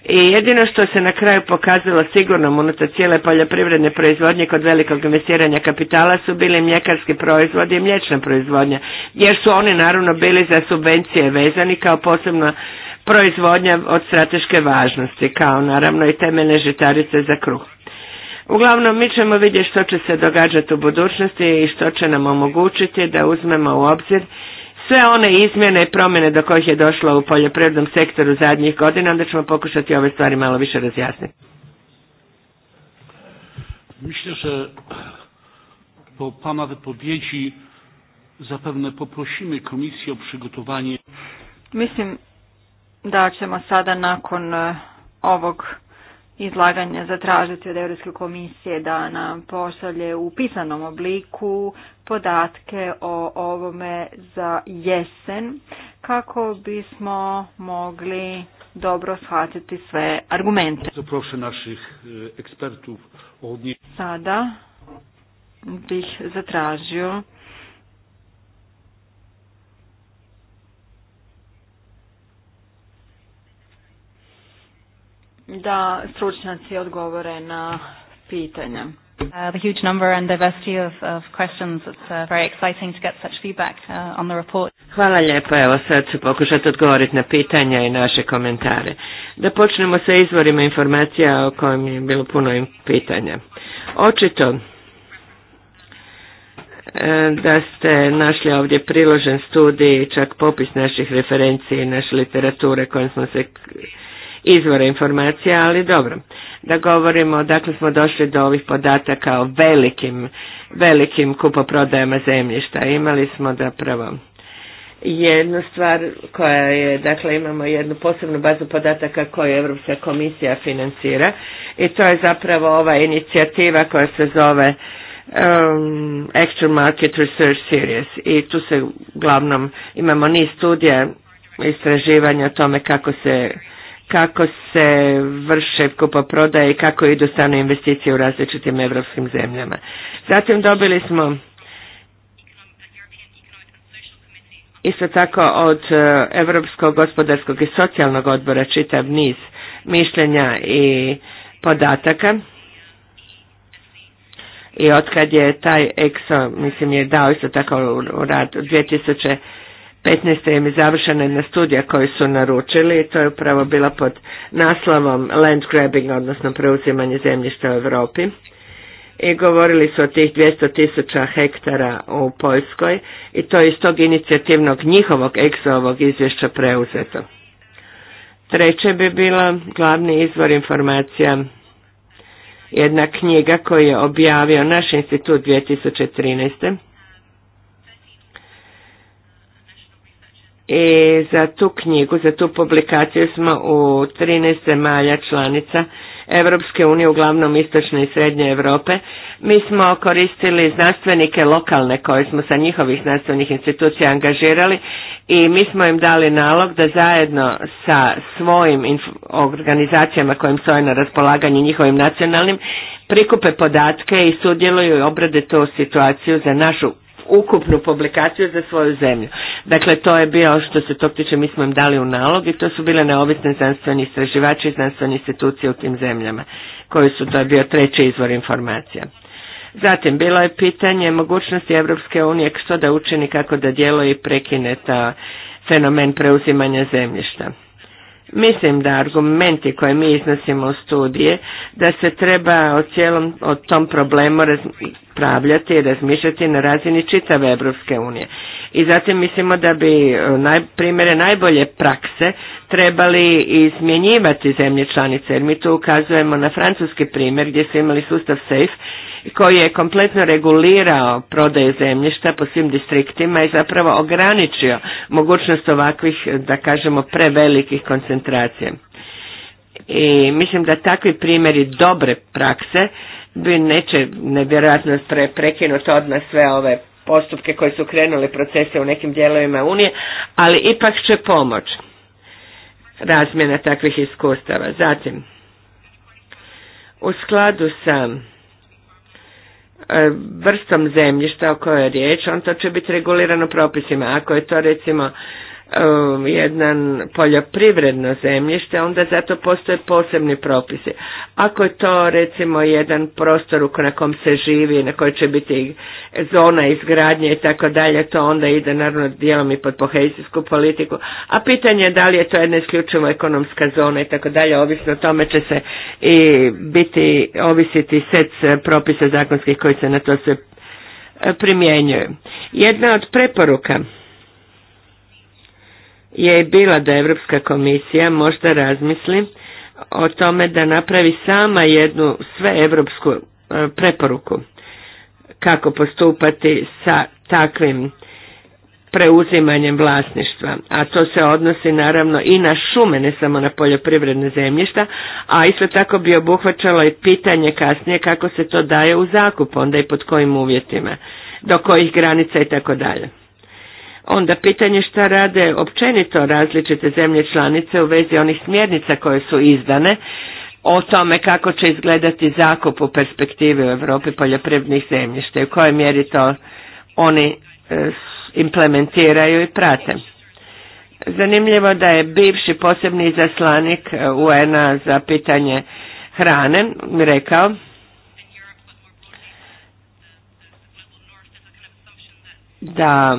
I jedino što se na kraju pokazalo sigurnom unutar cijele poljoprivredne proizvodnje kod velikog investiranja kapitala su bili mljekarski proizvodi i mlječna proizvodnja, jer su oni naravno bili za subvencije vezani kao posebno proizvodnja od strateške važnosti, kao naravno i temeljne žitarice za kruh. Uglavnom, mi ćemo vidjeti što će se događati u budućnosti i što će nam omogućiti da uzmemo u obzir sve one izmjene i promjene do kojih je došlo u poljoprivrednom sektoru zadnjih godina, onda ćemo pokušati ove stvari malo više razjasniti. Myślę, że po Pana wypowiedzi zapewne poprosimy o Mislim da ćemo sada nakon e, ovog izlaganja zatražiti od Europske komisije da nam pošalje u pisanom obliku podatke o ovome za jesen kako bismo mogli dobro shvatiti sve argumente. naših e, Sada bih zatražio da stručnjaci odgovore na pitanja. Uh, the huge number and diversity of, of questions. It's uh, very exciting to get such feedback uh, on the report. Hvala lijepo, evo sad ću pokušati odgovoriti na pitanja i naše komentare. Da počnemo sa izvorima informacija o kojim je bilo puno pitanja. Očito e, da ste našli ovdje priložen studij, čak popis naših referenciji i naše literature kojim smo se izvora informacija, ali dobro. Da govorimo, dakle smo došli do ovih podataka o velikim, velikim kupoprodajama zemljišta. Imali smo zapravo jednu stvar koja je, dakle imamo jednu posebnu bazu podataka koju Europska komisija financira i to je zapravo ova inicijativa koja se zove um, Extra Market Research Series i tu se uglavnom imamo niz studija istraživanja o tome kako se kako se vrše kupoprodaje i kako idu stane investicije u različitim evropskim zemljama. Zatim dobili smo isto tako od Europskog gospodarskog i socijalnog odbora čitav niz mišljenja i podataka i otkad je taj EXO, mislim je dao isto tako u rad 2000 15. im je završena jedna studija koju su naručili i to je upravo bila pod naslovom land grabbing, odnosno preuzimanje zemljišta u Europi. I govorili su o tih 200 tisuća hektara u Poljskoj i to je iz tog inicijativnog njihovog EXO-ovog izvješća preuzeto. Treće bi bila glavni izvor informacija jedna knjiga koju je objavio naš institut 2013 I za tu knjigu, za tu publikaciju smo u 13 zemalja članica Evropske unije, uglavnom istočne i srednje Europe. Mi smo koristili znanstvenike lokalne koje smo sa njihovih znanstvenih institucija angažirali i mi smo im dali nalog da zajedno sa svojim organizacijama kojim stoje na raspolaganju njihovim nacionalnim prikupe podatke i sudjeluju i obrade tu situaciju za našu ukupnu publikaciju za svoju zemlju. Dakle, to je bio, što se tog tiče, mi smo im dali u nalog i to su bile neovisne znanstveni istraživači i znanstvene institucije u tim zemljama, koji su, to bio treći izvor informacija. Zatim, bilo je pitanje mogućnosti Evropske unije što da učini, kako da djeluje i prekine ta fenomen preuzimanja zemljišta. Mislim da argumenti koje mi iznosimo u studije, da se treba o cijelom o tom problemu raspravljati i razmišljati na razini čitave Europske unije. I zatim mislimo da bi e, primjere najbolje prakse trebali izmjenjivati zemlje članice, jer mi tu ukazujemo na francuski primjer gdje su imali sustav SAFE koji je kompletno regulirao prodaje zemljišta po svim distriktima i zapravo ograničio mogućnost ovakvih, da kažemo, prevelikih koncentracija. I mislim da takvi primjeri dobre prakse bi neće nevjerojatno pre, prekinuti odmah sve ove postupke koje su krenuli procese u nekim dijelovima Unije, ali ipak će pomoć razmjena takvih iskustava. Zatim, u skladu sa e, vrstom zemljišta o kojoj je riječ, on to će biti regulirano propisima. Ako je to recimo um, jedan poljoprivredno zemljište, onda zato postoje posebni propisi. Ako je to recimo jedan prostor na kojem se živi, na kojoj će biti zona izgradnje i tako dalje, to onda ide naravno dijelom i pod pohezijsku politiku, a pitanje je da li je to jedna isključivo ekonomska zona i tako dalje, ovisno o tome će se i biti, ovisiti set propisa zakonskih koji se na to se primjenjuju. Jedna od preporuka je bila da Europska komisija možda razmisli o tome da napravi sama jednu sveevropsku e, preporuku kako postupati sa takvim preuzimanjem vlasništva, a to se odnosi naravno i na šume, ne samo na poljoprivredne zemljišta, a isto tako bi obuhvaćalo i pitanje kasnije kako se to daje u zakup, onda i pod kojim uvjetima, do kojih granica i tako dalje. Onda pitanje šta rade općenito različite zemlje članice u vezi onih smjernica koje su izdane o tome kako će izgledati zakup u perspektivi u Europi poljoprivrednih zemljišta i u kojoj mjeri to oni e, implementiraju i prate. Zanimljivo da je bivši posebni zaslanik e, UN-a za pitanje hrane rekao da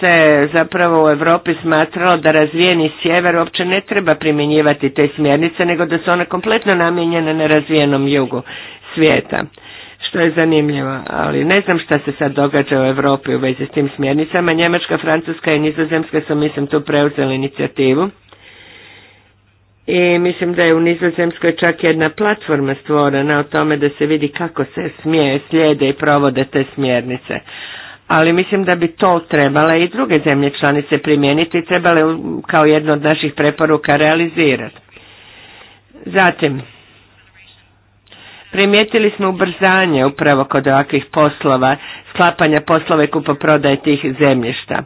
se zapravo u Europi smatralo da razvijeni sjever uopće ne treba primjenjivati te smjernice, nego da su one kompletno namijenjene na razvijenom jugu svijeta. Što je zanimljivo, ali ne znam šta se sad događa u Europi u vezi s tim smjernicama. Njemačka, Francuska i Nizozemska su, mislim, tu preuzeli inicijativu. I mislim da je u Nizozemskoj čak jedna platforma stvorena o tome da se vidi kako se smije, slijede i provode te smjernice ali mislim da bi to trebala i druge zemlje članice primijeniti i trebale kao jednu od naših preporuka realizirati. Zatim, primijetili smo ubrzanje upravo kod ovakvih poslova, sklapanja poslova i kupoprodaje tih zemljišta.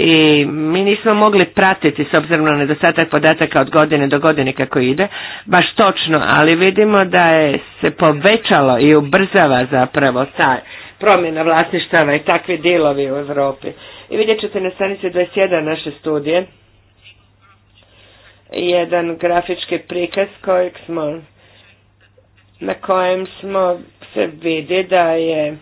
I mi nismo mogli pratiti s obzirom na nedostatak podataka od godine do godine kako ide, baš točno, ali vidimo da je se povećalo i ubrzava zapravo taj promjena vlasništava i takvi dilovi u Europi. I vidjet ćete na stranici 21 naše studije jedan grafički prikaz kojeg smo na kojem smo se vidi da je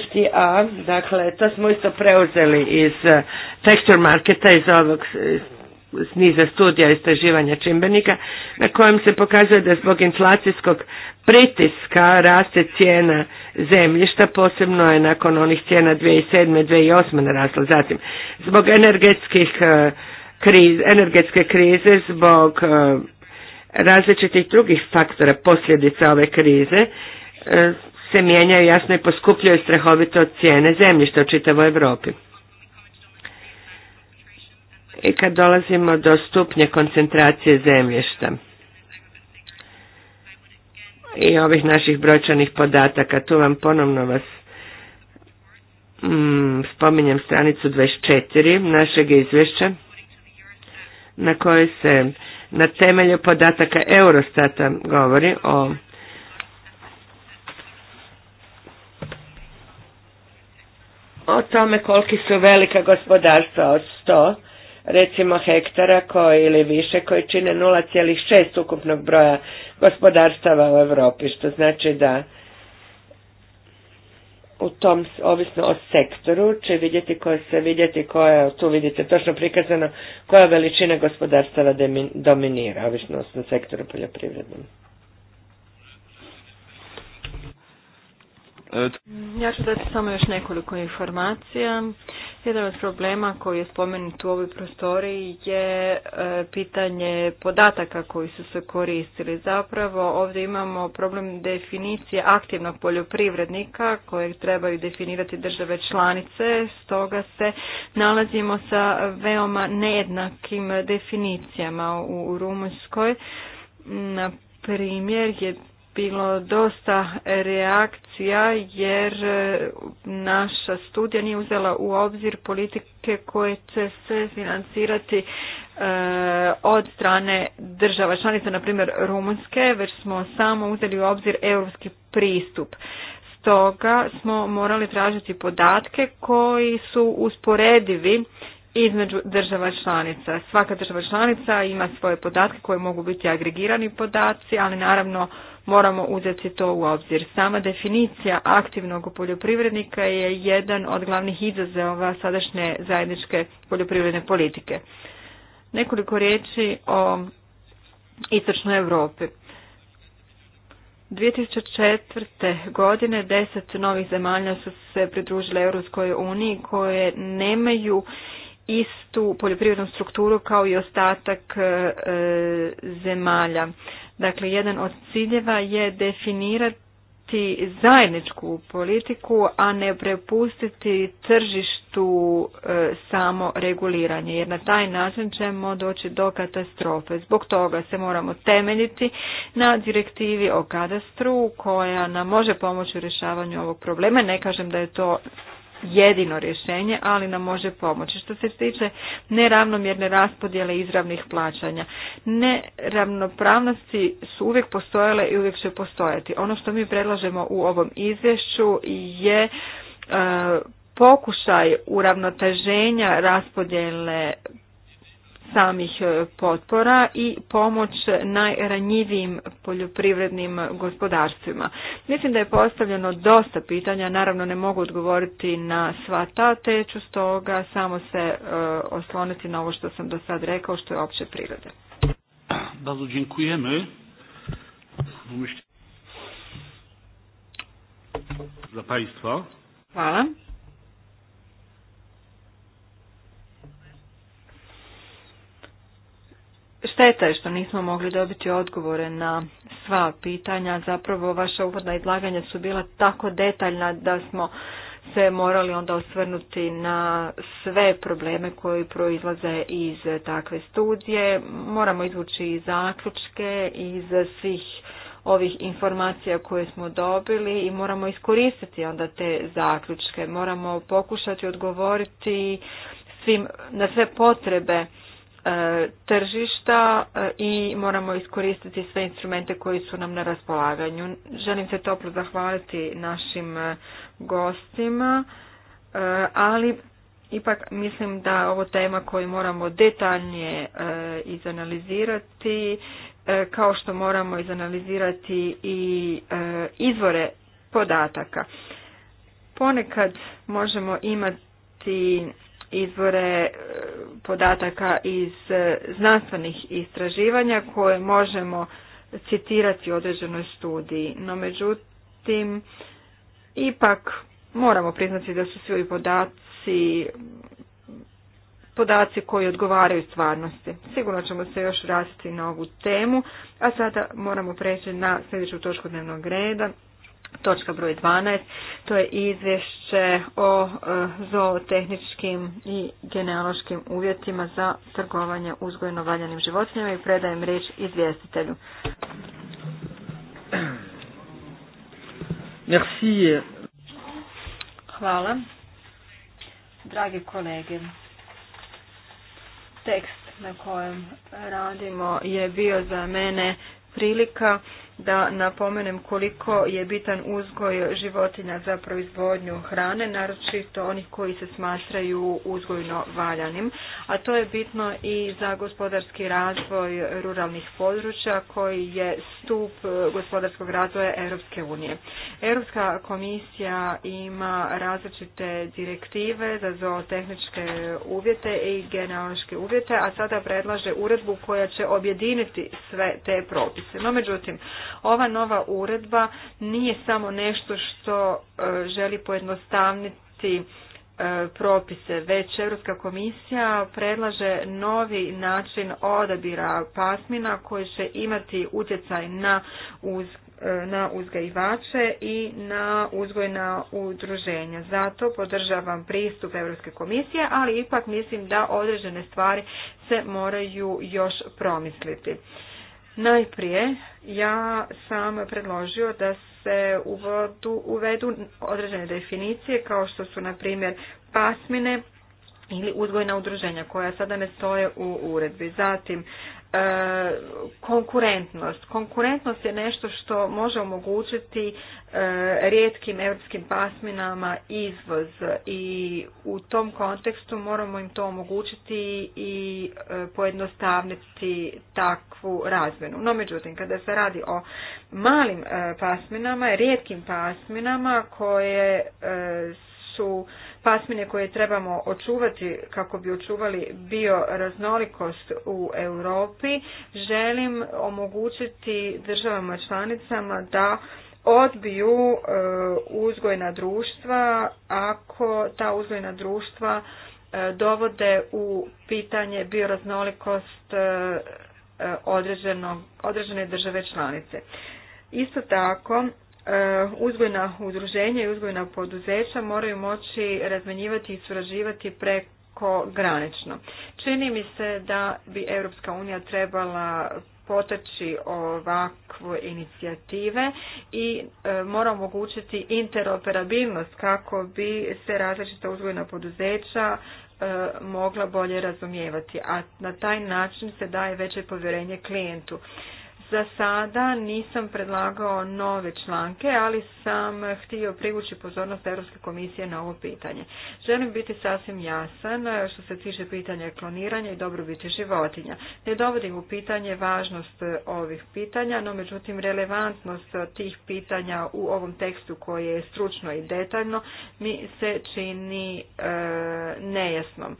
FTA, dakle to smo isto preuzeli iz eh, Texture Marketa iz ovog niza studija istraživanja čimbenika na kojem se pokazuje da zbog inflacijskog pritiska raste cijena zemljišta, posebno je nakon onih cijena 2007. 2008. narasla. Zatim, zbog energetskih e, energetske krize, zbog e, različitih drugih faktora posljedica ove krize, e, se mijenjaju jasno i poskupljuju strahovito cijene zemljišta u čitavoj Europi i kad dolazimo do stupnje koncentracije zemljišta i ovih naših brojčanih podataka, tu vam ponovno vas mm, spominjem stranicu 24 našeg izvješća na kojoj se na temelju podataka Eurostata govori o o tome koliki su velika gospodarstva od 100 recimo hektara koji ili više koji čine 0,6 ukupnog broja gospodarstava u Europi, što znači da u tom, ovisno o sektoru, će vidjeti koje se vidjeti koja, tu vidite točno prikazano koja veličina gospodarstava dominira, ovisno o sektoru poljoprivrednom. Ja ću dati samo još nekoliko informacija. Jedan od problema koji je spomenut u ovoj prostoriji je e, pitanje podataka koji su se koristili. Zapravo ovdje imamo problem definicije aktivnog poljoprivrednika kojeg trebaju definirati države članice, stoga se nalazimo sa veoma nejednakim definicijama u Rumunjskoj. Na primjer je bilo dosta reakcija jer e, naša studija nije uzela u obzir politike koje će se financirati e, od strane država članica, na primjer Rumunske, već smo samo uzeli u obzir europski pristup. Stoga smo morali tražiti podatke koji su usporedivi između država članica. Svaka država članica ima svoje podatke koje mogu biti agregirani podaci, ali naravno moramo uzeti to u obzir. Sama definicija aktivnog poljoprivrednika je jedan od glavnih izazova sadašnje zajedničke poljoprivredne politike. Nekoliko riječi o istočnoj Europi. 2004. godine deset novih zemalja su se pridružile Europskoj uniji koje nemaju istu poljoprivrednu strukturu kao i ostatak e, zemalja. Dakle, jedan od ciljeva je definirati zajedničku politiku, a ne prepustiti tržištu e, samo reguliranje, jer na taj način ćemo doći do katastrofe. Zbog toga se moramo temeljiti na direktivi o kadastru koja nam može pomoći u rješavanju ovog problema. Ne kažem da je to jedino rješenje, ali nam može pomoći. Što se tiče neravnomjerne raspodjele izravnih plaćanja, neravnopravnosti su uvijek postojale i uvijek će postojati. Ono što mi predlažemo u ovom izvješću je e, pokušaj uravnoteženja raspodjele samih e, potpora i pomoć najranjivijim poljoprivrednim gospodarstvima. Mislim da je postavljeno dosta pitanja, naravno ne mogu odgovoriti na sva ta, te stoga samo se e, osloniti na ovo što sam do sad rekao, što je opće prirode. Bardzo dziękujemy. za Hvala. Šteta je što nismo mogli dobiti odgovore na sva pitanja. Zapravo vaša uvodna izlaganja su bila tako detaljna da smo se morali onda osvrnuti na sve probleme koji proizlaze iz takve studije. Moramo izvući i zaključke iz svih ovih informacija koje smo dobili i moramo iskoristiti onda te zaključke. Moramo pokušati odgovoriti svim, na sve potrebe E, tržišta e, i moramo iskoristiti sve instrumente koji su nam na raspolaganju. Želim se toplo zahvaliti našim e, gostima, ali ipak mislim da je ovo tema koju moramo detaljnije izanalizirati, kao što moramo izanalizirati i izvore podataka. Ponekad možemo imati izvore e, podataka iz e, znanstvenih istraživanja koje možemo citirati u određenoj studiji. No međutim, ipak moramo priznati da su svi ovi podaci podaci koji odgovaraju stvarnosti. Sigurno ćemo se još rasti na ovu temu, a sada moramo preći na sljedeću točku dnevnog reda, točka broj 12, to je izvješće o e, zootehničkim i genealoškim uvjetima za trgovanje uzgojno valjanim životinjama i predajem riječ izvjestitelju. Merci. Hvala. Dragi kolege, tekst na kojem radimo je bio za mene prilika da napomenem koliko je bitan uzgoj životinja za proizvodnju hrane, naročito onih koji se smatraju uzgojno valjanim, a to je bitno i za gospodarski razvoj ruralnih područja koji je stup gospodarskog razvoja Europske unije. Europska komisija ima različite direktive za zootehničke uvjete i genealoške uvjete, a sada predlaže uredbu koja će objediniti sve te propise. No međutim, ova nova uredba nije samo nešto što e, želi pojednostavniti e, propise, već Europska komisija predlaže novi način odabira pasmina koji će imati utjecaj na, uz, e, na uzgajivače i na uzgojna udruženja. Zato podržavam pristup Europske komisije, ali ipak mislim da određene stvari se moraju još promisliti. Najprije ja sam predložio da se uvedu određene definicije kao što su na primjer pasmine ili uzgojna udruženja koja sada ne stoje u uredbi. Zatim E, konkurentnost. Konkurentnost je nešto što može omogućiti e, rijetkim europskim pasminama izvoz i u tom kontekstu moramo im to omogućiti i e, pojednostavniti takvu razmenu. No međutim, kada se radi o malim pasminama, rijetkim pasminama koje su pasmine koje trebamo očuvati kako bi očuvali bioraznolikost u Europi, želim omogućiti državama članicama da odbiju e, uzgojna društva ako ta uzgojna društva e, dovode u pitanje bioraznolikost e, određene države članice. Isto tako, E, uzgojna udruženja i uzgojna poduzeća moraju moći razmenjivati i surađivati preko granično. Čini mi se da bi Europska unija trebala potaći ovakve inicijative i e, mora omogućiti interoperabilnost kako bi se različita uzgojna poduzeća e, mogla bolje razumijevati, a na taj način se daje veće povjerenje klijentu. Za sada nisam predlagao nove članke, ali sam htio privući pozornost Europske komisije na ovo pitanje. Želim biti sasvim jasan što se tiče pitanja kloniranja i dobrobiti životinja. Ne dovodim u pitanje važnost ovih pitanja, no međutim relevantnost tih pitanja u ovom tekstu koje je stručno i detaljno mi se čini e, nejasnom.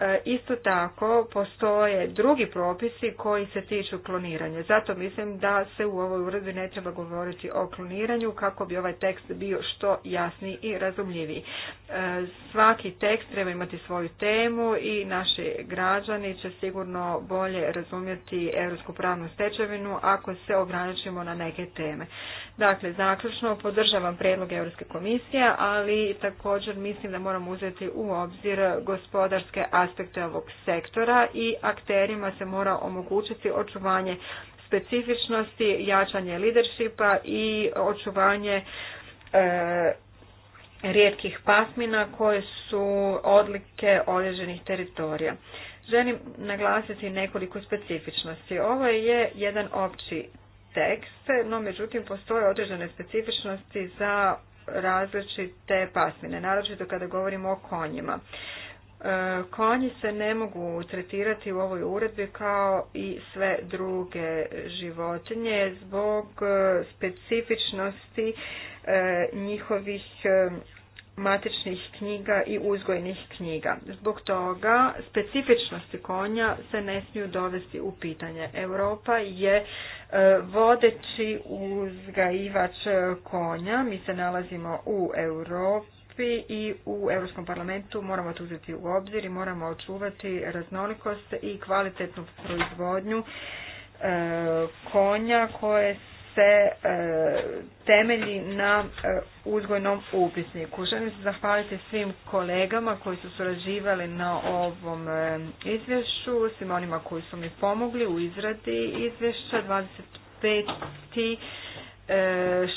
E, isto tako postoje drugi propisi koji se tiču kloniranja. Zato mislim da se u ovoj uredbi ne treba govoriti o kloniranju kako bi ovaj tekst bio što jasniji i razumljiviji. E, svaki tekst treba imati svoju temu i naši građani će sigurno bolje razumjeti europsku pravnu stečevinu ako se ograničimo na neke teme. Dakle, zaključno podržavam prijedlog Europske komisije, ali također mislim da moramo uzeti u obzir gospodarske aspekte ovog sektora i akterima se mora omogućiti očuvanje specifičnosti, jačanje leadershipa i očuvanje e, rijetkih pasmina koje su odlike određenih teritorija. Želim naglasiti nekoliko specifičnosti. Ovo je jedan opći tekst, no međutim postoje određene specifičnosti za različite pasmine, naročito kada govorimo o konjima. E, Konji se ne mogu tretirati u ovoj uredbi kao i sve druge životinje zbog e, specifičnosti e, njihovih matičnih knjiga i uzgojnih knjiga. Zbog toga specifičnosti konja se ne smiju dovesti u pitanje. Europa je vodeći uzgajivač konja. Mi se nalazimo u Europi i u Europskom parlamentu moramo to uzeti u obzir i moramo očuvati raznolikost i kvalitetnu proizvodnju e, konja koje se e, temelji na e, uzgojnom upisniku. Želim se zahvaliti svim kolegama koji su surađivali na ovom izvješću, svim onima koji su mi pomogli u izradi izvješća 25.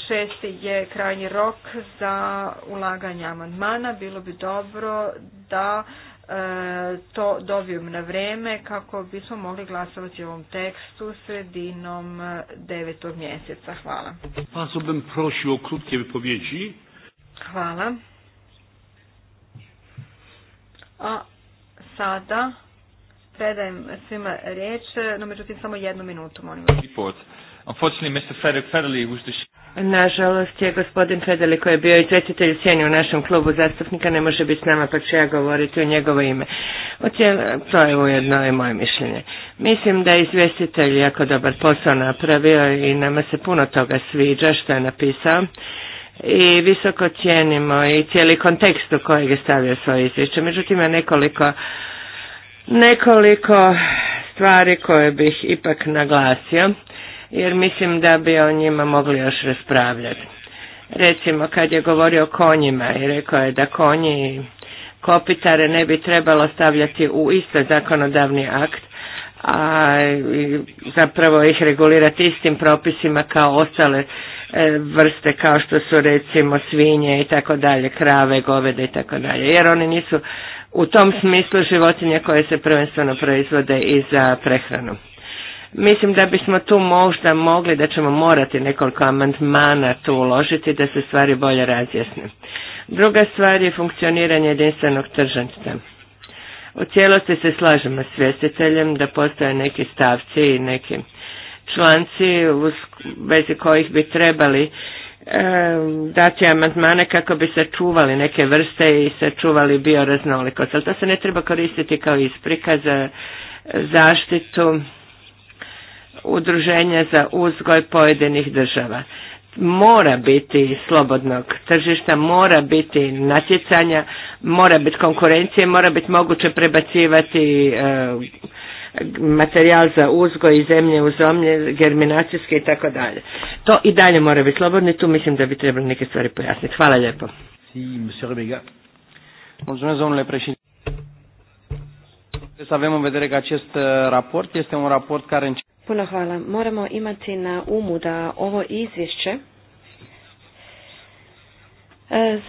Šesti je krajnji rok za ulaganje amandmana. Bilo bi dobro da e, to dobijem na vrijeme kako bismo mogli glasovati o ovom tekstu sredinom e, devetog mjeseca. Hvala. Hvala. A sada predajem svima riječ, no međutim samo jednu minutu, molim vas. Unfortunately, Mr. Frederick Federley Nažalost je gospodin Fedeli koji je bio izvjetitelj sjeni u našem klubu zastupnika ne može biti s nama pa ću ja govoriti u njegovo ime. to je ujedno i moje mišljenje. Mislim da je izvjestitelj jako dobar posao napravio i nama se puno toga sviđa što je napisao i visoko cijenimo i cijeli kontekst u kojeg je stavio svoje izvješće. Međutim, nekoliko, nekoliko stvari koje bih ipak naglasio jer mislim da bi o njima mogli još raspravljati. Recimo kad je govorio o konjima i rekao je da konji i kopitare ne bi trebalo stavljati u isto zakonodavni akt, a zapravo ih regulirati istim propisima kao ostale e, vrste kao što su recimo svinje i tako dalje, krave, govede i tako dalje, jer oni nisu u tom smislu životinje koje se prvenstveno proizvode i za prehranu. Mislim da bismo tu možda mogli, da ćemo morati nekoliko amandmana tu uložiti da se stvari bolje razjasne. Druga stvar je funkcioniranje jedinstvenog tržišta. U cijelosti se slažemo s vjestiteljem da postoje neki stavci i neki članci u vezi kojih bi trebali dati amandmane kako bi sačuvali neke vrste i sačuvali bioraznolikost. Ali to se ne treba koristiti kao isprika za zaštitu udruženja za uzgoj pojedinih država. Mora biti slobodnog tržišta, mora biti natjecanja, mora biti konkurencije, mora biti moguće prebacivati e, materijal za uzgoj i zemlje u zemlje, germinacijske i tako dalje. To i dalje mora biti slobodno i tu mislim da bi trebalo neke stvari pojasniti. Hvala lijepo. Să avem în vedere că acest uh, raport este un raport care Puno hvala. Moramo imati na umu da ovo izvješće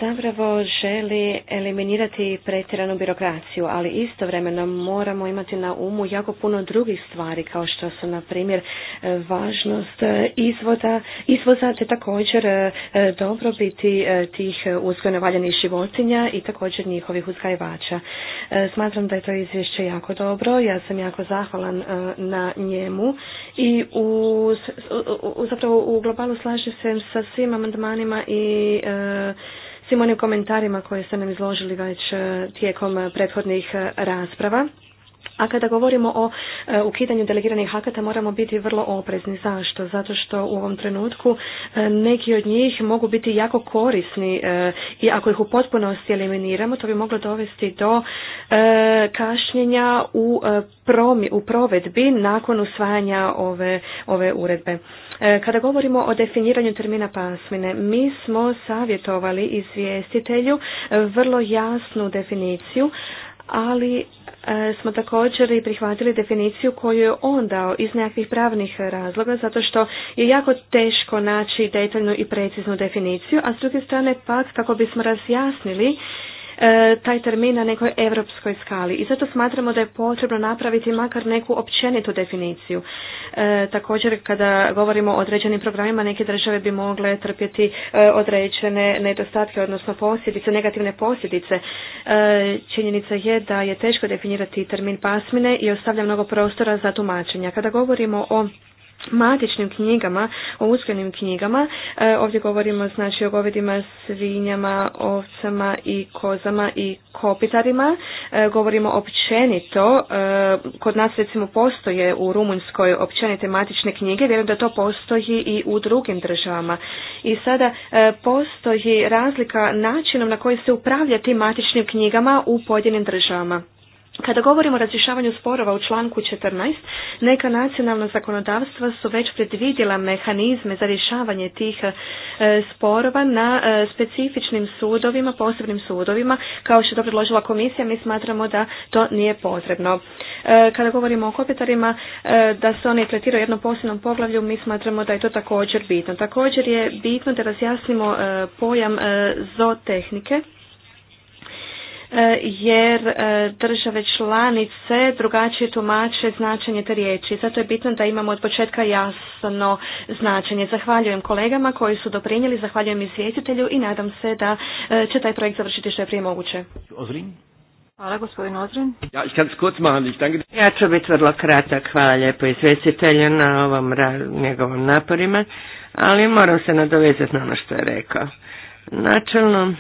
zapravo želi eliminirati pretjeranu birokraciju, ali istovremeno moramo imati na umu jako puno drugih stvari kao što su na primjer važnost izvoda, izvoza te također e, dobro biti e, tih uzgojno-valjanih životinja i također njihovih uzgajivača. E, smatram da je to izvješće jako dobro, ja sam jako zahvalan na njemu i u, zapravo u globalu slažem se sa svim amandmanima i svim onim komentarima koje ste nam izložili već e, tijekom e, prethodnih e, rasprava. A kada govorimo o e, ukidanju delegiranih hakata, moramo biti vrlo oprezni. Zašto? Zato što u ovom trenutku e, neki od njih mogu biti jako korisni e, i ako ih u potpunosti eliminiramo to bi moglo dovesti do kašnjenja u, u provedbi nakon usvajanja ove, ove uredbe. Kada govorimo o definiranju termina pasmine, mi smo savjetovali izvjestitelju vrlo jasnu definiciju, ali E, smo također i prihvatili definiciju koju je on dao iz nekakvih pravnih razloga, zato što je jako teško naći detaljnu i preciznu definiciju, a s druge strane pak kako bismo razjasnili E, taj termin na nekoj europskoj skali i zato smatramo da je potrebno napraviti makar neku općenitu definiciju. E, također kada govorimo o određenim programima neke države bi mogle trpjeti e, određene nedostatke odnosno posljedice, negativne posljedice. Činjenica je da je teško definirati termin pasmine i ostavlja mnogo prostora za tumačenja. Kada govorimo o matičnim knjigama, o uzgojnim knjigama. E, ovdje govorimo znači o govedima, svinjama, ovcama i kozama i kopitarima. E, govorimo općenito, e, kod nas recimo postoje u Rumunjskoj općenite matične knjige, vjerujem da to postoji i u drugim državama. I sada postoji razlika načinom na koji se upravlja tim matičnim knjigama u pojedinim državama. Kada govorimo o razrješavanju sporova u članku 14, neka nacionalna zakonodavstva su već predvidjela mehanizme za rješavanje tih e, sporova na e, specifičnim sudovima, posebnim sudovima, kao što je to predložila komisija, mi smatramo da to nije potrebno. E, kada govorimo o kopitarima, da se oni tretiraju jednom posebnom poglavlju, mi smatramo da je to također bitno. Također je bitno da razjasnimo pojam zootehnike, E, jer e, države članice drugačije tumače značenje te riječi. Zato je bitno da imamo od početka jasno značenje. Zahvaljujem kolegama koji su doprinijeli, zahvaljujem izvjetitelju i nadam se da e, će taj projekt završiti što je prije moguće. Hvala, gospodin Ozrin. Ja, ich kurz machen. danke... ja ću biti vrlo kratak. Hvala lijepo izvjestitelju na ovom njegovom naporima, ali moram se nadovezati na ono što je rekao. Načelno,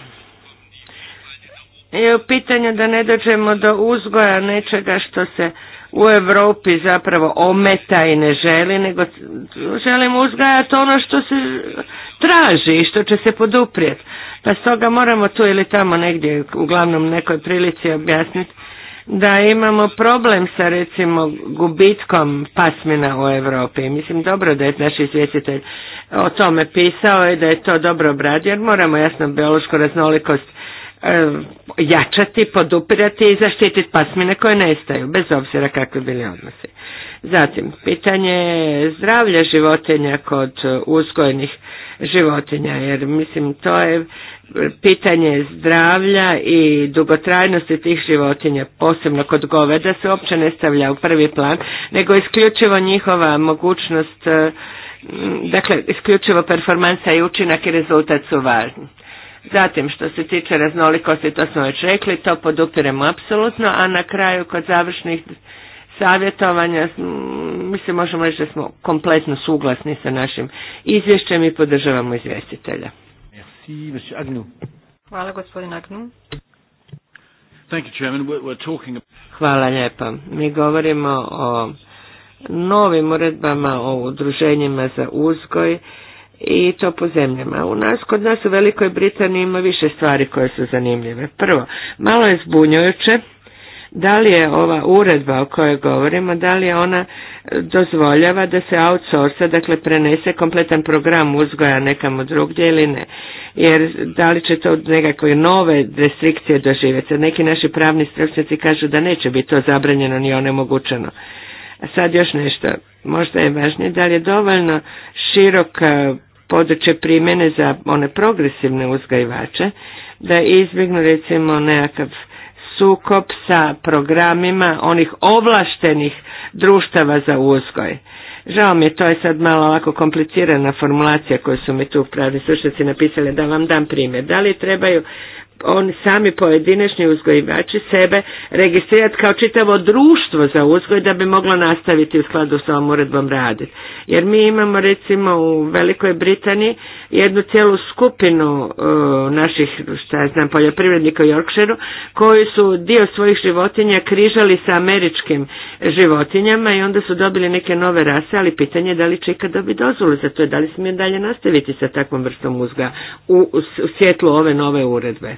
je u pitanju da ne dođemo do uzgoja nečega što se u Europi zapravo ometa i ne želi, nego želimo uzgajati ono što se traži i što će se poduprijeti. Pa stoga moramo tu ili tamo negdje, uglavnom nekoj prilici objasniti, da imamo problem sa recimo gubitkom pasmina u Europi. Mislim dobro da je naš izvjestitelj o tome pisao i da je to dobro obradio jer moramo jasno biološku raznolikost E, jačati, podupirati i zaštititi pasmine koje nestaju, bez obzira kakvi bili odnosi. Zatim, pitanje zdravlja životinja kod e, uzgojenih životinja, jer mislim to je pitanje zdravlja i dugotrajnosti tih životinja, posebno kod goveda, se uopće ne stavlja u prvi plan, nego isključivo njihova mogućnost, e, dakle, isključivo performansa i učinak i rezultat su važni. Zatim, što se tiče raznolikosti, to smo već rekli, to podupiremo apsolutno, a na kraju kod završnih savjetovanja mi se možemo reći da smo kompletno suglasni sa našim izvješćem i podržavamo izvjestitelja. Hvala gospodin Agnu. Hvala lijepa. Mi govorimo o novim uredbama o udruženjima za uzgoj i to po zemljama. U nas, kod nas u Velikoj Britaniji ima više stvari koje su zanimljive. Prvo, malo je zbunjujuće da li je ova uredba o kojoj govorimo, da li je ona dozvoljava da se outsource, dakle prenese kompletan program uzgoja nekamo drugdje ili ne. Jer da li će to nekakve nove restrikcije doživjeti. Neki naši pravni stručnjaci kažu da neće biti to zabranjeno ni onemogućeno. A sad još nešto, možda je važnije, da li je dovoljno široka područje primjene za one progresivne uzgajivače, da izbjegnu recimo nekakav sukob sa programima onih ovlaštenih društava za uzgoj. Žao mi je, to je sad malo ovako komplicirana formulacija koju su mi tu pravi slušnici napisali, da vam dam primjer. Da li trebaju oni sami pojedinačni uzgojivači sebe registrirati kao čitavo društvo za uzgoj da bi moglo nastaviti u skladu s ovom uredbom raditi. Jer mi imamo recimo u Velikoj Britaniji jednu cijelu skupinu e, naših šta znam, poljoprivrednika u Yorkshireu koji su dio svojih životinja križali sa američkim životinjama i onda su dobili neke nove rase, ali pitanje je da li će ikad dobiti dozvolu za to da li smije dalje nastaviti sa takvom vrstom uzgoja u, u svjetlu ove nove uredbe.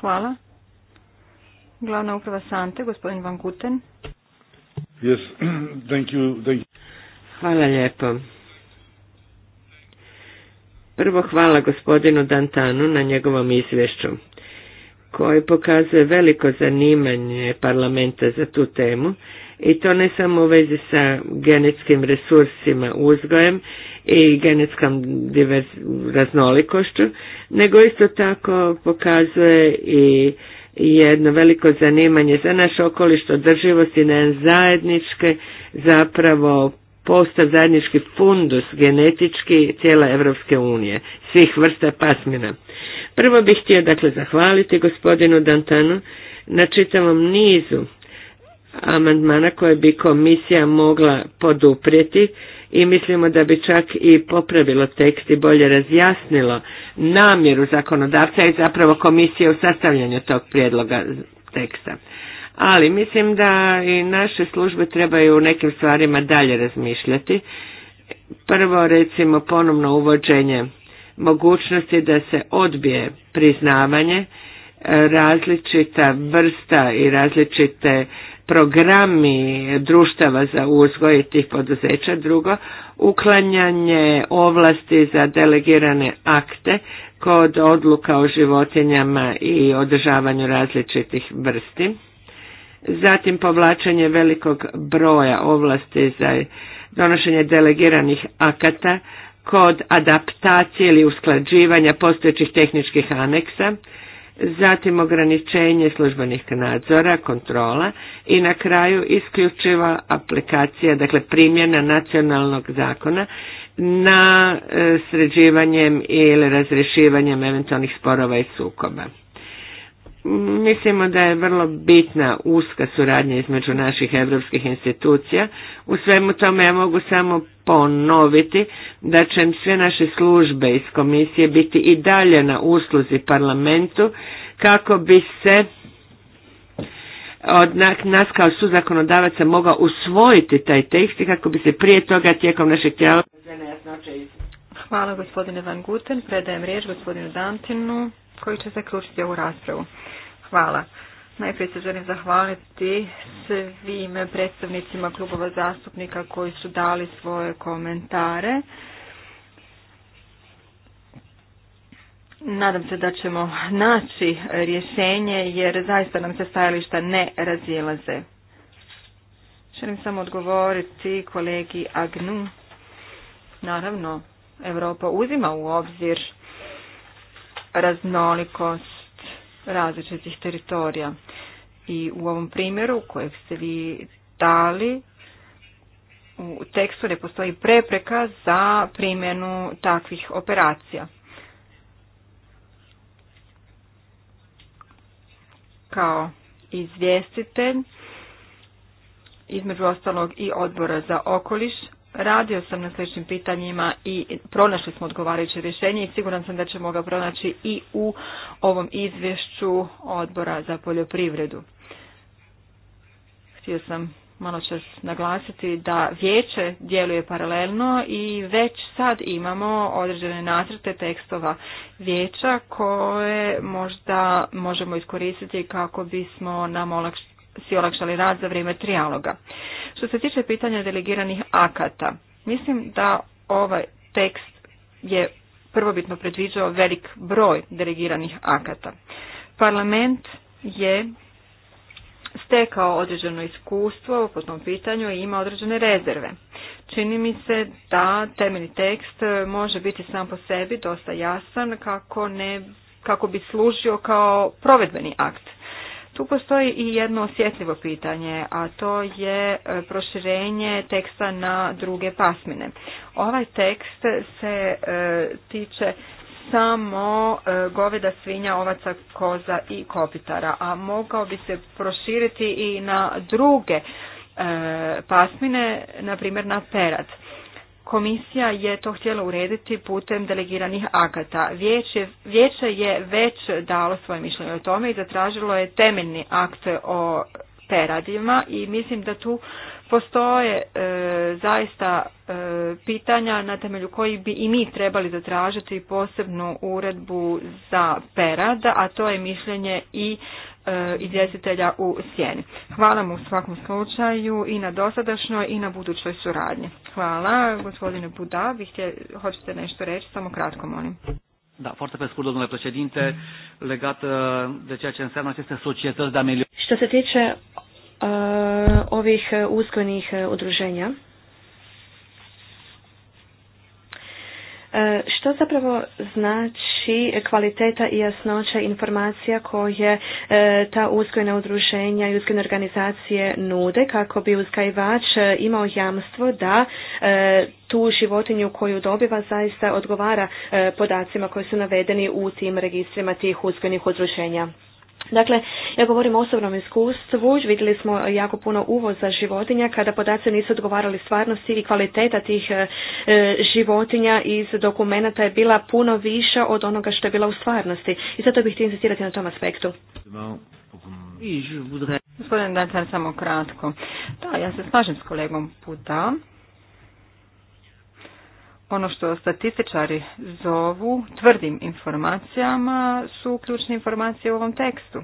Hvala. Glavna uprava Sante, gospodin Van Guten. Yes, thank Hvala lijepo. Prvo hvala gospodinu Dantanu na njegovom izvješću koji pokazuje veliko zanimanje parlamenta za tu temu i to ne samo u vezi sa genetskim resursima uzgojem i genetskom raznolikošću, nego isto tako pokazuje i jedno veliko zanimanje za naš okoliš održivosti na zajedničke zapravo postav zajednički fundus genetički cijela europske unije, svih vrsta pasmina. Prvo bih htio dakle zahvaliti gospodinu Dantanu na čitavom nizu amandmana koje bi komisija mogla poduprijeti i mislimo da bi čak i popravilo tekst i bolje razjasnilo namjeru zakonodavca i zapravo komisije u sastavljanju tog prijedloga teksta. Ali mislim da i naše službe trebaju u nekim stvarima dalje razmišljati. Prvo recimo ponovno uvođenje mogućnosti da se odbije priznavanje e, različita vrsta i različite programi društava za uzgoj tih poduzeća, drugo, uklanjanje ovlasti za delegirane akte kod odluka o životinjama i održavanju različitih vrsti, zatim povlačenje velikog broja ovlasti za donošenje delegiranih akata kod adaptacije ili usklađivanja postojećih tehničkih aneksa, zatim ograničenje službenih nadzora, kontrola i na kraju isključiva aplikacija, dakle primjena nacionalnog zakona na e, sređivanjem ili razrješivanjem eventualnih sporova i sukoba. Mislimo da je vrlo bitna uska suradnja između naših europskih institucija. U svemu tome ja mogu samo ponoviti da će sve naše službe iz komisije biti i dalje na usluzi parlamentu kako bi se od nas kao suzakonodavaca mogao usvojiti taj tekst i kako bi se prije toga tijekom našeg tijela... Hvala gospodine Van Guten, predajem riječ gospodinu Dantinu koji će zaključiti ovu raspravu. Hvala. Najprije se želim zahvaliti svim predstavnicima klubova zastupnika koji su dali svoje komentare. Nadam se da ćemo naći rješenje jer zaista nam se stajališta ne razilaze. Želim samo odgovoriti kolegi Agnu. Naravno, Europa uzima u obzir raznolikost različitih teritorija. I u ovom primjeru kojeg ste vi dali, u tekstu ne postoji prepreka za primjenu takvih operacija. Kao izvjestitelj, između ostalog i odbora za okoliš, radio sam na sličnim pitanjima i pronašli smo odgovarajuće rješenje i siguran sam da ćemo ga pronaći i u ovom izvješću odbora za poljoprivredu. Htio sam malo čas naglasiti da vijeće djeluje paralelno i već sad imamo određene nacrte tekstova vijeća koje možda možemo iskoristiti kako bismo nam olakšali si olakšali rad za vrijeme trijaloga. Što se tiče pitanja delegiranih akata, mislim da ovaj tekst je prvobitno predviđao velik broj delegiranih akata. Parlament je stekao određeno iskustvo po tom pitanju i ima određene rezerve. Čini mi se da temeljni tekst može biti sam po sebi dosta jasan kako, ne, kako bi služio kao provedbeni akt. Tu postoji i jedno osjetljivo pitanje, a to je e, proširenje teksta na druge pasmine. Ovaj tekst se e, tiče samo e, goveda, svinja, ovaca, koza i kopitara, a mogao bi se proširiti i na druge pasmine, na primjer na perat. Komisija je to htjela urediti putem delegiranih akata. Vijeće, je već dalo svoje mišljenje o tome i zatražilo je temeljni akt o peradima i mislim da tu postoje e, zaista e, pitanja na temelju koji bi i mi trebali zatražiti posebnu uredbu za perad, a to je mišljenje i E, izvjestitelja u sjeni. Hvala mu u svakom slučaju i na dosadašnjoj i na budućoj suradnji. Hvala, gospodine Buda, vi htje, hoćete nešto reći, samo kratko molim. Da, foarte pe scurt, domnule președinte, legat e, de ceea ce înseamnă aceste societăți de amelioare. Što se tiče e, ovih uskojnih udruženja, E, što zapravo znači kvaliteta i jasnoća informacija koje e, ta uzgojna udruženja i uzgojne organizacije nude kako bi uzgajivač e, imao jamstvo da tu životinju koju dobiva zaista odgovara podacima koji su navedeni u tim registrima tih uzgojnih udruženja? Dakle, ja govorim o osobnom iskustvu, vidjeli smo jako puno uvoza životinja kada podaci nisu odgovarali stvarnosti i kvaliteta tih e, životinja iz dokumenata je bila puno viša od onoga što je bila u stvarnosti. I zato bih htio insistirati na tom aspektu. Gospodin Dacar, samo kratko. Da, ja se slažem s kolegom Puta ono što statističari zovu tvrdim informacijama su ključne informacije u ovom tekstu.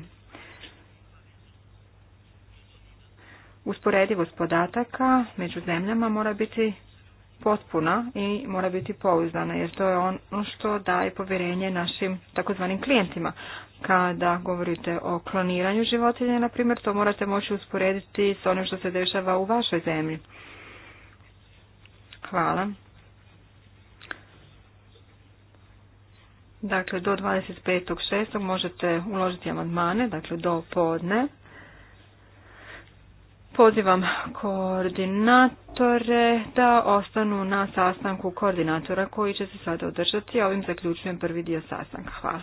Usporedivost podataka među zemljama mora biti potpuna i mora biti pouzdana jer to je ono što daje povjerenje našim takozvanim klijentima. Kada govorite o kloniranju životinja, na primjer, to morate moći usporediti s onim što se dešava u vašoj zemlji. Hvala. Dakle, do 25.6. možete uložiti amandmane, dakle do podne. Pozivam koordinatore da ostanu na sastanku koordinatora koji će se sada održati. Ovim zaključujem prvi dio sastanka. Hvala.